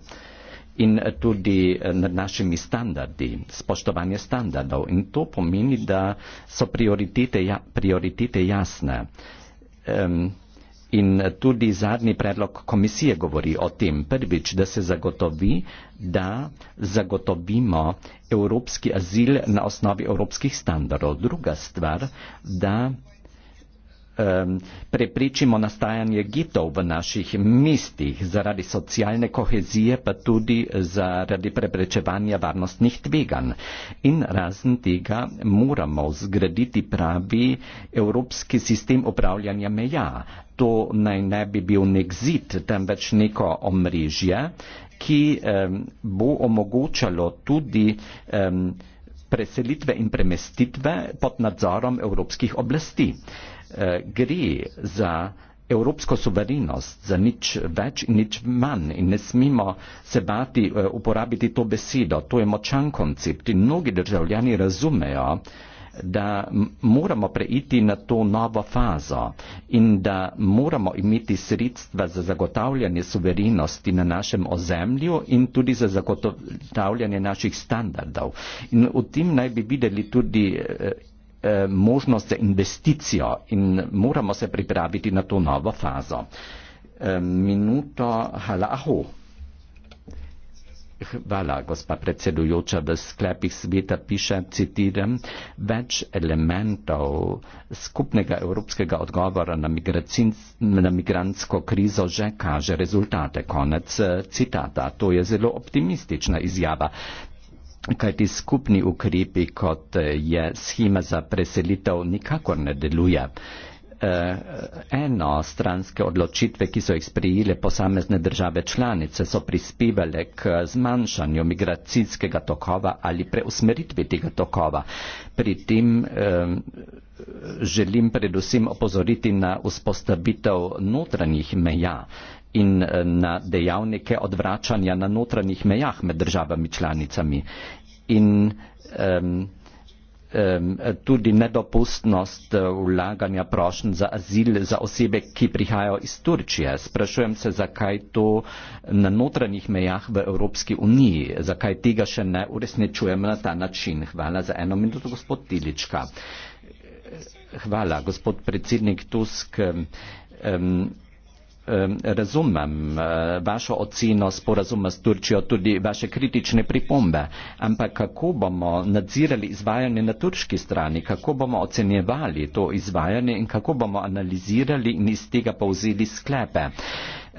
in eh, tudi eh, nad našimi standardi, spoštovanje standardov. In to pomeni, da so prioritete, ja, prioritete jasne. Um, In eh, tudi zadnji predlog komisije govori o tem prvič, da se zagotovi, da zagotovimo evropski azil na osnovi evropskih standardov. Druga stvar, da um, prepričimo nastajanje gitov v naših mestih zaradi socialne kohezije, pa tudi zaradi preprečevanja varnostnih tveganj. In razen tega moramo zgraditi pravi evropski sistem upravljanja meja. To naj ne bi bil nek zid, temveč neko omrežje, ki um, bo omogočalo tudi um, preselitve in premestitve pod nadzorom evropskih oblasti. Uh, Eh, gre za evropsko suverenost, za nič več in nič manj in ne smemo se bati eh, uporabiti to besedo. To je močan koncept in mnogi državljani razumejo, da moramo preiti na to novo fazo in da moramo imeti sredstva za zagotavljanje suverenosti na našem ozemlju in tudi za zagotavljanje naših standardov. In v tem naj bi videli tudi eh, Eh, možnost za investicijo in moramo se pripraviti na to novo fazo. Eh, minuto halahu. Hvala, gospa predsedujoča. V sklepih sveta piše, citiram, več elementov skupnega evropskega odgovora na, na migransko krizo že kaže rezultate. Konec eh, citata. To je zelo optimistična izjava kaj ti skupni ukrepi, kot je schema za preselitev, nikakor ne deluje. E, eno stranske odločitve, ki so jih sprejele posamezne države članice, so prispevale k zmanjšanju migracijskega tokova ali preusmeritvi tega tokova. Pri tem e, želim predvsem opozoriti na vzpostavitev notranjih meja in eh, na dejavnike odvračanja na notranjih mejah med državami članicami in um, um, tudi nedopustnost eh, vlaganja prošen za azil za osebe, ki prihajajo iz Turčije. Sprašujem se, zakaj to na notranjih mejah v Evropski uniji, zakaj tega še ne uresničujemo na ta način. Hvala za eno minuto, gospod Tilička. Hvala, gospod predsednik Tusk. Um, razumem eh, vašo oceno sporazuma s Turčijo, tudi vaše kritične pripombe, ampak kako bomo nadzirali izvajanje na turški strani, kako bomo ocenjevali to izvajanje in kako bomo analizirali in iz tega povzeli sklepe.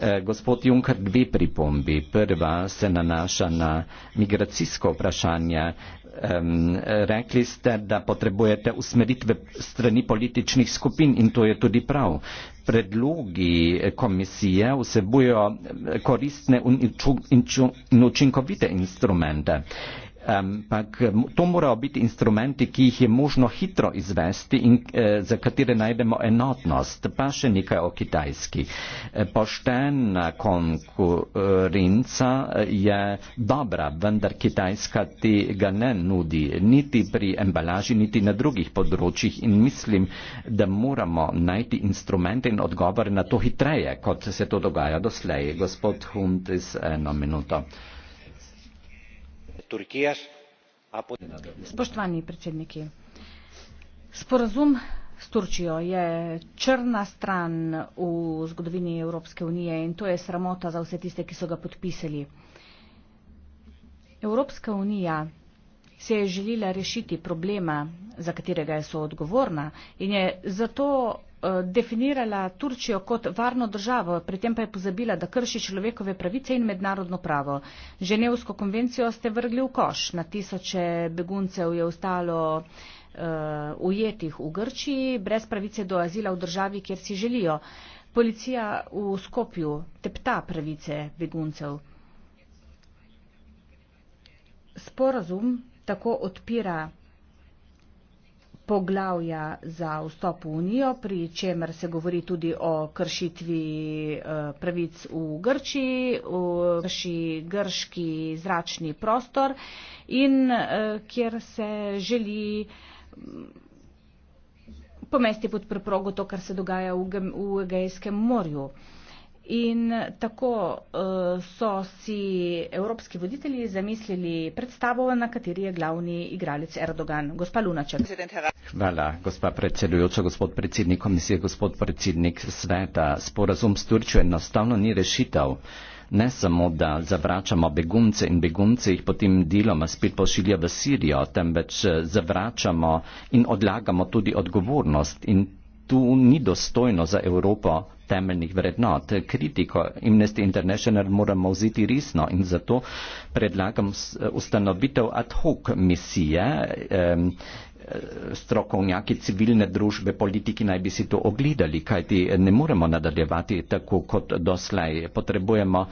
Eh, gospod Juncker, dve pripombi. Prva se nanaša na migracijsko vprašanje um, rekli ste, da potrebujete usmeritve strani političnih skupin in to je tudi prav. Predlogi komisije vsebujo koristne in učinkovite instrumente ampak to morajo biti instrumenti, ki jih je možno hitro izvesti in eh, za katere najdemo enotnost. Pa še nekaj o kitajski. E, poštena konkurenca eh, je dobra, vendar kitajska tega ne nudi, niti pri embalaži, niti na drugih področjih in mislim, da moramo najti instrumente in odgovore na to hitreje, kot se to dogaja doslej. Gospod Hunt iz eno minuto turkijas spoštovani predsedniki sporazum s turčijo je črna stran v zgodovini evropske unije in to je sramota za vse tiste ki so ga podpisali evropska unija se je želila rešiti problema, za katerega je soodgovorna in je zato eh, definirala Turčijo kot varno državo, pri tem pa je pozabila, da krši človekove pravice in mednarodno pravo. Ženevsko konvencijo ste vrgli v koš, na tisoče beguncev je ostalo uh, ujetih v Grčiji, brez pravice do azila v državi, kjer si želijo. Policija v Skopju tepta pravice beguncev. Sporazum tako odpira poglavja za vstop v Unijo, pri čemer se govori tudi o kršitvi eh, pravic v Grčiji, v krši grški zračni prostor in eh, kjer se želi mm, pomesti pod preprogo to, kar se dogaja v Egejskem morju. In tako eh, so si evropski voditelji zamislili predstavo, na kateri je glavni igralec Erdogan, gospa Lunaček. Hvala, gospa predsedujoča, gospod predsednik komisije, gospod predsednik sveta. Sporazum s Turčjo enostavno ni rešitev. Ne samo, da zavračamo begunce in begunce jih potem deloma spet pošilja v Sirijo, temveč eh, zavračamo in odlagamo tudi odgovornost in tu ni dostojno za Evropo temeljnih vrednot. Kritiko Amnesty International moramo vzeti resno in zato predlagam ustanovitev ad hoc misije. Um, strokovnjaki civilne družbe, politiki naj bi si to ogledali, kajti ne moremo nadaljevati tako kot doslej. Potrebujemo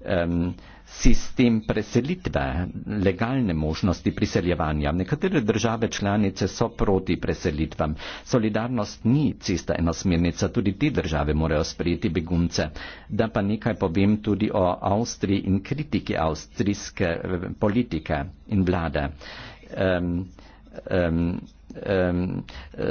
um, sistem preselitve, legalne možnosti priseljevanja. Nekatere države članice so proti preselitvam. Solidarnost ni cesta enosmernica, tudi te države morajo sprejeti begunce. Da pa nekaj povem tudi o Avstriji in kritiki avstrijske politike in vlade. Um, um,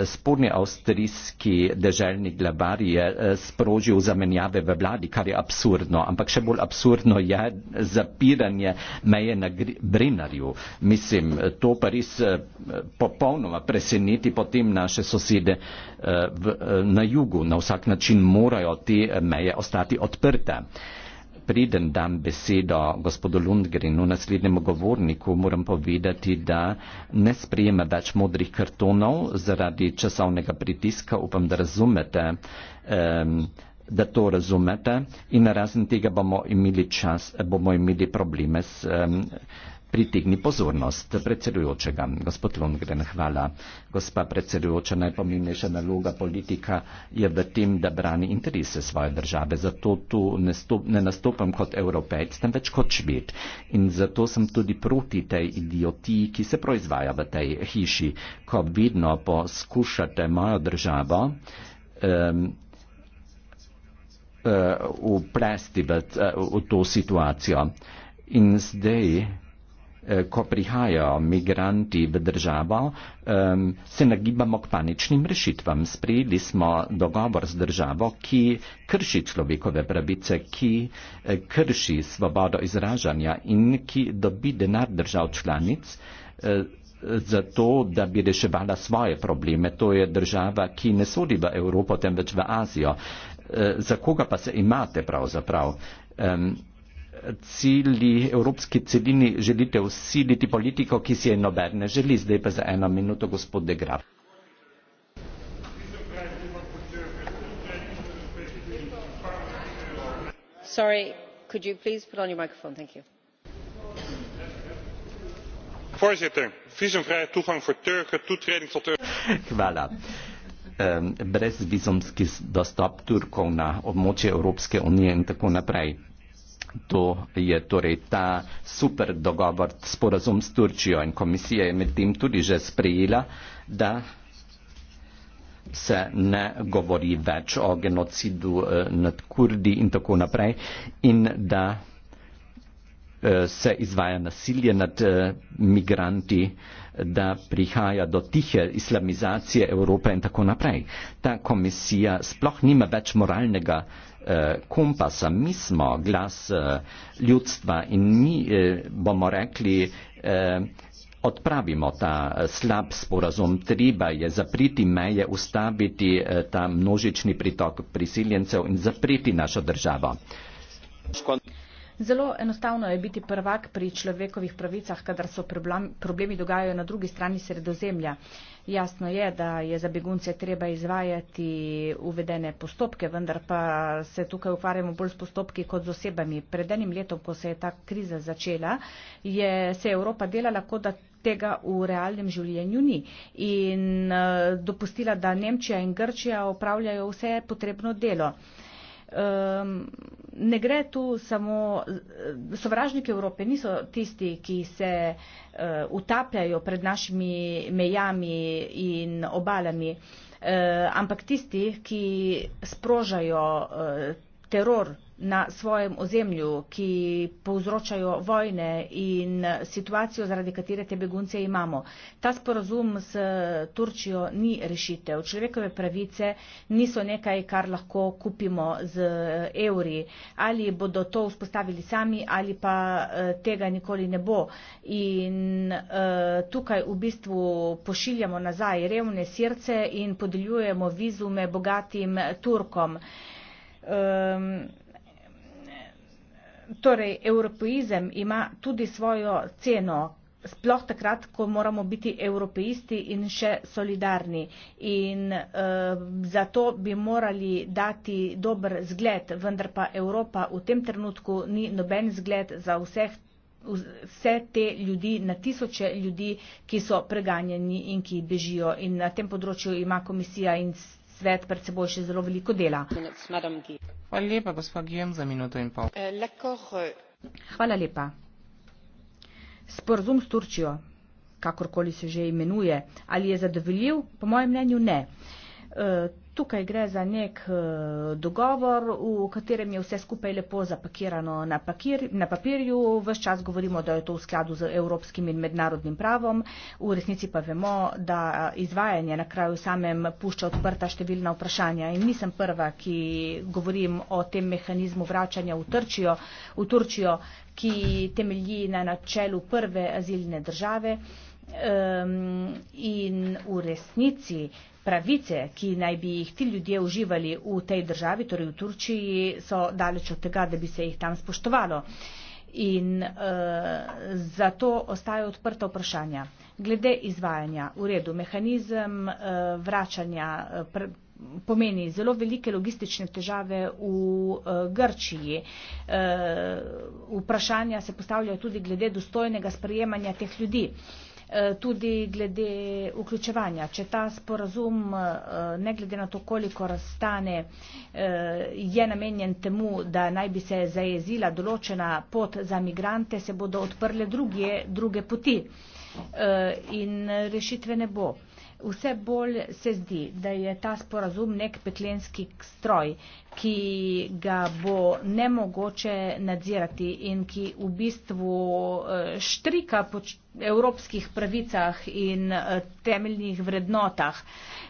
spodnji avstrijski deželjni glabar je eh, sprožil zamenjave v vladi, kar je absurdno, ampak še bolj absurdno je zapiranje meje na Brinarju. Mislim, to pa res eh, popolnoma preseniti potem naše sosede eh, na jugu. Na vsak način morajo te meje ostati odprte preden dam besedo gospodu Lundgrenu, naslednjemu govorniku, moram povedati, da ne sprejema več modrih kartonov zaradi časovnega pritiska. Upam, da razumete, da to razumete in razen tega bomo imeli, čas, bomo imeli probleme s pritegni pozornost predsedujočega. Gospod Lundgren, hvala. Gospa predsedujoča, najpomembnejša naloga politika je v tem, da brani interese svoje države. Zato tu ne, stop, ne nastopam kot evropejc, temveč kot šved. In zato sem tudi proti tej idiotiji, ki se proizvaja v tej hiši, ko vidno poskušate mojo državo. Um, Uh, eh, vplesti v, uh, v to situacijo. In zdaj Eh, ko prihajajo migranti v državo, se nagibamo k paničnim rešitvam. Sprejeli smo dogovor z državo, ki krši človekove pravice, ki eh, krši svobodo izražanja in ki dobi denar držav članic eh, zato, da bi reševala svoje probleme. To je država, ki ne sodi v Evropo, temveč v Azijo. Za koga pa se imate pravzaprav? cilji, evropski celini želite usiliti politiko, ki si je nober ne želi. Zdaj pa za eno minuto gospod De Graf. Sorry, could you please put on your microphone? Thank you. Voorzitter, visumvrije toegang voor Turken, toetreding tot Europa. Ehm, Brez vizumski dostop Turkov na območje Evropske unije in tako naprej. To je torej ta super dogovor, sporazum s Turčijo in komisija je med tem tudi že sprejela, da se ne govori več o genocidu eh, nad Kurdi in tako naprej in da eh, se izvaja nasilje nad eh, migranti, da prihaja do tihe islamizacije Evrope in tako naprej. Ta komisija sploh nima več moralnega Eh, kompasa, mi smo glas eh, ljudstva in mi eh, bomo rekli, odpravimo ta slab sporazum, treba je zapriti meje, ustaviti ta množični pritok prisiljencev in zapriti našo državo. Zelo enostavno je biti prvak pri človekovih pravicah, kadar so problemi dogajajo na drugi strani sredozemlja. Jasno je, da je za begunce treba izvajati uvedene postopke, vendar pa se tukaj ukvarjamo bolj s postopki kot z osebami. Pred enim letom, ko se je ta kriza začela, je, se je Evropa delala, kot da tega v realnem življenju ni in uh, dopustila, da Nemčija in Grčija opravljajo vse potrebno delo. Uh, Um, ne gre tu samo, eh, sovražniki Evrope niso tisti, ki se uh, utapljajo pred našimi mejami in obalami, uh, ampak tisti, ki sprožajo uh, teror na svojem ozemlju, ki povzročajo vojne in situacijo, zaradi katere te begunce imamo. Ta sporazum s Turčijo ni rešitev. Človekove pravice niso nekaj, kar lahko kupimo z eh, evri. Ali bodo to vzpostavili sami, ali pa eh, tega nikoli ne bo. In eh, tukaj v bistvu pošiljamo nazaj revne srce in podeljujemo vizume bogatim Turkom. Ehm, torej evropeizem ima tudi svojo ceno, sploh takrat, ko moramo biti evropeisti in še solidarni. In uh, zato bi morali dati dober zgled, vendar pa Evropa v tem trenutku ni noben zgled za vseh, vse te ljudi, na tisoče ljudi, ki so preganjeni in ki bežijo. In na tem področju ima komisija in svet pred seboj še zelo veliko dela. Hvala lepa, gospa Gijem, za minuto in pol. Eh, euh, Hvala lepa. Sporazum s Turčijo, kakorkoli se že imenuje, ali je zadovoljiv? Po mojem mnenju ne. Eh, Tukaj gre za nek eh, dogovor, v katerem je vse skupaj lepo zapakirano na, papir, na papirju. Ves čas govorimo, da je to v skladu z evropskim in mednarodnim pravom. V resnici pa vemo, da izvajanje na kraju samem pušča odprta številna vprašanja. In nisem prva, ki govorim o tem mehanizmu vračanja v Turčijo, v Turčijo ki temelji na načelu prve azilne države um, in v resnici pravice, ki naj bi jih ti ljudje uživali v tej državi, torej v Turčiji, so daleč od tega, da bi se jih tam spoštovalo. In uh, zato ostajajo odprta vprašanja. Glede izvajanja, v redu, mehanizem uh, vračanja eh, pr pomeni zelo velike logistične težave v uh, Grčiji. Uh, vprašanja se postavljajo tudi glede dostojnega sprejemanja teh ljudi. Uh, Eh, tudi glede vključevanja. Če ta sporazum, eh, ne glede na to, koliko razstane, eh, je namenjen temu, da naj bi se zajezila določena pot za migrante, se bodo odprle druge, druge poti in rešitve ne bo vse bolj se zdi, da je ta sporazum nek petlenski stroj, ki ga bo nemogoče nadzirati in ki v bistvu e, štrika po evropskih pravicah in e, temeljnih vrednotah.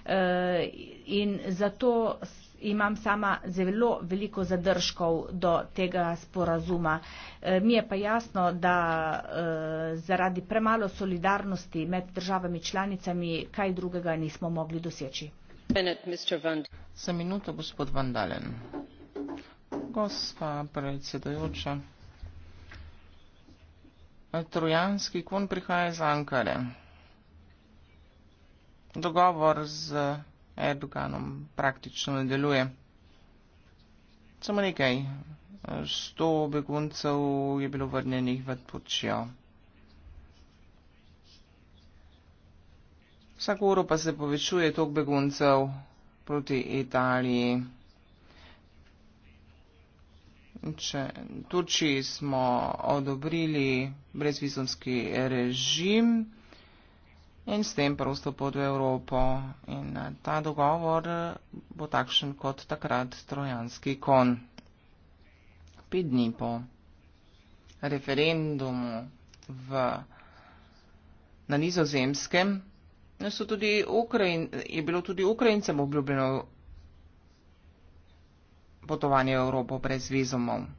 E, in zato imam sama zelo veliko zadržkov do tega sporazuma. E, mi je pa jasno, da e, zaradi premalo solidarnosti med državami članicami kaj drugega nismo mogli doseči. Za minuto, gospod Vandalen. Gospa predsedujoča. Trojanski kon prihaja iz Ankare. Dogovor z Erdoganom praktično ne deluje. Samo nekaj, sto beguncev je bilo vrnjenih v Turčijo. Vsako uro pa se povečuje tok beguncev proti Italiji. Če Turčiji smo odobrili brezvizumski režim, in s tem prosto pot v Evropo. In eh, ta dogovor eh, bo takšen kot takrat trojanski kon. Pet dni po referendumu v, na nizozemskem eh, so tudi Ukrajin, je bilo tudi Ukrajincem obljubljeno potovanje v Evropo brez vizumov.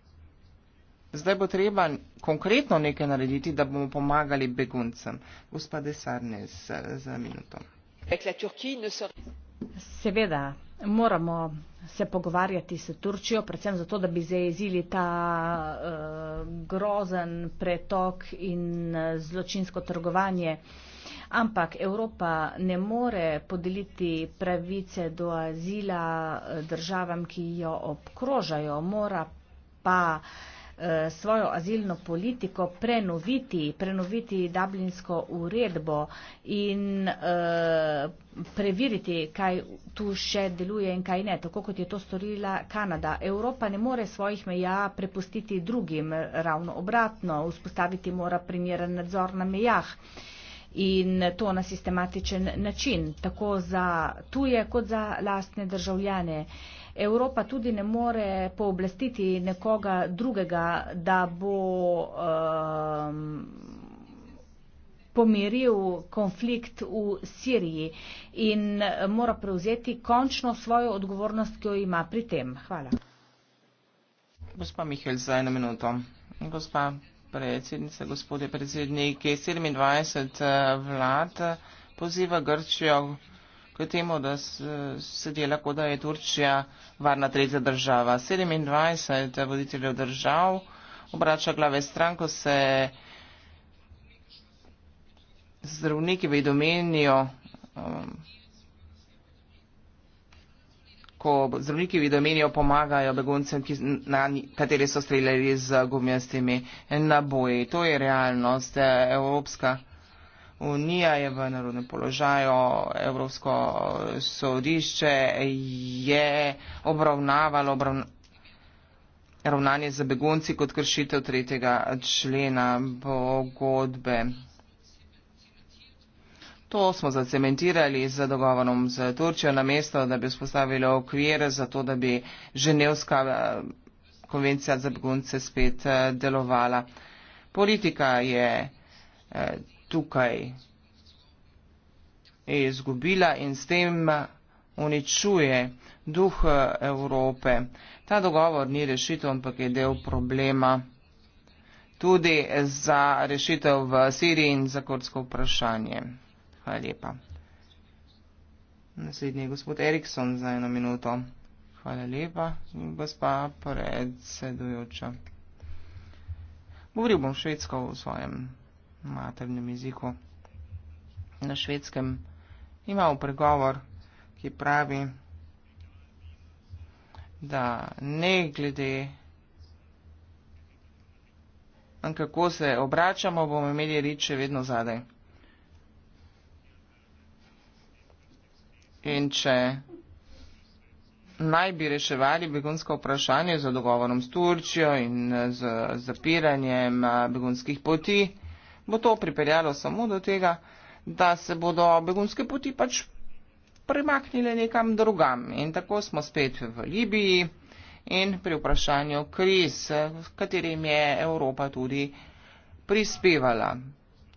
Zdaj bo treba konkretno nekaj narediti, da bomo pomagali beguncem. Gospa Desarne, za, za minuto. Seveda, moramo se pogovarjati s Turčijo, predvsem zato, da bi zajezili ta uh, grozen pretok in eh, zločinsko trgovanje. Ampak Evropa ne more podeliti pravice do azila eh, državam, ki jo obkrožajo. Mora pa uh, Eh, svojo azilno politiko prenoviti, prenoviti Dublinsko uredbo in eh, preveriti, kaj tu še deluje in kaj ne, tako kot je to storila Kanada. Evropa ne more svojih meja prepustiti drugim, ravno obratno, vzpostaviti mora primeren nadzor na mejah. In to na sistematičen način, tako za tuje kot za lastne državljane. Uh, Evropa tudi ne more pooblastiti nekoga drugega, da bo um, pomiril konflikt v Siriji in mora prevzeti končno svojo odgovornost, ki jo ima pri tem. Hvala. Gospa Mihel, za eno minuto. Gospa predsednica, gospodje predsednik, 27 eh, vlad poziva Grčijo k temu, da se dela, kot da je Turčija varna tretja država. 27 voditeljev držav obrača glave stran, ko se zdravniki vedo menijo. Um, ko zdravniki v Idomenijo pomagajo beguncem, na kateri so streljali z gumijastimi naboji. To je realnost evropska unija je v narodnem položaju, Evropsko sodišče je obravnavalo obravn ravnanje za begunci kot kršitev tretjega člena pogodbe. To smo zacementirali z dogovorom z Turčijo na mesto, da bi vzpostavili okvir za to, da bi Ženevska eh, konvencija za begunce spet eh, delovala. Politika je eh, tukaj izgubila in s tem uničuje duh Evrope. Ta dogovor ni rešitev, ampak je del problema tudi za rešitev v Siriji in za kurdsko vprašanje. Hvala lepa. Naslednji je gospod Erikson za eno minuto. Hvala lepa. In gospa predsedujoča. Govoril bom švedsko v svojem maternem jeziku, na švedskem, ima upregovor, ki pravi, da ne glede, kako se obračamo, bomo imeli riče vedno zadaj. In če naj bi reševali begunsko vprašanje z dogovorom s Turčijo in z zapiranjem eh, begunskih poti, bo to pripeljalo samo do tega, da se bodo begunske poti pač premaknile nekam drugam. In tako smo spet v Libiji in pri vprašanju kriz, s katerim je Evropa tudi prispevala.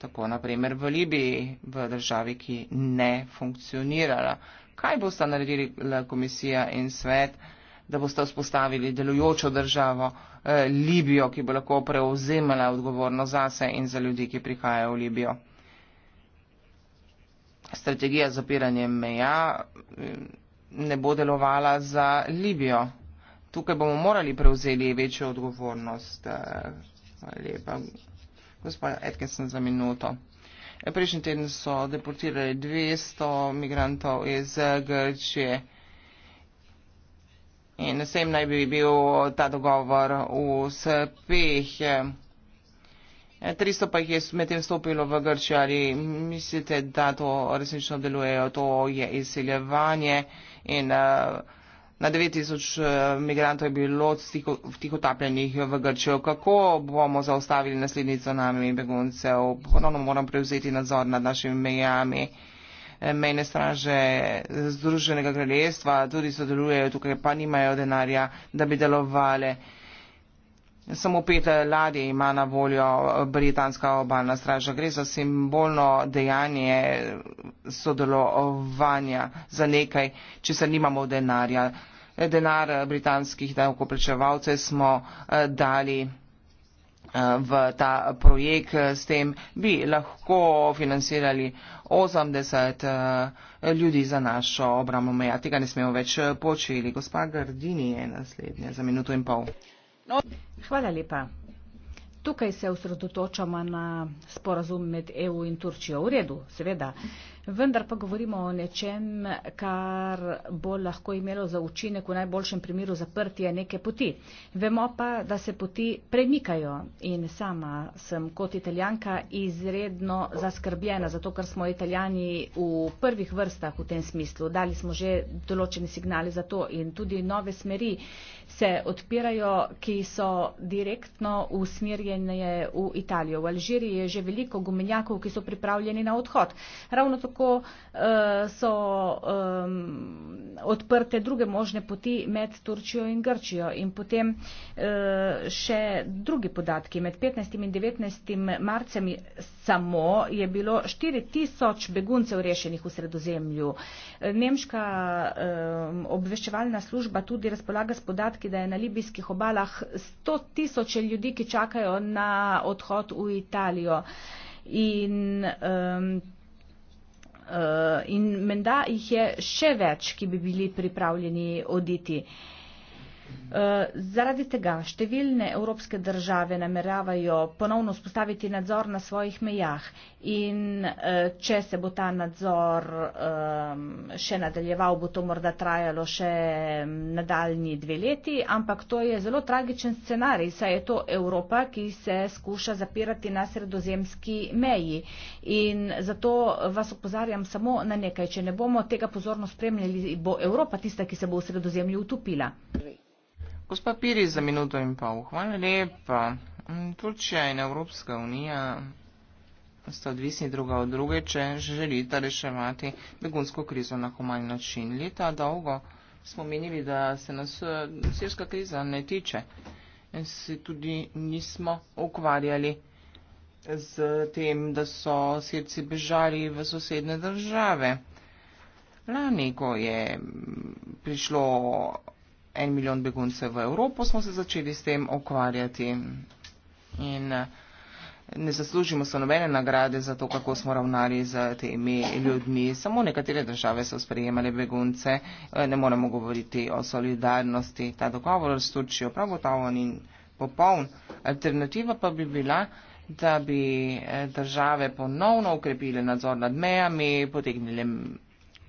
Tako naprimer v Libiji, v državi, ki ne funkcionirala. Kaj bosta naredili komisija in svet? da boste vzpostavili delujočo državo eh, Libijo, ki bo lahko prevzemala odgovornost zase in za ljudi, ki prihajajo v Libijo. Strategija zapiranja meja eh, ne bo delovala za Libijo. Tukaj bomo morali prevzeli večjo odgovornost. Eh, lepa, gospod Edkinson za minuto. Eh, prejšnji teden so deportirali 200 migrantov iz Grčije in s tem naj bi bil ta dogovor uspeh. 300 pa jih je medtem stopilo v Grčijo, ali mislite, da to resnično deluje, to je izseljevanje in eh, na 9000 eh, migrantov je bilo tih utapljenih v Grčijo. Kako bomo zaustavili naslednji cunami beguncev? Ponovno moram prevzeti nadzor nad našimi mejami mejne straže Združenega kraljestva tudi sodelujejo tukaj, pa nimajo denarja, da bi delovali. Samo pet eh, ladje ima na voljo eh, britanska obalna straža. Gre za simbolno dejanje eh, sodelovanja za nekaj, če se nimamo denarja. Denar britanskih davkoplačevalcev smo dali v ta projekt, s tem bi lahko financirali 80 eh, ljudi za našo obramo meja. Tega ne smemo več eh, počeli. Gospa Gardini je naslednja za minuto in pol. No. Hvala lepa. Tukaj se osredotočamo na sporazum med EU in Turčijo. V redu, seveda vendar pa govorimo o nečem, kar bo lahko imelo za učinek v najboljšem primeru zaprtje neke poti. Vemo pa, da se poti premikajo in sama sem kot italijanka izredno zaskrbljena, zato ker smo italijani v prvih vrstah v tem smislu. Dali smo že določene signale za to in tudi nove smeri se odpirajo, ki so direktno usmerjene v Italijo. V Alžiriji je že veliko gumenjakov, ki so pripravljeni na odhod. Ravno tako uh, so um, odprte druge možne poti med Turčijo in Grčijo. In potem uh, še drugi podatki. Med 15. in 19. marcem samo je bilo 4000 beguncev rešenih v sredozemlju. Nemška um, obveščevalna služba tudi razpolaga s podatki, podatki, da je na libijskih obalah 100 tisoč ljudi, ki čakajo na odhod v Italijo. In, um, uh, in menda jih je še več, ki bi bili pripravljeni oditi. Uh, Eh, zaradi tega številne evropske države nameravajo ponovno spostaviti nadzor na svojih mejah in eh, če se bo ta nadzor ehm, še nadaljeval, bo to morda trajalo še mm, nadaljni dve leti, ampak to je zelo tragičen scenarij, saj je to Evropa, ki se skuša zapirati na sredozemski meji. In zato vas opozarjam samo na nekaj, če ne bomo tega pozorno spremljali, bo Evropa tista, ki se bo v sredozemlju utopila. Gospa Piri, za minuto in pol. Hvala lepa. Mm, Turčija in Evropska unija sta odvisni druga od druge, če želita reševati begunsko krizo na human način. Leta dolgo smo menili, da se nas sirska kriza ne tiče in se tudi nismo ukvarjali z tem, da so sirci bežali v sosedne države. Lani, ko je prišlo en milijon beguncev v Evropo, smo se začeli s tem ukvarjati. In eh, ne zaslužimo se nobene nagrade za to, kako smo ravnali z temi ljudmi. Samo nekatere države so sprejemale begunce. Eh, ne moremo govoriti o solidarnosti. Ta dogovor s Turčijo prav gotovo ni popoln. Alternativa pa bi bila, da bi eh, države ponovno ukrepile nadzor nad mejami, potegnile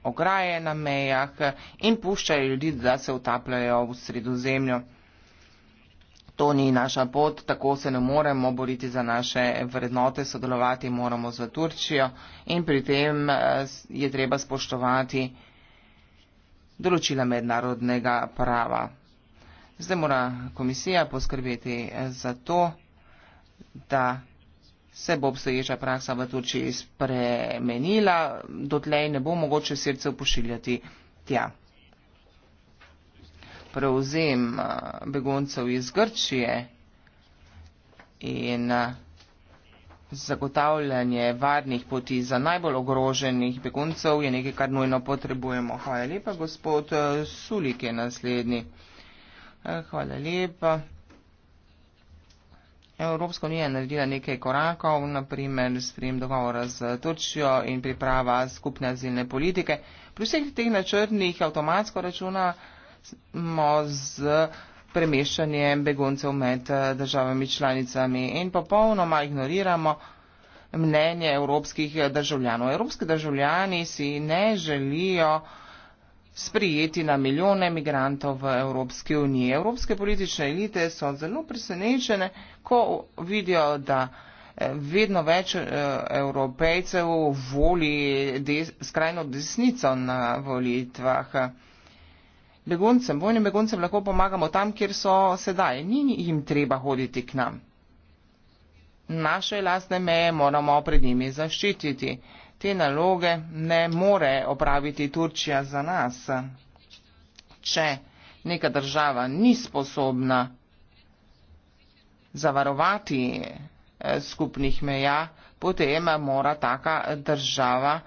ograje na mejah in puščajo ljudi, da se utapljajo v sredozemljo. To ni naša pot, tako se ne moremo boriti za naše vrednote, sodelovati moramo za Turčijo in pri tem eh, je treba spoštovati določila mednarodnega prava. Zdaj mora komisija poskrbeti eh, za to, da se bo obstoječa praksa v Turčiji spremenila, dotlej ne bo mogoče sircev pošiljati tja. Prevzem beguncev iz Grčije in zagotavljanje varnih poti za najbolj ogroženih beguncev je nekaj, kar nujno potrebujemo. Hvala lepa, gospod Sulik je naslednji. Hvala lepa. Evropska unija je naredila nekaj korakov, naprimer sprem dogovora z Turčijo in priprava skupne azilne politike. Pri vseh teh načrtnih avtomatsko računamo z premeščanjem beguncev med eh, državami članicami in popolnoma ignoriramo mnenje evropskih eh, državljanov. Evropski državljani si ne želijo sprijeti na milijone migrantov v Evropski uniji. Evropske politične elite so zelo presenečene, ko vidijo, da eh, vedno več eh, evropejcev voli des, skrajno desnico na volitvah. Beguncem, vojnim beguncem lahko pomagamo tam, kjer so sedaj. Ni jim treba hoditi k nam. Naše lastne meje moramo pred njimi zaščititi te naloge ne more opraviti Turčija za nas. Če neka država ni sposobna zavarovati eh, skupnih meja, potem mora taka država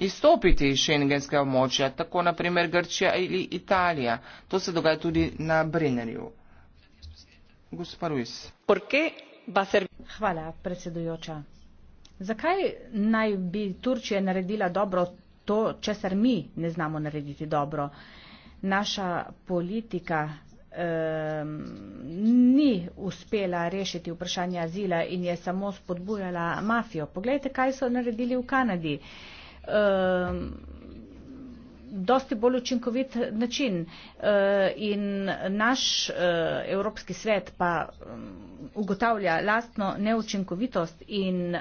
izstopiti iz šengenske območja, tako naprimer Grčija ali Italija. To se dogaja tudi na Brennerju. Gospa Ruiz. Hvala, predsedujoča. Zakaj naj bi Turčija naredila dobro to, česar mi ne znamo narediti dobro? Naša politika um, ni uspela rešiti vprašanja azila in je samo spodbujala mafijo. Poglejte, kaj so naredili v Kanadi. Um, dosti bolj učinkovit način. Eh, in naš eh, Evropski svet pa mm, ugotavlja lastno neučinkovitost in eh,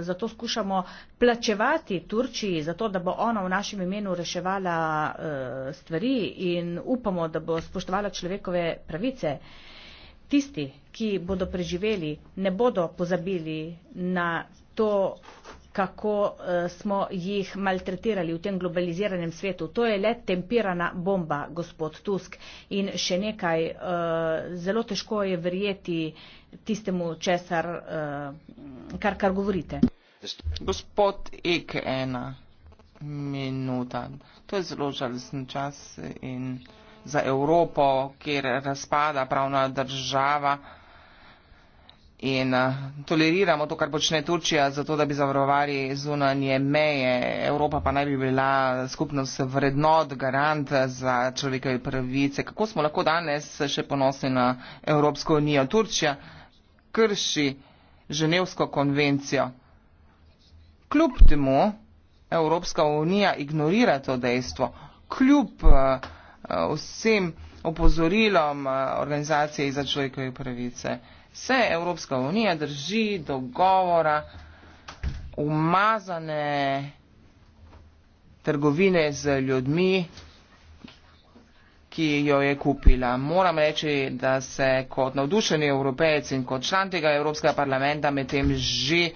zato skušamo plačevati Turčiji za to, da bo ona v našem imenu reševala stvari in upamo, da bo spoštovala človekove pravice. Tisti, ki bodo preživeli, ne bodo pozabili na to kako eh, smo jih maltretirali v tem globaliziranem svetu. To je le temperana bomba, gospod Tusk. In še nekaj, eh, zelo težko je verjeti tistemu, česar, eh, kar, kar govorite. Gospod Ek, ena minuta. To je zelo žalosten čas in za Evropo, kjer razpada pravna država in eh, toleriramo to, kar počne Turčija, zato da bi zavarovali zunanje meje. Evropa pa naj bi bila skupnost vrednot, garant za človekove pravice. Kako smo lahko danes še ponosni na Evropsko unijo? Turčija krši Ženevsko konvencijo. Kljub temu Evropska unija ignorira to dejstvo. Kljub eh, vsem opozorilom eh, organizacije za človekove pravice se Evropska unija drži dogovora umazane trgovine z ljudmi, ki jo je kupila. Moram reči, da se kot navdušeni evropejci in kot član tega Evropskega parlamenta med tem že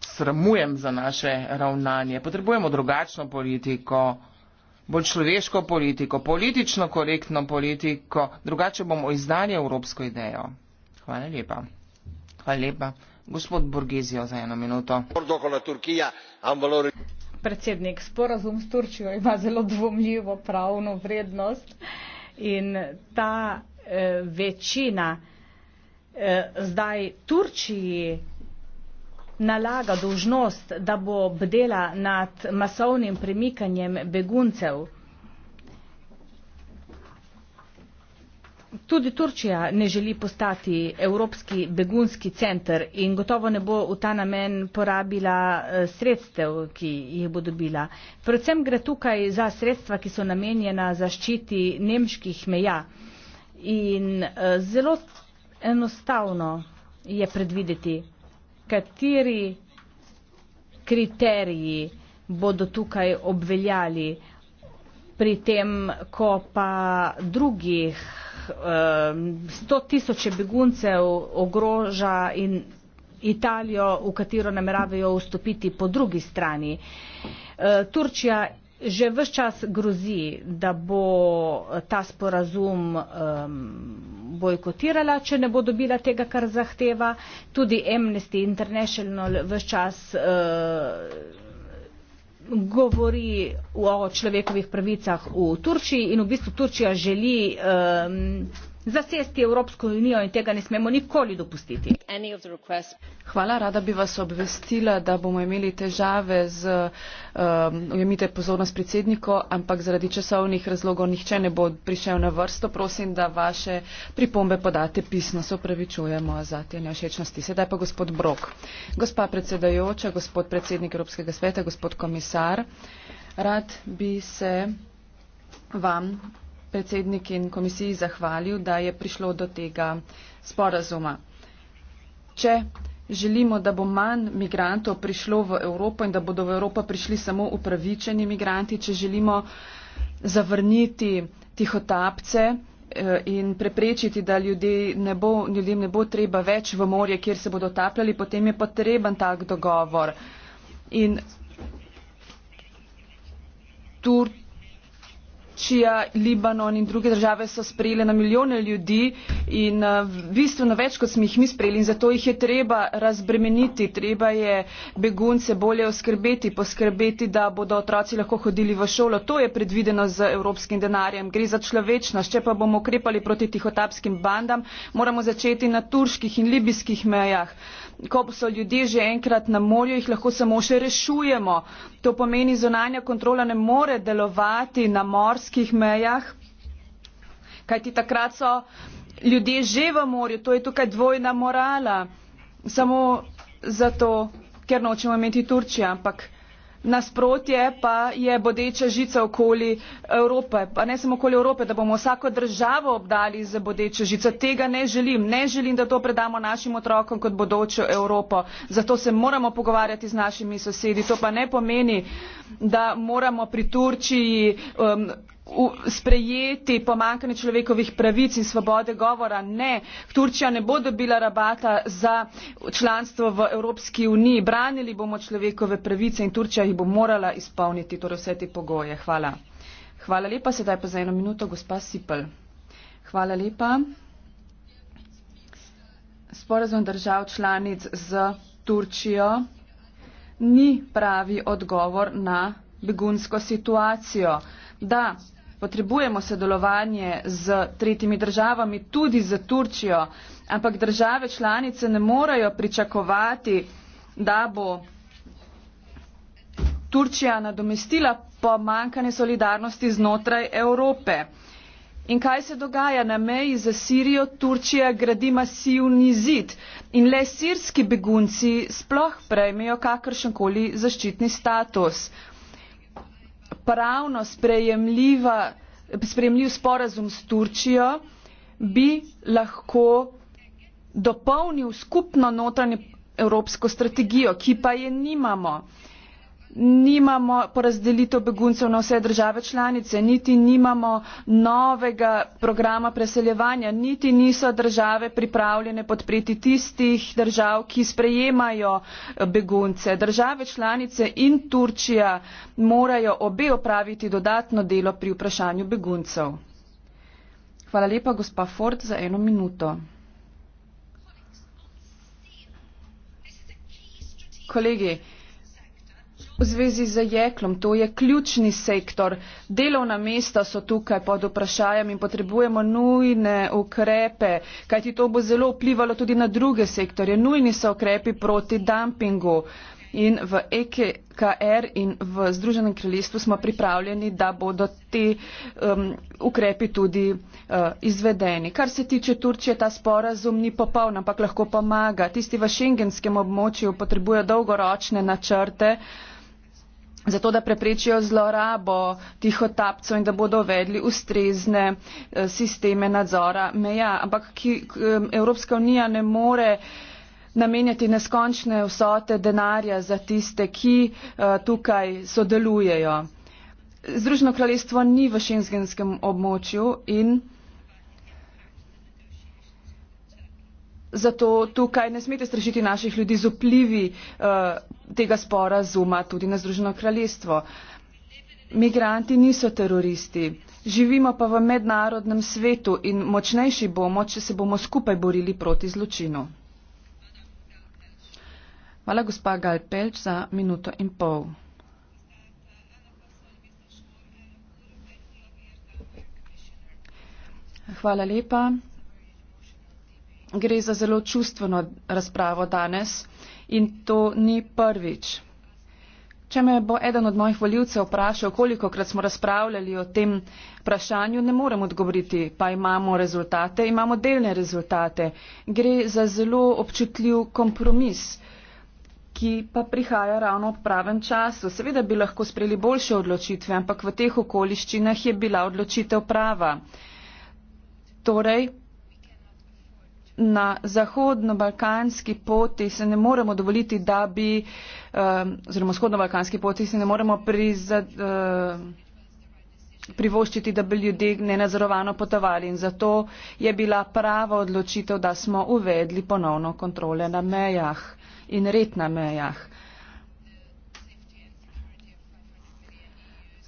sramujem za naše ravnanje. Potrebujemo drugačno politiko bolj človeško politiko, politično korektno politiko, drugače bomo izdali evropsko idejo. Hvala lepa. Hvala lepa. Gospod Borgezijo za eno minuto. Predsednik, sporazum s Turčijo ima zelo dvomljivo pravno vrednost in ta e, večina e, zdaj Turčiji nalaga dolžnost, da bo bdela nad masovnim premikanjem beguncev. Tudi Turčija ne želi postati Evropski begunski center in gotovo ne bo v ta namen porabila eh, sredstev, ki jih bo dobila. Predvsem gre tukaj za sredstva, ki so namenjena zaščiti nemških meja. In eh, zelo enostavno je predvideti, kateri kriteriji bodo tukaj obveljali pri tem, ko pa drugih ehm, sto tisoče beguncev ogroža in Italijo, v katero nameravajo vstopiti po drugi strani. Eh, Turčija že vse čas grozi, da bo ta sporazum um, bojkotirala, če ne bo dobila tega, kar zahteva. Tudi Amnesty International vse čas uh, govori o človekovih pravicah v Turčiji in v bistvu Turčija želi. Um, zasesti evropsko unijo in tega ne smemo nikoli dopustiti. hvala rada bi vas obvestila da bomo imeli težave z um, ujemite pozornost predsedniku ampak zaradi časovnih razlogov nihče ne bo prišel na vrsto prosim da vaše pripombe podate pisno se opravičujemo za te neošečnosti sedaj pa gospod brok gospa predsedajoča gospod predsednik evropskega sveta gospod komisar rad bi se vam predsednik in komisiji zahvalil, da je prišlo do tega sporazuma. Če želimo, da bo manj migrantov prišlo v Evropo in da bodo v Evropo prišli samo upravičeni migranti, če želimo zavrniti tihotapce eh, in preprečiti, da ljudje ne bo, ljudem ne bo treba več v morje, kjer se bodo tapljali, potem je potreben tak dogovor. In Turčija turčija libanon in druge države so sprejele na milijone ljudi in eh, bistveno več kot smo jih mi sprejeli in zato jih je treba razbremeniti treba je begunce bolje oskrbeti poskrbeti da bodo otroci lahko hodili v šolo to je predvideno z evropskim denarjem gre za človečnost če pa bomo ukrepali proti tihotapskim bandam moramo začeti na turških in libijskih mejah ko so ljudje že enkrat na morju jih lahko samo še rešujemo to pomeni zunanja kontrola ne more delovati na morskih mejah kajti takrat so ljudje že v morju to je tukaj dvojna morala samo zato ker nočemo imeti Turčije ampak nasprotje pa je bodeča žica okoli Evrope. Pa ne samo okoli Evrope, da bomo vsako državo obdali z bodečo žico. Tega ne želim. Ne želim, da to predamo našim otrokom kot bodočo Evropo. Zato se moramo pogovarjati z našimi sosedi. To pa ne pomeni, da moramo pri Turčiji um, sprejeti pomankanje človekovih pravic in svobode govora ne turčija ne bo dobila rabata za članstvo v evropski uniji branili bomo človekove pravice in turčija jih bo morala izpolniti torej vse te pogoje hvala hvala lepa sedaj pa za eno minuto gospa sipel hvala lepa sporazum držav članic z turčijo ni pravi odgovor na begunsko situacijo da potrebujemo sodelovanje z tretjimi državami, tudi z Turčijo, ampak države članice ne morejo pričakovati, da bo Turčija nadomestila pomankanje solidarnosti znotraj Evrope. In kaj se dogaja na meji za Sirijo? Turčija gradi masivni zid in le sirski begunci sploh prejmejo kakršenkoli zaščitni status pravno sprejemljiv sporazum s Turčijo bi lahko dopolnil skupno notranjo evropsko strategijo, ki pa je nimamo nimamo porazdelitev beguncev na vse države članice niti nimamo novega programa preseljevanja niti niso države pripravljene podpreti tistih držav ki sprejemajo eh, begunce države članice in turčija morajo obe opraviti dodatno delo pri vprašanju beguncev hvala lepa gospa ford za eno minuto kolegi V zvezi z jeklom, to je ključni sektor. Delovna mesta so tukaj pod vprašanjem in potrebujemo nujne ukrepe, kajti to bo zelo vplivalo tudi na druge sektorje. Nujni so ukrepi proti dumpingu. In v EKR in v Združenem kraljestvu smo pripravljeni, da bodo te um, ukrepi tudi uh, izvedeni. Kar se tiče Turčije, ta sporazum ni popoln, ampak lahko pomaga. Tisti v šengenskem območju potrebujejo dolgoročne načrte. Uh, zato da preprečijo zlorabo tihotapcev in da bodo uvedli ustrezne eh, sisteme nadzora meja. Ampak ki, eh, Evropska unija ne more namenjati neskončne vsote denarja za tiste, ki eh, tukaj sodelujejo. Združeno kraljestvo ni v šengenskem območju in Zato tukaj ne smete strašiti naših ljudi z vplivi eh, tega sporazuma tudi na Združeno kraljestvo. Migranti niso teroristi. Živimo pa v mednarodnem svetu in močnejši bomo, če se bomo skupaj borili proti zločinu. Hvala gospa Galpelč za minuto in pol. Hvala lepa gre za zelo čustveno razpravo danes in to ni prvič. Če me bo eden od mojih voljivcev vprašal, koliko krat smo razpravljali o tem vprašanju, ne morem odgovoriti, pa imamo rezultate, imamo delne rezultate. Gre za zelo občutljiv kompromis, ki pa prihaja ravno ob pravem času. Seveda bi lahko sprejeli boljše odločitve, ampak v teh okoliščinah je bila odločitev prava. Torej, na zahodno-balkanski poti se ne moremo dovoliti, da bi, um, oziroma vzhodno-balkanski poti se ne moremo prizad, um, privoščiti, da bi ljudje nenazorovano potovali. In zato je bila prava odločitev, da smo uvedli ponovno kontrole na mejah in red na mejah.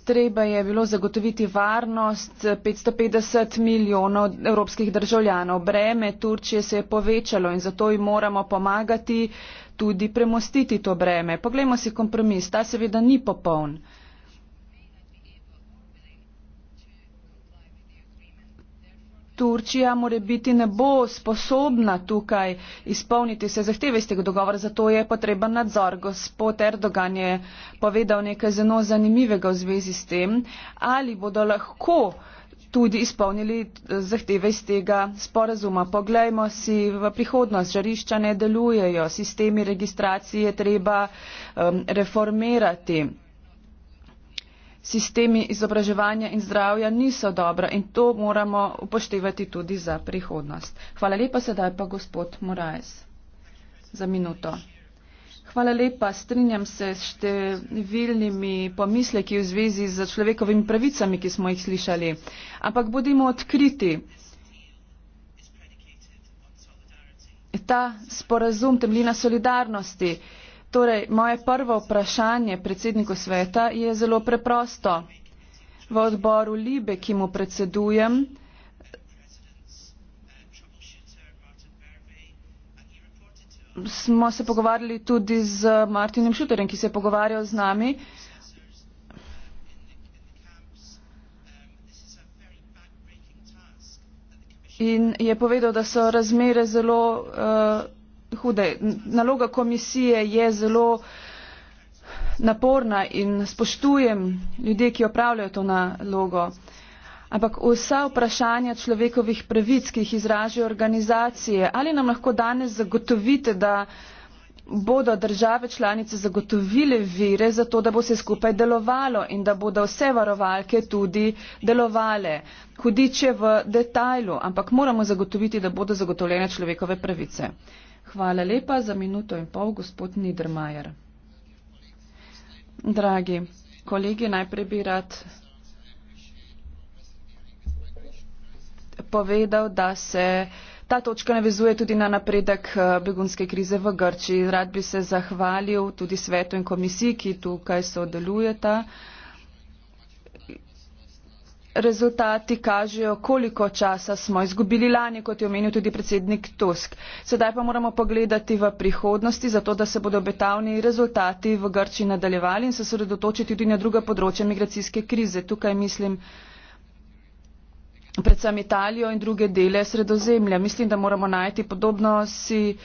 treba je bilo zagotoviti varnost 550 milijonov evropskih državljanov. Breme Turčije se je povečalo in zato jim moramo pomagati tudi premostiti to breme. Poglejmo si kompromis, ta seveda ni popoln. Turčija more biti ne bo sposobna tukaj izpolniti vse zahteve iz tega dogovora, zato je potreben nadzor. Gospod Erdogan je povedal nekaj zelo zanimivega v zvezi s tem, ali bodo lahko tudi izpolnili eh, zahteve iz tega sporazuma. Poglejmo si v prihodnost, žarišča ne delujejo, sistemi registracije treba um, reformirati sistemi izobraževanja in zdravja niso dobra in to moramo upoštevati tudi za prihodnost. Hvala lepa, sedaj pa gospod Moraes za minuto. Hvala lepa, strinjam se s številnimi pomisleki v zvezi z človekovimi pravicami, ki smo jih slišali, ampak bodimo odkriti. Ta sporazum temelji na solidarnosti. Torej, moje prvo vprašanje predsedniku sveta je zelo preprosto. V odboru Libe, ki mu predsedujem, smo se pogovarjali tudi z Martinom Šuterjem, ki se je pogovarjal z nami. In je povedal, da so razmere zelo. Uh, hude. Naloga komisije je zelo naporna in spoštujem ljudi, ki opravljajo to nalogo. Ampak vsa vprašanja človekovih pravic, ki jih izražajo organizacije, ali nam lahko danes zagotovite, da bodo države članice zagotovile vire za to, da bo se skupaj delovalo in da bodo vse varovalke tudi delovale. Hudiče v detajlu, ampak moramo zagotoviti, da bodo zagotovljene človekove pravice. Hvala lepa za minuto in pol, gospod Niedermayer. Dragi kolegi, najprej bi rad povedal, da se ta točka navezuje tudi na napredek eh, begunske krize v Grčiji. Rad bi se zahvalil tudi svetu in komisiji, ki tukaj sodelujeta rezultati kažejo koliko časa smo izgubili lani kot je omenil tudi predsednik tusk sedaj pa moramo pogledati v prihodnosti zato da se bodo obetavni rezultati v grčiji nadaljevali in se osredotočiti tudi na druga področja migracijske krize tukaj mislim predvsem Italijo in druge dele sredozemlja. Mislim, da moramo najti podobno si eh,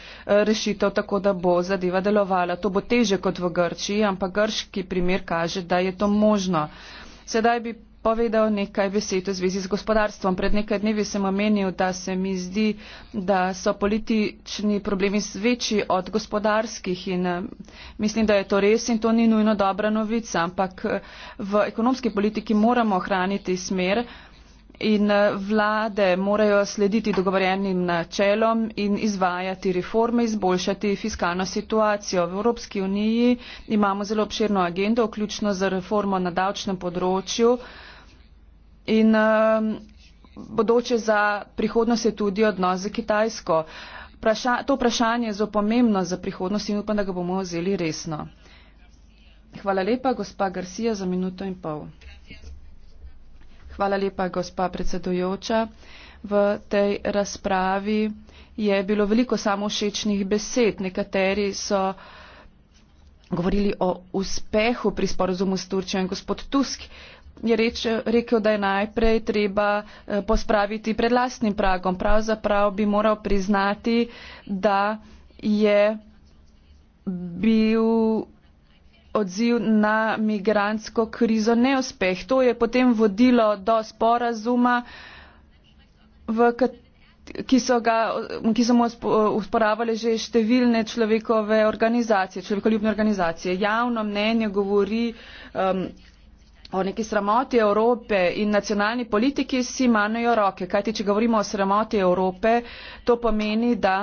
rešitev, tako da bo zadeva delovala. To bo teže kot v Grčiji, ampak grški primer kaže, da je to možno. Sedaj bi povedal nekaj besed v zvezi z gospodarstvom. Pred nekaj dnevi sem omenil, da se mi zdi, da so politični problemi večji od gospodarskih in eh, mislim, da je to res in to ni nujno dobra novica, ampak eh, v ekonomski politiki moramo ohraniti smer. In eh, vlade morajo slediti dogovorjenim načelom in izvajati reforme, izboljšati fiskalno situacijo. V Evropski uniji imamo zelo obširno agendo, vključno z reformo na davčnem področju. In um, bodoče za prihodnost je tudi odnos z Kitajsko. Praša, to vprašanje je zelo pomembno za prihodnost in upam, da ga bomo vzeli resno. Hvala lepa, gospa Garcia, za minuto in pol. Hvala lepa, gospa predsedujoča. V tej razpravi je bilo veliko samošečnih besed. Nekateri so govorili o uspehu pri sporozumu s Turčjo in gospod Tusk je reč, rekel, da je najprej treba eh, pospraviti pred lastnim pragom. Pravzaprav bi moral priznati, da je bil odziv na migransko krizo neuspeh. To je potem vodilo do sporazuma, v katerem. Ki so, ga, ki so mu usporavale že številne človekove organizacije, človekoljubne organizacije. Javno mnenje govori um, O neki sramoti Evrope in nacionalni politiki si manjajo roke. Kajti, če govorimo o sramoti Evrope, to pomeni, da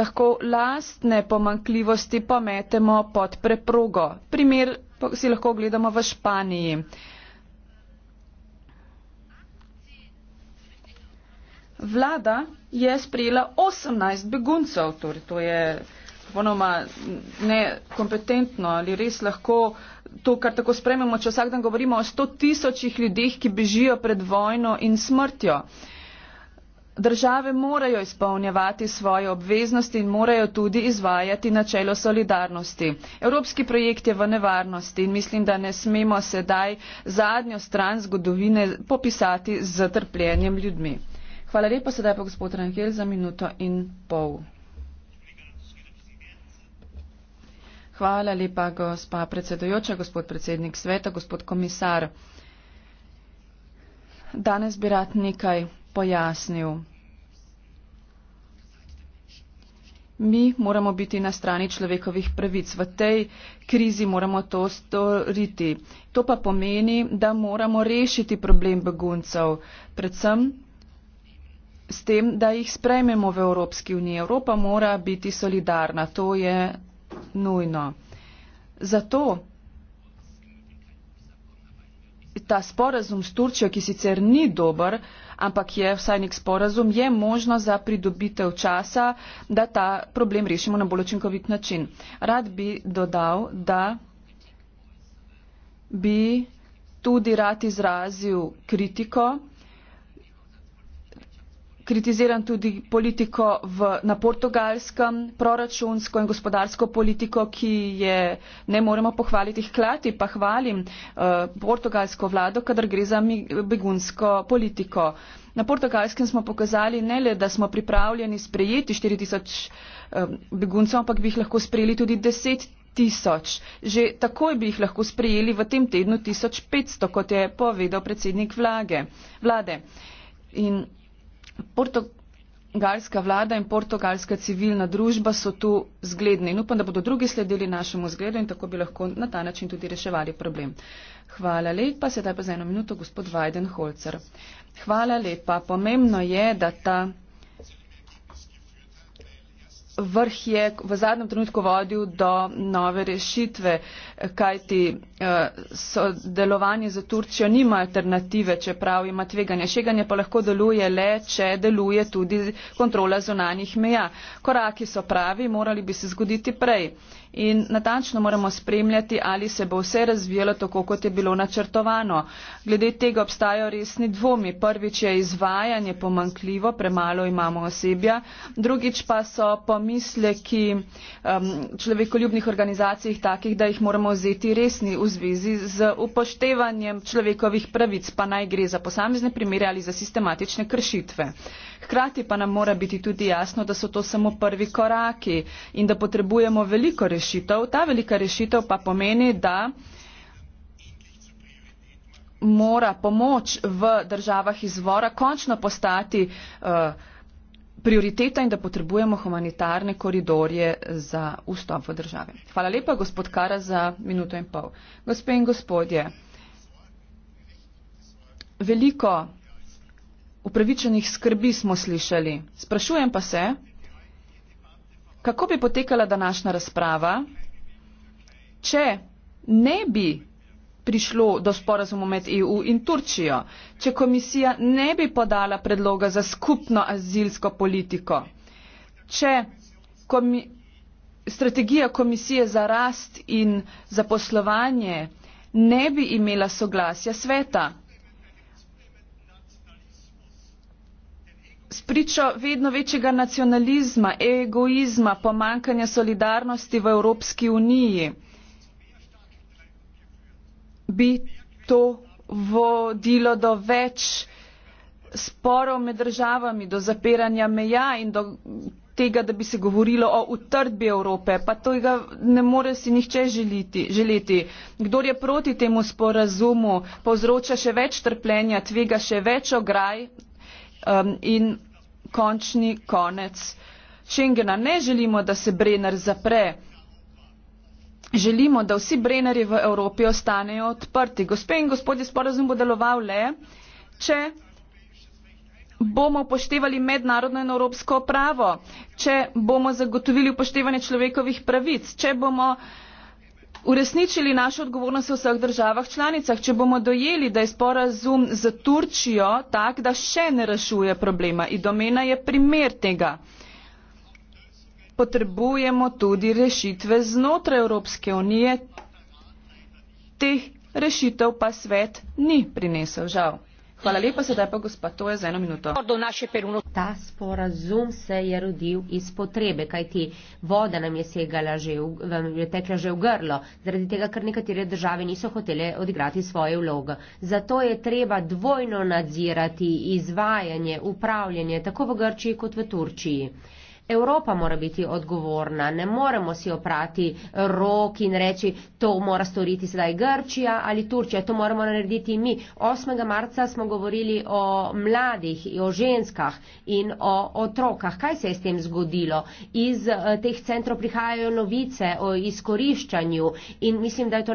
lahko lastne pomankljivosti pometemo pod preprogo. Primer si lahko gledamo v Španiji. Vlada je sprejela 18 beguncev, torej to je ponoma nekompetentno ali res lahko to, kar tako sprememo, če vsak dan govorimo o sto tisočih ljudeh, ki bežijo pred vojno in smrtjo. Države morajo izpolnjevati svoje obveznosti in morajo tudi izvajati načelo solidarnosti. Evropski projekt je v nevarnosti in mislim, da ne smemo sedaj zadnjo stran zgodovine popisati z trpljenjem ljudmi. Hvala lepa sedaj pa gospod Rangel za minuto in pol. Hvala lepa, gospa predsedojoča, gospod predsednik sveta, gospod komisar. Danes bi rad nekaj pojasnil. Mi moramo biti na strani človekovih pravic. V tej krizi moramo to storiti. To pa pomeni, da moramo rešiti problem beguncev, predvsem s tem, da jih sprejmemo v Evropski uniji. Evropa mora biti solidarna. To je nujno. Zato ta sporazum s Turčjo, ki sicer ni dober, ampak je vsaj nek sporazum, je možno za pridobitev časa, da ta problem rešimo na bolj učinkovit način. Rad bi dodal, da bi tudi rad izrazil kritiko, kritiziram tudi politiko v, na portugalskem, proračunsko in gospodarsko politiko, ki je ne moremo pohvaliti hkrati, pa hvalim uh, portugalsko vlado, kadar gre za begunsko politiko. Na portugalskem smo pokazali ne le, da smo pripravljeni sprejeti 4000 um, eh, beguncev, ampak bi jih lahko sprejeli tudi 10 tisoč. Že takoj bi jih lahko sprejeli v tem tednu 1500, kot je povedal predsednik vlage, vlade. In Portugalska vlada in portugalska civilna družba so tu zgledni in upam, da bodo drugi sledili našemu zgledu in tako bi lahko na ta način tudi reševali problem. Hvala lepa, sedaj pa za eno minuto gospod Vajdenholzer. Hvala lepa, pomembno je, da ta vrh je v zadnjem trenutku vodil do nove rešitve, kajti eh, sodelovanje za Turčijo nima alternative, čeprav ima tveganje. Šeganje pa lahko deluje le, če deluje tudi kontrola zunanjih meja. Koraki so pravi, morali bi se zgoditi prej in natančno moramo spremljati, ali se bo vse razvijalo tako, kot je bilo načrtovano. Glede tega obstajajo resni dvomi. Prvič je izvajanje pomankljivo, premalo imamo osebja. Drugič pa so pomisleki um, človekoljubnih organizacij takih, da jih moramo vzeti resni v zvezi z upoštevanjem človekovih pravic, pa naj gre za posamezne primere ali za sistematične kršitve. Hkrati pa nam mora biti tudi jasno, da so to samo prvi koraki in da potrebujemo veliko rešitev. Ta velika rešitev pa pomeni, da mora pomoč v državah izvora končno postati uh, prioriteta in da potrebujemo humanitarne koridorje za vstop v države. Hvala lepa, gospod Kara, za minuto in pol. Gospe in gospodje, veliko upravičenih skrbi smo slišali. Sprašujem pa se, kako bi potekala današnja razprava, če ne bi prišlo do sporazumu med EU in Turčijo, če komisija ne bi podala predloga za skupno azilsko politiko, če komi strategija komisije za rast in zaposlovanje ne bi imela soglasja sveta. spričo vedno večjega nacionalizma, egoizma, pomankanja solidarnosti v Evropski uniji, bi to vodilo do več sporov med državami, do zapiranja meja in do tega, da bi se govorilo o utrdbi Evrope, pa tega ne more si nihče želiti, želeti. Kdor je proti temu sporazumu, povzroča še več trpljenja, tvega še več ograj um, in končni konec Schengena. Ne želimo, da se Brenner zapre. Želimo, da vsi Brennerji v Evropi ostanejo odprti. Gospe in gospodje, sporazum bo deloval le, če bomo upoštevali mednarodno in evropsko pravo, če bomo zagotovili upoštevanje človekovih pravic, če bomo uh, uresničili našo odgovornost v vseh državah članicah, če bomo dojeli, da je sporazum z Turčijo tak, da še ne rešuje problema. Idomena je primer tega. Potrebujemo tudi rešitve znotraj Evropske unije, teh rešitev pa svet ni prinesel žal. Hvala lepa, sedaj pa gospa, to je za eno minuto. Ta sporazum se je rodil iz potrebe, kajti voda nam je, segala, že v, je tekla že v grlo, zaradi tega, ker nekatere države niso hotele odigrati svoje vloge. Zato je treba dvojno nadzirati izvajanje, upravljanje tako v Grčiji kot v Turčiji. Evropa mora biti odgovorna, ne moremo si oprati rok in reči, to mora storiti sedaj Grčija ali Turčija, to moramo narediti mi. 8. marca smo govorili o mladih, o ženskah in o otrokah. Kaj se je s tem zgodilo? Iz eh, teh centrov prihajajo novice o izkoriščanju in mislim, da je to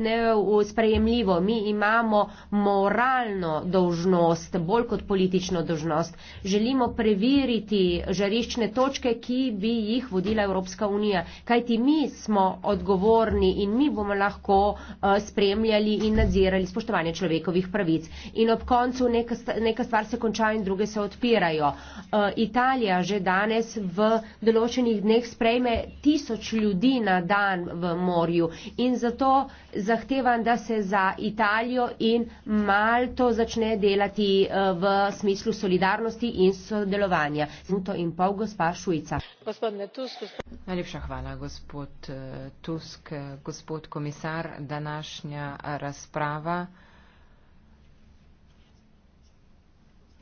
neusprejemljivo. Mi imamo moralno dožnost, bolj kot politično dožnost. Želimo preveriti žariščne točke točke, ki bi jih vodila Evropska unija. Kaj ti mi smo odgovorni in mi bomo lahko eh, spremljali in nadzirali spoštovanje človekovih pravic. In ob koncu neka, neka stvar se konča in druge se odpirajo. Eh, Italija že danes v določenih dneh sprejme tisoč ljudi na dan v morju in zato zahtevam, da se za Italijo in Malto začne delati eh, v smislu solidarnosti in sodelovanja. Zunto in pol gospa gospod eh, tusk gospod komisar današnja razprava je bila zelo informativna.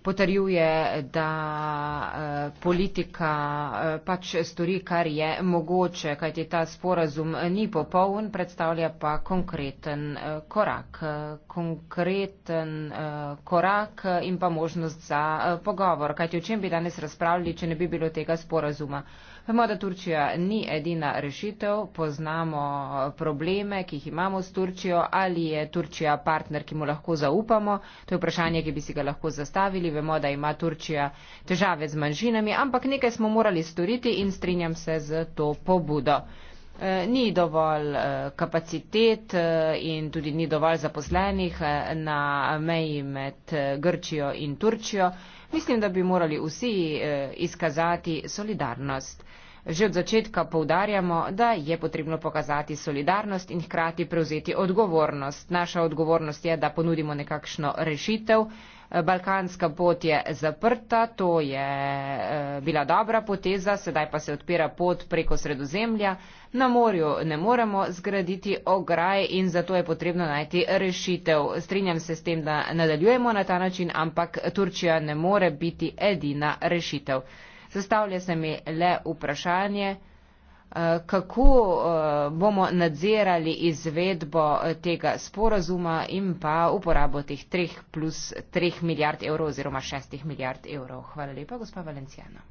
potrjuje, da eh, politika eh, pač stori, kar je mogoče, kajti ta sporazum ni popoln, predstavlja pa konkreten eh, korak. Konkreten korak in pa možnost za pogovor, kajti o čem bi danes razpravljali, če ne bi bilo tega sporazuma. Vemo, da Turčija ni edina rešitev, poznamo probleme, ki jih imamo s Turčijo, ali je Turčija partner, ki mu lahko zaupamo. To je vprašanje, ki bi si ga lahko zastavili. Vemo, da ima Turčija težave z manjšinami, ampak nekaj smo morali storiti in strinjam se z to pobudo. Eh, ni dovolj eh, kapacitet eh, in tudi ni dovolj zaposlenih na meji med Grčijo in Turčijo. Mislim, da bi morali vsi eh, izkazati solidarnost. Že od začetka poudarjamo, da je potrebno pokazati solidarnost in hkrati prevzeti odgovornost. Naša odgovornost je, da ponudimo nekakšno rešitev Balkanska pot je zaprta, to je eh, bila dobra poteza, sedaj pa se odpira pot preko sredozemlja. Na morju ne moremo zgraditi ograj in zato je potrebno najti rešitev. Strinjam se s tem, da nadaljujemo na ta način, ampak Turčija ne more biti edina rešitev. Zastavlja se mi le vprašanje, Eh, kako eh, bomo nadzirali izvedbo eh, tega sporazuma in pa uporabo teh 3 plus 3 milijard evrov oziroma 6 milijard evrov. Hvala lepa, gospa Valenciana.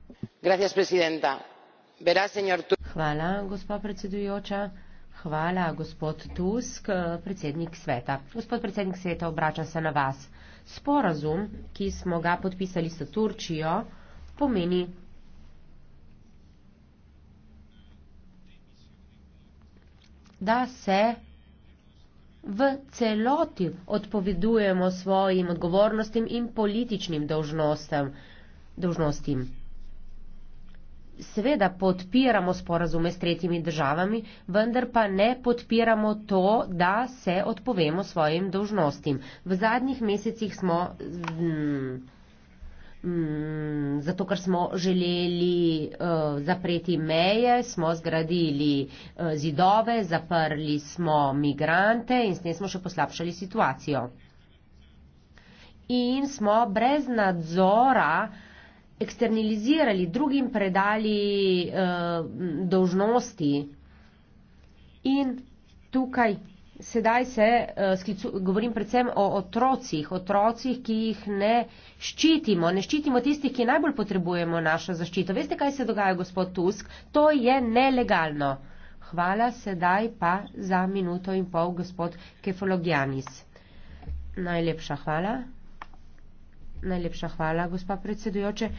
Hvala, gospa predsedujoča. Hvala, gospod Tusk, predsednik sveta. Gospod predsednik sveta, obračam se na vas. Sporazum, ki smo ga podpisali s Turčijo, pomeni da se v celoti odpovedujemo svojim odgovornostim in političnim dolžnostem, dolžnostim. Seveda podpiramo sporazume s tretjimi državami, vendar pa ne podpiramo to, da se odpovemo svojim dolžnostim. V zadnjih mesecih smo. Hm, Mm, zato, ker smo želeli uh, zapreti meje, smo zgradili uh, zidove, zaprli smo migrante in s tem smo še poslabšali situacijo. In smo brez nadzora eksternalizirali, drugim predali uh, eh, dožnosti. In tukaj sedaj se uh, sklicu, govorim predvsem o otrocih, otrocih, ki jih ne ščitimo, ne ščitimo tistih, ki najbolj potrebujemo našo zaščito. Veste, kaj se dogaja, gospod Tusk? To je nelegalno. Hvala sedaj pa za minuto in pol, gospod Kefologianis. Najlepša hvala. Najlepša hvala, gospa predsedujoče.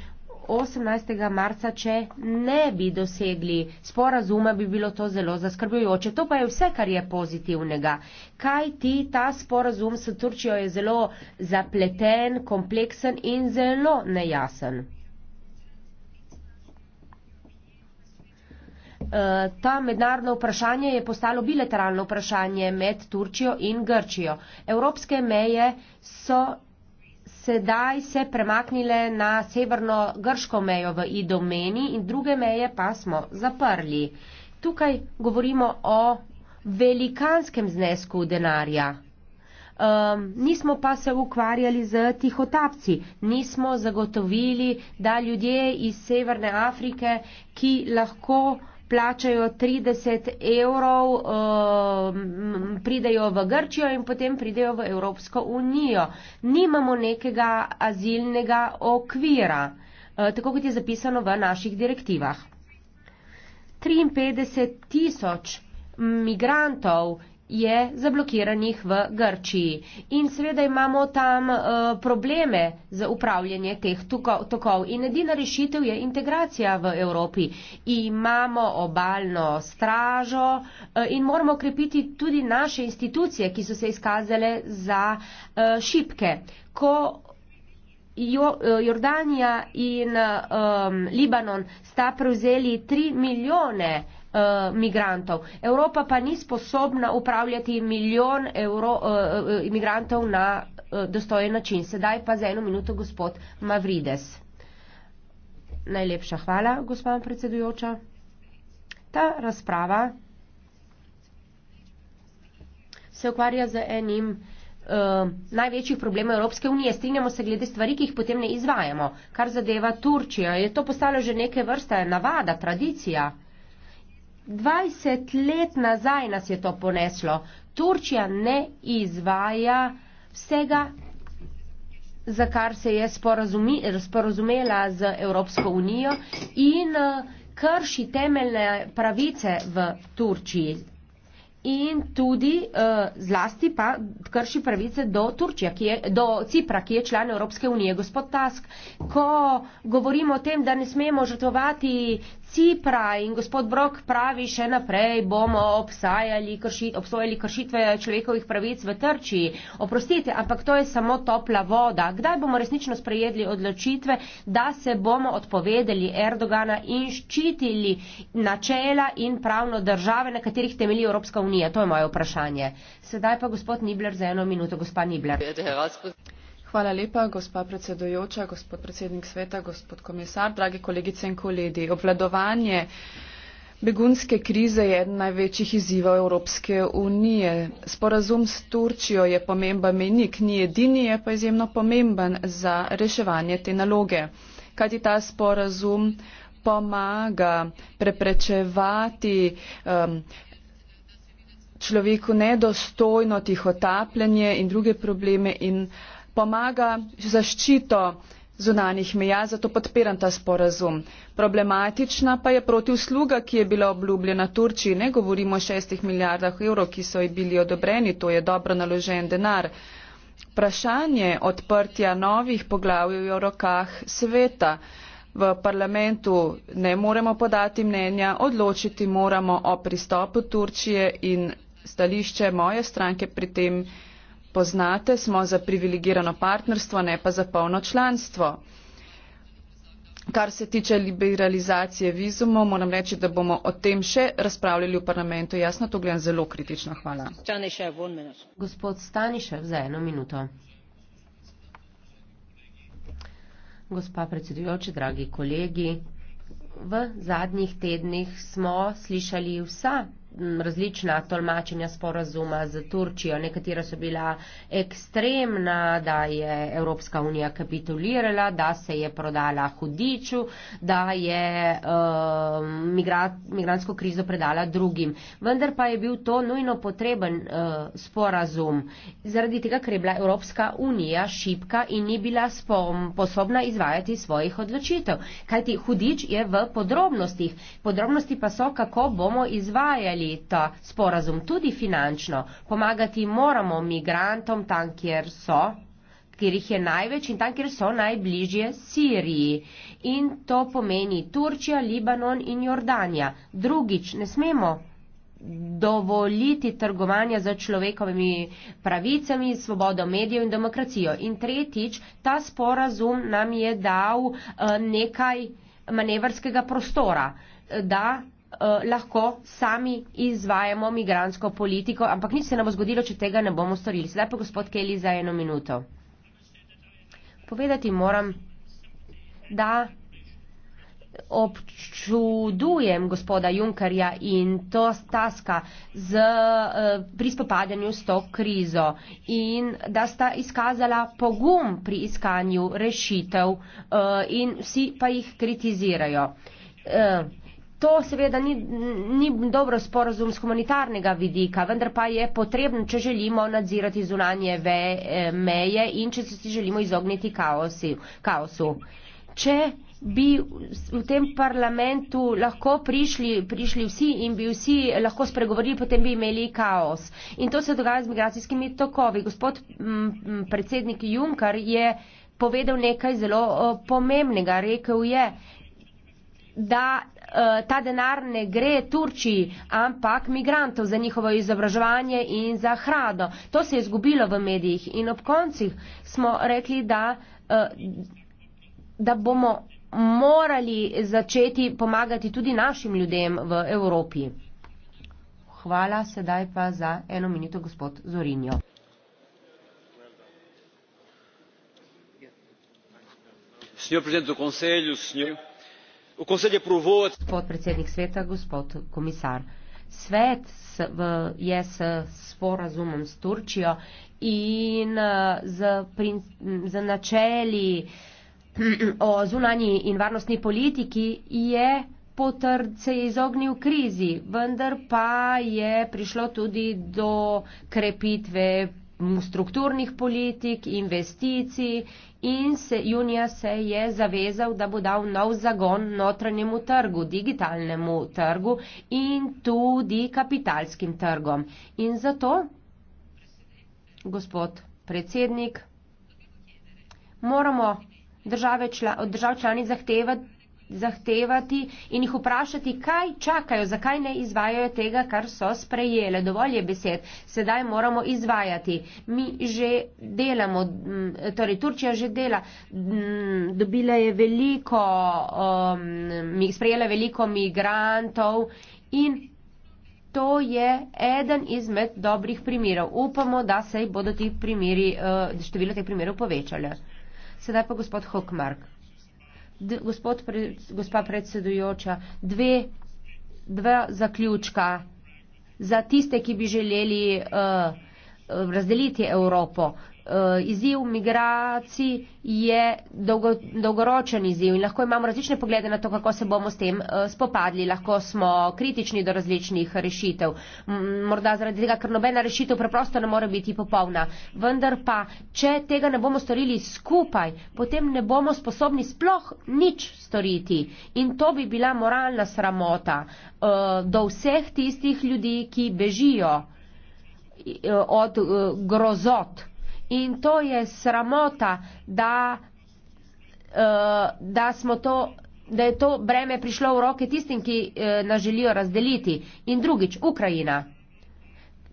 18. marca, če ne bi dosegli sporazuma, bi bilo to zelo zaskrbljujoče. To pa je vse, kar je pozitivnega. Kaj ti ta sporazum s Turčijo je zelo zapleten, kompleksen in zelo nejasen. E, ta mednarodno vprašanje je postalo bilateralno vprašanje med Turčijo in Grčijo. Evropske meje so sedaj se premaknile na severno grško mejo v Idomeni in druge meje pa smo zaprli. Tukaj govorimo o velikanskem znesku denarja. Um, nismo pa se ukvarjali z tihotapci, nismo zagotovili, da ljudje iz Severne Afrike, ki lahko plačajo 30 evrov, ehm, pridejo v Grčijo in potem pridejo v Evropsko unijo. Nimamo nekega azilnega okvira, eh, tako kot je zapisano v naših direktivah. 53 tisoč migrantov je zablokiranih v Grčiji. In seveda imamo tam uh, probleme za upravljanje teh tuko, tokov. In edina rešitev je integracija v Evropi. Imamo obalno stražo uh, in moramo okrepiti tudi naše institucije, ki so se izkazale za uh, eh, šipke. Ko Jo, Jordanija in um, Libanon sta prevzeli 3 milijone uh, migrantov. Evropa pa ni sposobna upravljati milijon evro, uh, eh, uh, eh, migrantov na uh, dostojen način. Sedaj pa za eno minuto gospod Mavrides. Najlepša hvala, gospod predsedujoča. Ta razprava se ukvarja z enim uh, največjih problemov Evropske unije. Strinjamo se glede stvari, ki jih potem ne izvajamo. Kar zadeva Turčijo, je to postalo že neke vrste navada, tradicija. 20 let nazaj nas je to poneslo. Turčija ne izvaja vsega, za kar se je sporazumi, sporazumela z Evropsko unijo in eh, krši temeljne pravice v Turčiji. In tudi eh, zlasti pa krši pravice do, Turčija, ki je, do Cipra, ki je član Evropske unije. Gospod Tusk, ko govorimo o tem, da ne smemo žrtovati Cipra in gospod Brok pravi, še naprej bomo obsajali, obsojali kršitve človekovih pravic v Trčiji. Oprostite, ampak to je samo topla voda. Kdaj bomo resnično sprejedli odločitve, da se bomo odpovedali Erdogana in ščitili načela in pravno države, na katerih temelji Evropska unija? To je moje vprašanje. Sedaj pa gospod Nibler za eno minuto. Gospa Nibler. Hvala lepa, gospa predsedujoča, gospod predsednik sveta, gospod komisar, dragi kolegice in kolegi. Obladovanje begunske krize je eden največjih izzivov Evropske unije. Sporazum s Turčijo je pomemben menik, ni edini, je pa izjemno pomemben za reševanje te naloge. Kajti ta sporazum pomaga preprečevati. Um, človeku nedostojno tihotapljanje in druge probleme in uh, pomaga zaščito zunanih meja, zato podpiram ta sporazum. Problematična pa je protivsluga, ki je bila obljubljena Turčiji. Ne govorimo o šestih milijardah evrov, ki so ji bili odobreni, to je dobro naložen denar. Vprašanje odprtja novih poglavij je v rokah sveta. V parlamentu ne moremo podati mnenja, odločiti moramo o pristopu Turčije in stališče moje stranke pri tem poznate, smo za privilegirano partnerstvo, ne pa za polno članstvo. Kar se tiče liberalizacije vizumov, moram reči, da bomo o tem še razpravljali v parlamentu. Jasno, to gledam zelo kritično. Hvala. Gospod Stanišev, za eno minuto. Gospa predsedujoča, dragi kolegi, v zadnjih tednih smo slišali vsa različna tolmačenja sporazuma z Turčijo. Nekatera so bila ekstremna, da je Evropska unija kapitulirala, da se je prodala hudiču, da je uh, migrat, migransko krizo predala drugim. Vendar pa je bil to nujno potreben uh, sporazum, zaradi tega, ker je bila Evropska unija šipka in ni bila spom, posobna izvajati svojih odločitev. Kajti hudič je v podrobnostih. Podrobnosti pa so, kako bomo izvajali leta, sporazum tudi finančno. Pomagati moramo migrantom tam, kjer so, kjer jih je največ in tam, kjer so najbližje Siriji. In to pomeni Turčija, Libanon in Jordanija. Drugič, ne smemo dovoliti trgovanja za človekovimi pravicami, svobodo medijev in demokracijo. In tretjič, ta sporazum nam je dal uh, nekaj manevrskega prostora, eh, da Eh, lahko sami izvajamo migransko politiko, ampak nič se nam bo zgodilo, če tega ne bomo storili. Sedaj pa gospod Keli za eno minuto. Povedati moram, da občudujem gospoda Junkerja in to staska z, eh, pri spopadanju s to krizo in da sta izkazala pogum pri iskanju rešitev eh, in vsi pa jih kritizirajo. To seveda ni, ni dobro sporozum z humanitarnega vidika, vendar pa je potrebno, če želimo nadzirati zunanje ve, eh, meje in če se želimo izogniti kaosi, kaosu. Če bi v tem parlamentu lahko prišli, prišli vsi in bi vsi lahko spregovorili, potem bi imeli kaos. In to se dogaja z migracijskimi tokovi. Gospod mm, mm, predsednik Juncker je povedal nekaj zelo eh, pomembnega. Rekel je, da eh, ta denar ne gre Turčiji, ampak migrantov za njihovo izobraževanje in za hrado. To se je izgubilo v medijih in ob koncih smo rekli, da, eh, da bomo morali začeti pomagati tudi našim ljudem v Evropi. Hvala sedaj pa za eno minuto, gospod Zorinjo. Signor Presidente del Consiglio, signor, Podpredsednik sveta, gospod komisar. Svet je s sporazumom s Turčijo in eh, z, prin, z načeli (clears throat) o zunanji in varnostni politiki je potrd se je izognil krizi, vendar pa je prišlo tudi do krepitve strukturnih politik, investicij in se, junija se je zavezal, da bo dal nov zagon notranjemu trgu, digitalnemu trgu in tudi kapitalskim trgom. In zato, gospod predsednik, moramo od držav članic zahtevati, zahtevati in jih vprašati, kaj čakajo, zakaj ne izvajajo tega, kar so sprejele. Dovolj je besed, sedaj moramo izvajati. Mi že delamo, torej Turčija že dela, dobila je veliko, um, sprejela veliko migrantov in. To je eden izmed dobrih primerov. Upamo, da se bodo ti primeri, da uh, število teh primerov povečale. Sedaj pa gospod Hockmark gospod, gospa predsedujoča, dve, dva zaključka za tiste, ki bi želeli uh, razdeliti Evropo. Eh, izziv migracij je dolgo, dolgoročen izziv in lahko imamo različne poglede na to, kako se bomo s tem eh, spopadli. Lahko smo kritični do različnih rešitev. Morda zaradi tega, ker nobena rešitev preprosto ne more biti popolna. Vendar pa, če tega ne bomo storili skupaj, potem ne bomo sposobni sploh nič storiti. In to bi bila moralna sramota eh, do vseh tistih ljudi, ki bežijo od grozot in to je sramota, da, uh, da smo to da je to breme prišlo v roke tistim, ki eh, nas želijo razdeliti. In drugič, Ukrajina.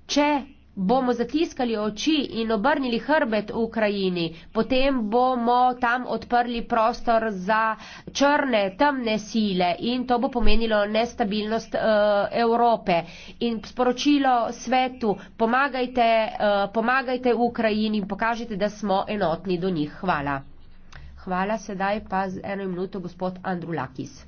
Če bomo zatiskali oči in obrnili hrbet v Ukrajini, potem bomo tam odprli prostor za črne, temne sile in to bo pomenilo nestabilnost uh, Evrope. In sporočilo svetu, pomagajte, uh, pomagajte v Ukrajini in pokažite, da smo enotni do njih. Hvala. Hvala sedaj pa z eno minuto gospod Andru Lakis.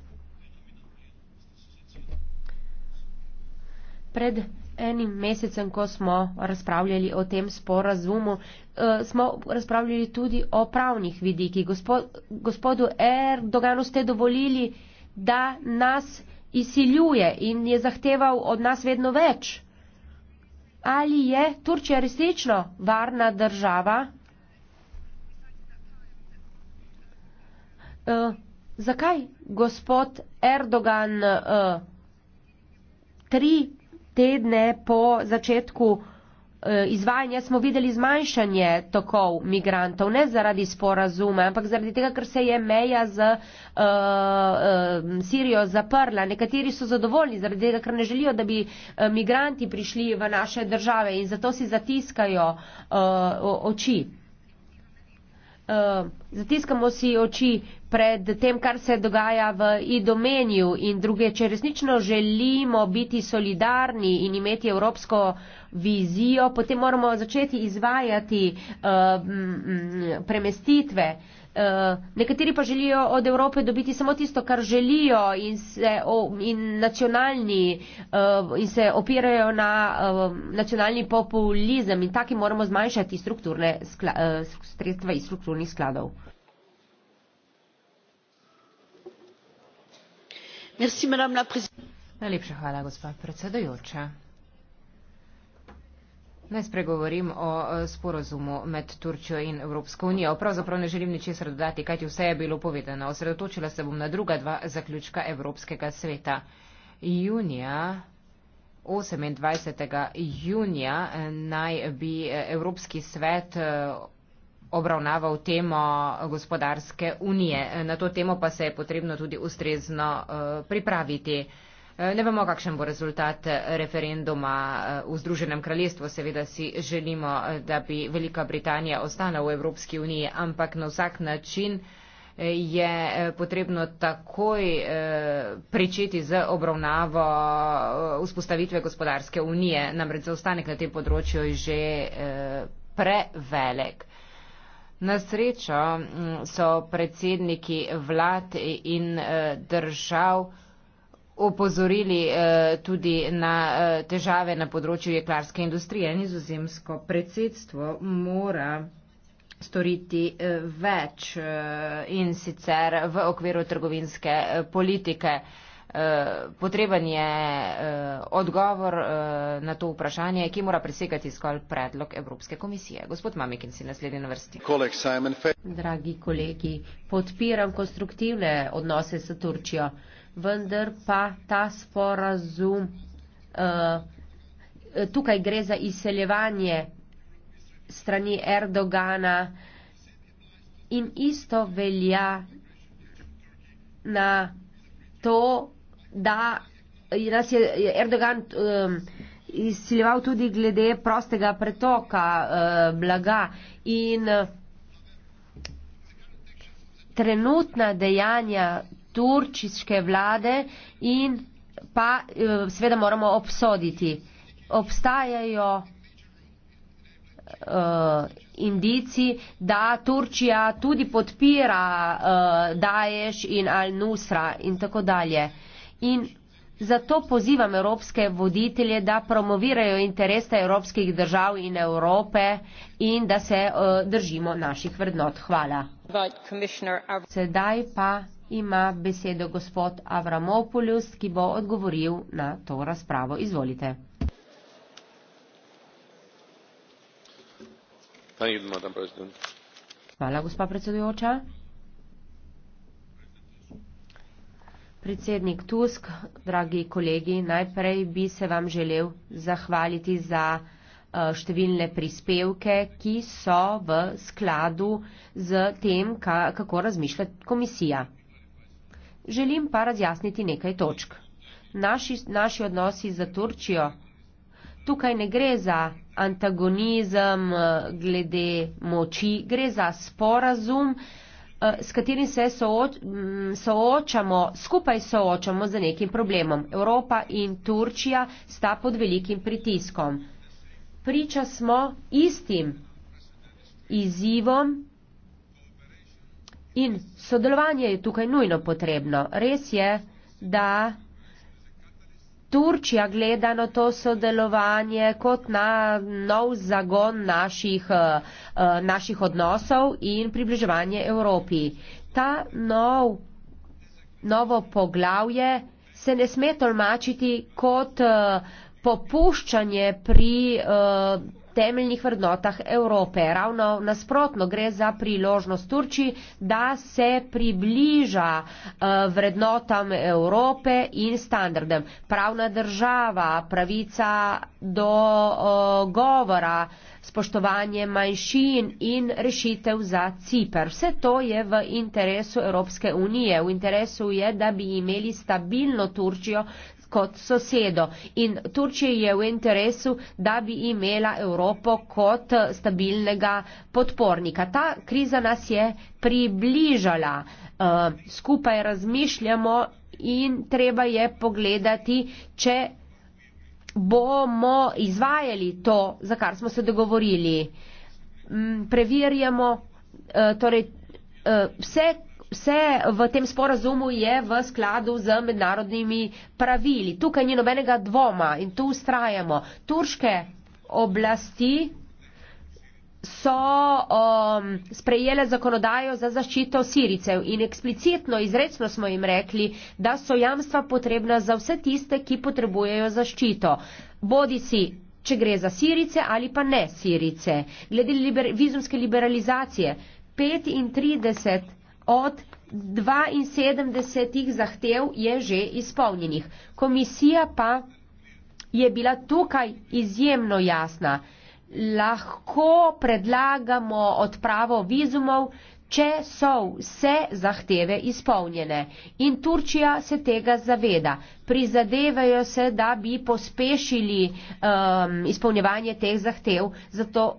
Pred enim mesecem, ko smo razpravljali o tem sporazumu, eh, smo razpravljali tudi o pravnih vidikih. Gospodu Erdoganu ste dovolili, da nas izsiljuje in je zahteval od nas vedno več. Ali je Turčija resnično varna država? Uh, zakaj gospod Erdogan uh, tri tedne po začetku eh, izvajanja smo videli zmanjšanje tokov migrantov, ne zaradi sporazume, ampak zaradi tega, ker se je meja z uh, Sirijo zaprla. Nekateri so zadovoljni zaradi tega, ker ne želijo, da bi migranti prišli v naše države in zato si zatiskajo uh, oči. Eh, zatiskamo si oči pred tem, kar se dogaja v idomenju in druge, če resnično želimo biti solidarni in imeti evropsko vizijo, potem moramo začeti izvajati uh, premestitve uh, Eh, nekateri pa želijo od Evrope dobiti samo tisto, kar želijo in se, o, in nacionalni, uh, in se opirajo na uh, nacionalni populizem in taki moramo zmanjšati strukturne skla, uh, sredstva iz strukturnih skladov. Najlepša hvala, gospod predsedujoča. Naj spregovorim o e, sporozumu med Turčjo in Evropsko unijo. Pravzaprav ne želim ničesar dodati, kajti vse je bilo povedano. Osredotočila se bom na druga dva zaključka Evropskega sveta. Junija. 28. junija e, naj bi e, Evropski svet obravnaval temo gospodarske unije. Na to temo pa se je potrebno tudi ustrezno pripraviti. Ne vemo, kakšen bo rezultat eh, referenduma eh, v Združenem kraljestvu. Seveda si želimo, eh, da bi Velika Britanija ostala v Evropski uniji, ampak na vsak način je potrebno takoj pričeti z obravnavo vzpostavitve gospodarske unije. Namreč zaostanek na tem področju je že prevelik. Na srečo mm, so predsedniki vlad in držav opozorili eh, tudi na eh, težave na področju jeklarske industrije. Nizozemsko predsedstvo mora storiti eh, več eh, in sicer v okviru trgovinske eh, politike. Eh, potreben je eh, odgovor eh, na to vprašanje, ki mora presegati zgolj predlog Evropske komisije. Gospod Mamikin si naslednji na vrsti. Koleg Dragi kolegi, podpiram konstruktivne odnose s Turčijo vendar pa ta sporazum, uh, tukaj gre za izseljevanje strani Erdogana in isto velja na to, da nas je Erdogan um, eh, izseljeval tudi glede prostega pretoka uh, blaga in uh, trenutna dejanja turčiške vlade in pa eh, seveda moramo obsoditi. Obstajajo uh, indici, da Turčija tudi podpira uh, eh, Daješ in Al-Nusra in tako dalje. In zato pozivam evropske voditelje, da promovirajo interese evropskih držav in Evrope in da se uh, držimo naših vrednot. Hvala. Sedaj pa ima besedo gospod Avramopoulos, ki bo odgovoril na to razpravo. Izvolite. Hvala, gospa predsedujoča. Predsednik Tusk, dragi kolegi, najprej bi se vam želel zahvaliti za eh, številne prispevke, ki so v skladu z tem, kako razmišlja komisija želim pa razjasniti nekaj točk. Naši, naši odnosi za Turčijo. Tukaj ne gre za antagonizem eh, glede moči, gre za sporazum, eh, s katerim se soočamo, skupaj soočamo z nekim problemom. Evropa in Turčija sta pod velikim pritiskom. Priča smo istim izzivom In sodelovanje je tukaj nujno potrebno. Res je, da Turčija gleda na to sodelovanje kot na nov zagon naših, eh, eh, naših odnosov in približevanje Evropi. Ta nov, novo poglavje se ne sme tolmačiti kot eh, popuščanje pri temeljnih vrednotah Evrope. Ravno nasprotno gre za priložnost Turčiji, da se približa eh, vrednotam Evrope in standardem. Pravna država, pravica do eh, govora, spoštovanje manjšin in rešitev za Cipr. Vse to je v interesu Evropske unije. V interesu je, da bi imeli stabilno Turčijo kot sosedo. In Turčiji je v interesu, da bi imela Evropo kot stabilnega podpornika. Ta kriza nas je približala. Eh, skupaj razmišljamo in treba je pogledati, če bomo izvajali to, za kar smo se dogovorili. Mm, preverjamo eh, torej, eh, vse, vse v tem sporazumu je v skladu z mednarodnimi pravili. Tukaj ni nobenega dvoma in tu ustrajamo. Turške oblasti so um, sprejele zakonodajo za zaščito siricev in eksplicitno, izrecno smo jim rekli, da so jamstva potrebna za vse tiste, ki potrebujejo zaščito. Bodi si, če gre za sirice ali pa ne sirice. Glede liber, vizumske liberalizacije, 35 od 72 zahtev je že izpolnjenih. Komisija pa je bila tukaj izjemno jasna. Lahko predlagamo odpravo vizumov, če so vse zahteve izpolnjene. In Turčija se tega zaveda. Prizadevajo se, da bi pospešili um, izpolnjevanje teh zahtev, zato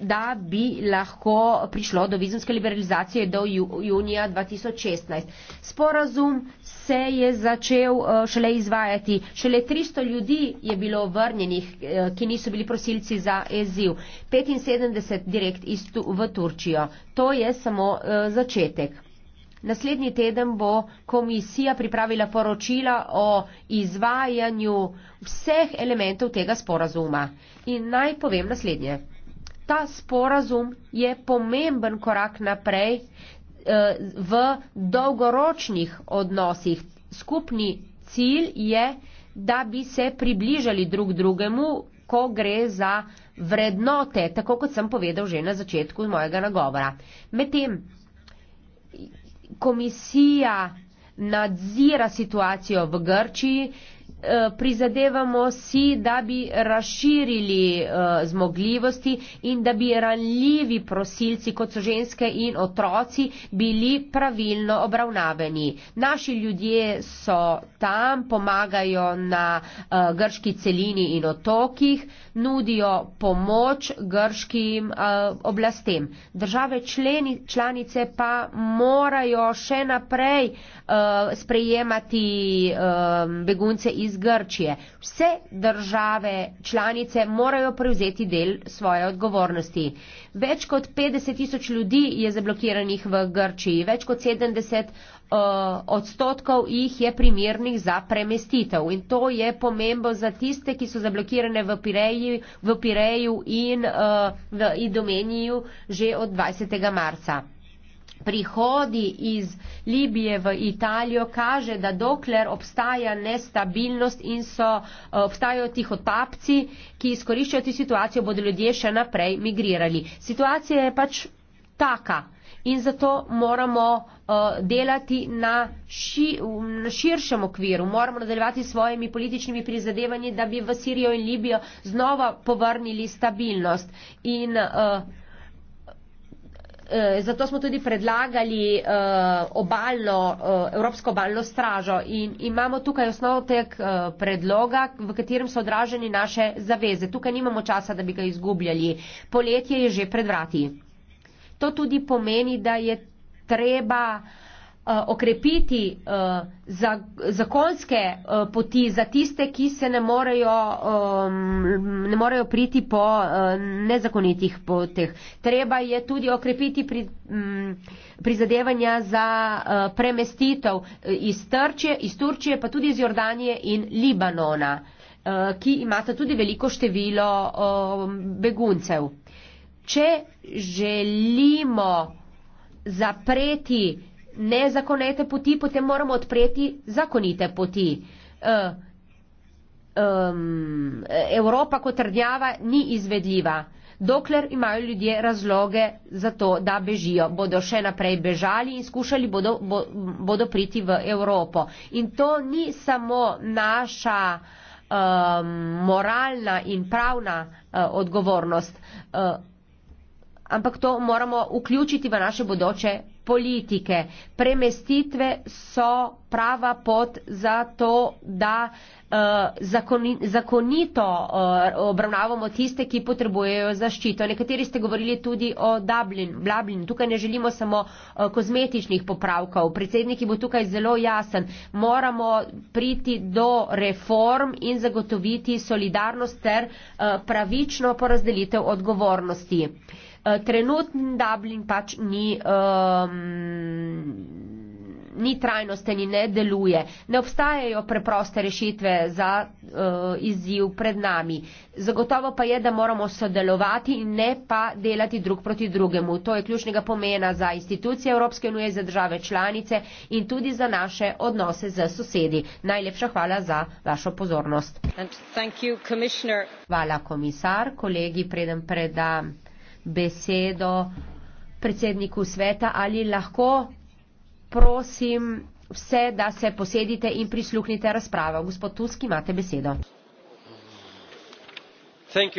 da bi lahko prišlo do vizumske liberalizacije do junija 2016. Sporazum se je začel eh, šele izvajati. Šele 300 ljudi je bilo vrnjenih, eh, ki niso bili prosilci za EZIV. 75 direkt istu v Turčijo. To je samo eh, začetek. Naslednji teden bo komisija pripravila poročila o izvajanju vseh elementov tega sporazuma. In naj povem naslednje ta sporazum je pomemben korak naprej eh, v dolgoročnih odnosih. Skupni cilj je, da bi se približali drug drugemu, ko gre za vrednote, tako kot sem povedal že na začetku mojega nagovora. Medtem komisija nadzira situacijo v Grčiji, Eh, prizadevamo si, da bi razširili eh, zmogljivosti in da bi ranljivi prosilci, kot so ženske in otroci, bili pravilno obravnaveni. Naši ljudje so tam, pomagajo na eh, grški celini in otokih, nudijo pomoč grškim eh, oblastem. Države členi, članice pa morajo še naprej eh, sprejemati eh, begunce iz Grčije. Vse države članice morajo prevzeti del svoje odgovornosti. Več kot 50 tisoč ljudi je zablokiranih v Grčiji, več kot 70 Eh, odstotkov jih je primernih za premestitev. In to je pomembno za tiste, ki so zablokirane v Pireju, v Pireju in eh, v Idomeniju že od 20. marca. Prihodi iz Libije v Italijo kaže, da dokler obstaja nestabilnost in so eh, obstajajo tiho tapci, ki izkoriščajo ti situacijo, bodo ljudje še naprej migrirali. Situacija je pač taka in zato moramo uh, delati na, ši, na širšem okviru. Moramo nadaljevati s svojimi političnimi prizadevanji, da bi v Sirijo in Libijo znova povrnili stabilnost. In, uh, Zato smo tudi predlagali obalno, Evropsko obalno stražo in imamo tukaj osnovtek predloga, v katerem so odraženi naše zaveze. Tukaj nimamo časa, da bi ga izgubljali. Poletje je že pred vrati. To tudi pomeni, da je treba uh, okrepiti uh, za, zakonske uh, poti za tiste, ki se ne morejo, um, ne morejo priti po uh, nezakonitih poteh. Treba je tudi okrepiti pri, um, prizadevanja za uh, premestitev iz Trčije, iz Turčije, pa tudi iz Jordanije in Libanona, uh, ki imata tudi veliko število uh, beguncev če želimo zapreti nezakonite poti, potem moramo odpreti zakonite poti. Uh, um, Evropa kot trdnjava ni izvedljiva. Dokler imajo ljudje razloge za to, da bežijo, bodo še naprej bežali in skušali bodo, bo, bodo priti v Evropo. In to ni samo naša um, moralna in pravna uh, odgovornost. Uh, ampak to moramo vključiti v naše bodoče politike. Premestitve so prava pot za to, da uh, zakoni, zakonito uh, obravnavamo tiste, ki potrebujejo zaščito. Nekateri ste govorili tudi o Dublin, Blablin. Tukaj ne želimo samo uh, kozmetičnih popravkov. Predsednik je bo tukaj zelo jasen. Moramo priti do reform in zagotoviti solidarnost ter uh, pravično porazdelitev odgovornosti. Uh, trenutni Dublin pač ni. Um, ni trajnosten in ne deluje. Ne obstajajo preproste rešitve za uh, izziv pred nami. Zagotovo pa je, da moramo sodelovati in ne pa delati drug proti drugemu. To je ključnega pomena za institucije Evropske unije, za države članice in tudi za naše odnose z sosedi. Najlepša hvala za vašo pozornost. Hvala komisar, kolegi, predem predam besedo predsedniku sveta, ali lahko prosim vse, da se posedite in prisluhnite razpravo. Gospod Tusk, imate besedo. Eh,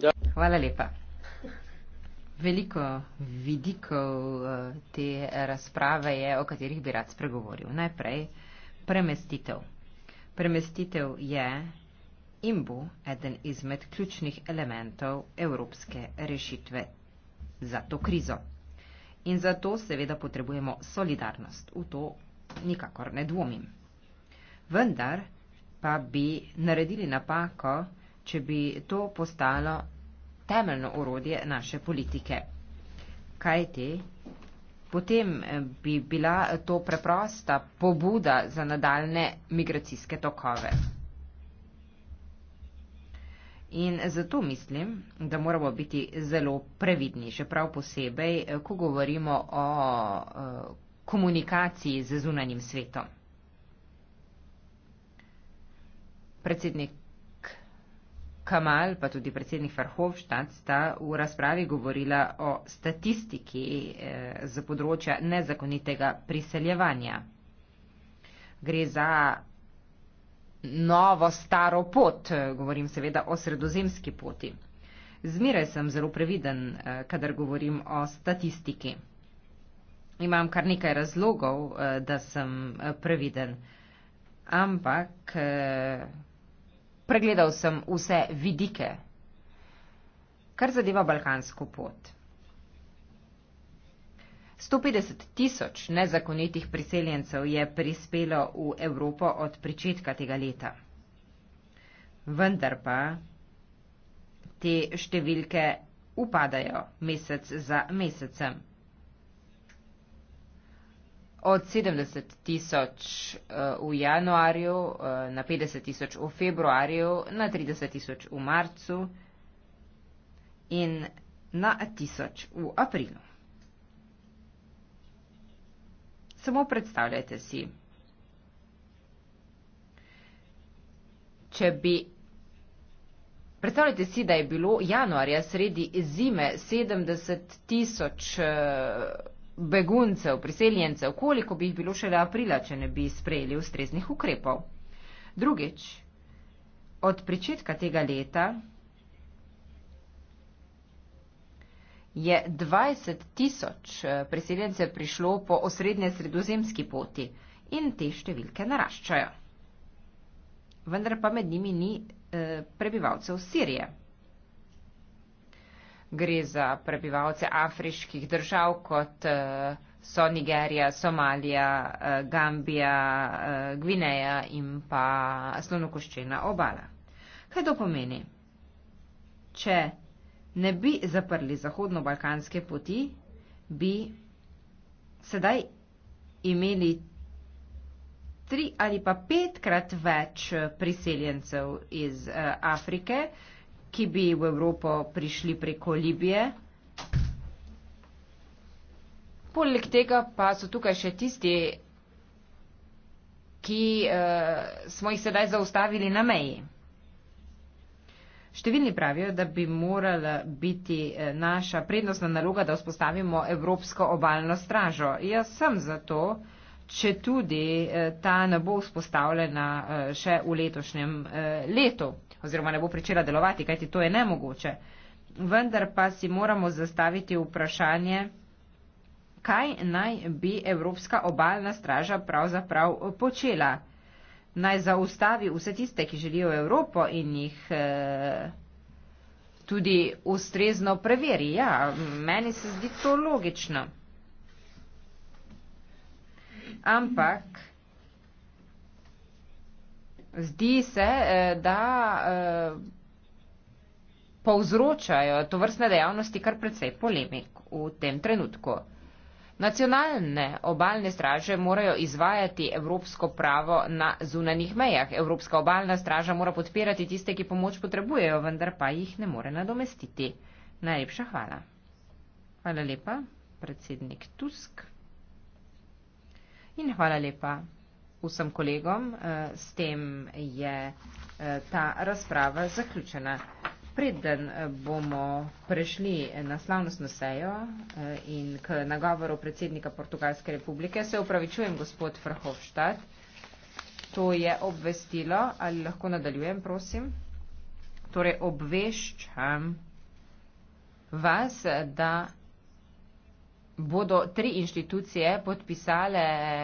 ja. Hvala lepa. Veliko vidikov eh, te razprave je, o katerih bi rad spregovoril. Najprej premestitev. Premestitev je in bo eden izmed ključnih elementov evropske rešitve za to krizo. In zato seveda potrebujemo solidarnost. V to nikakor ne dvomim. Vendar pa bi naredili napako, če bi to postalo temeljno urodje naše politike. Kaj te? Potem eh, bi bila to preprosta pobuda za nadaljne migracijske tokove. In zato mislim, da moramo biti zelo previdni, še prav posebej, eh, ko govorimo o eh, komunikaciji z zunanjim svetom. Predsednik Kamal, pa tudi predsednik Farhovštad sta v razpravi govorila o statistiki eh, za področja nezakonitega priseljevanja. Gre za novo, staro pot, govorim seveda o sredozemski poti. Zmeraj sem zelo previden, eh, kadar govorim o statistiki. Imam kar nekaj razlogov, eh, da sem eh, previden, ampak pregledal sem vse vidike, kar zadeva balkansko pot. 150 tisoč nezakonitih priseljencev je prispelo v Evropo od pričetka tega leta. Vendar pa te številke upadajo mesec za mesecem. Od 70 tisoč eh, v januarju, eh, na 50 tisoč v februarju, na 30 tisoč v marcu in na tisoč v aprilu. Samo predstavljajte si. Če bi. Predstavljajte si, da je bilo januarja sredi zime 70 tisoč eh, beguncev, priseljencev, koliko bi jih bilo šele aprila, če ne bi sprejeli ustreznih ukrepov. Drugič, od pričetka tega leta je 20 tisoč eh, priseljencev prišlo po osrednje sredozemski poti in te številke naraščajo. Vendar pa med njimi ni eh, prebivalcev Sirije. Gre za prebivalce afriških držav, kot eh, so Nigerija, Somalija, Gambija, Gvineja in pa slonokoščena obala. Kaj to pomeni? Če ne bi zaprli zahodno-balkanske poti, bi sedaj imeli tri ali pa petkrat več priseljencev iz eh, Afrike, ki bi v Evropo prišli preko Libije. Poleg tega pa so tukaj še tisti, ki uh, smo jih sedaj zaustavili na meji. Številni pravijo, da bi morala biti eh, naša prednostna naloga, da vzpostavimo Evropsko obalno stražo. Jaz sem za to, če tudi eh, ta ne bo vzpostavljena eh, še v letošnjem letu oziroma ne bo pričela delovati, kajti to je nemogoče. Vendar pa si moramo zastaviti vprašanje, kaj naj bi Evropska obalna straža pravzaprav počela naj zaustavi vse tiste, ki želijo Evropo in jih eh, tudi ustrezno preveri. Ja, meni se zdi to logično. Ampak zdi se, eh, da eh, povzročajo to vrstne dejavnosti kar precej polemik v tem trenutku. Nacionalne obalne straže morajo izvajati evropsko pravo na zunanih mejah. Evropska obalna straža mora podpirati tiste, ki pomoč potrebujejo, vendar pa jih ne more nadomestiti. Najlepša hvala. Hvala lepa, predsednik Tusk. In hvala lepa vsem kolegom. Eh, s tem je eh, ta razprava zaključena preden eh, bomo prešli eh, na slavnostno sejo eh, in k nagovoru predsednika Portugalske republike, se upravičujem, gospod Frhovštad. To je obvestilo, ali lahko nadaljujem, prosim. Torej, obveščam vas, da bodo tri inštitucije podpisale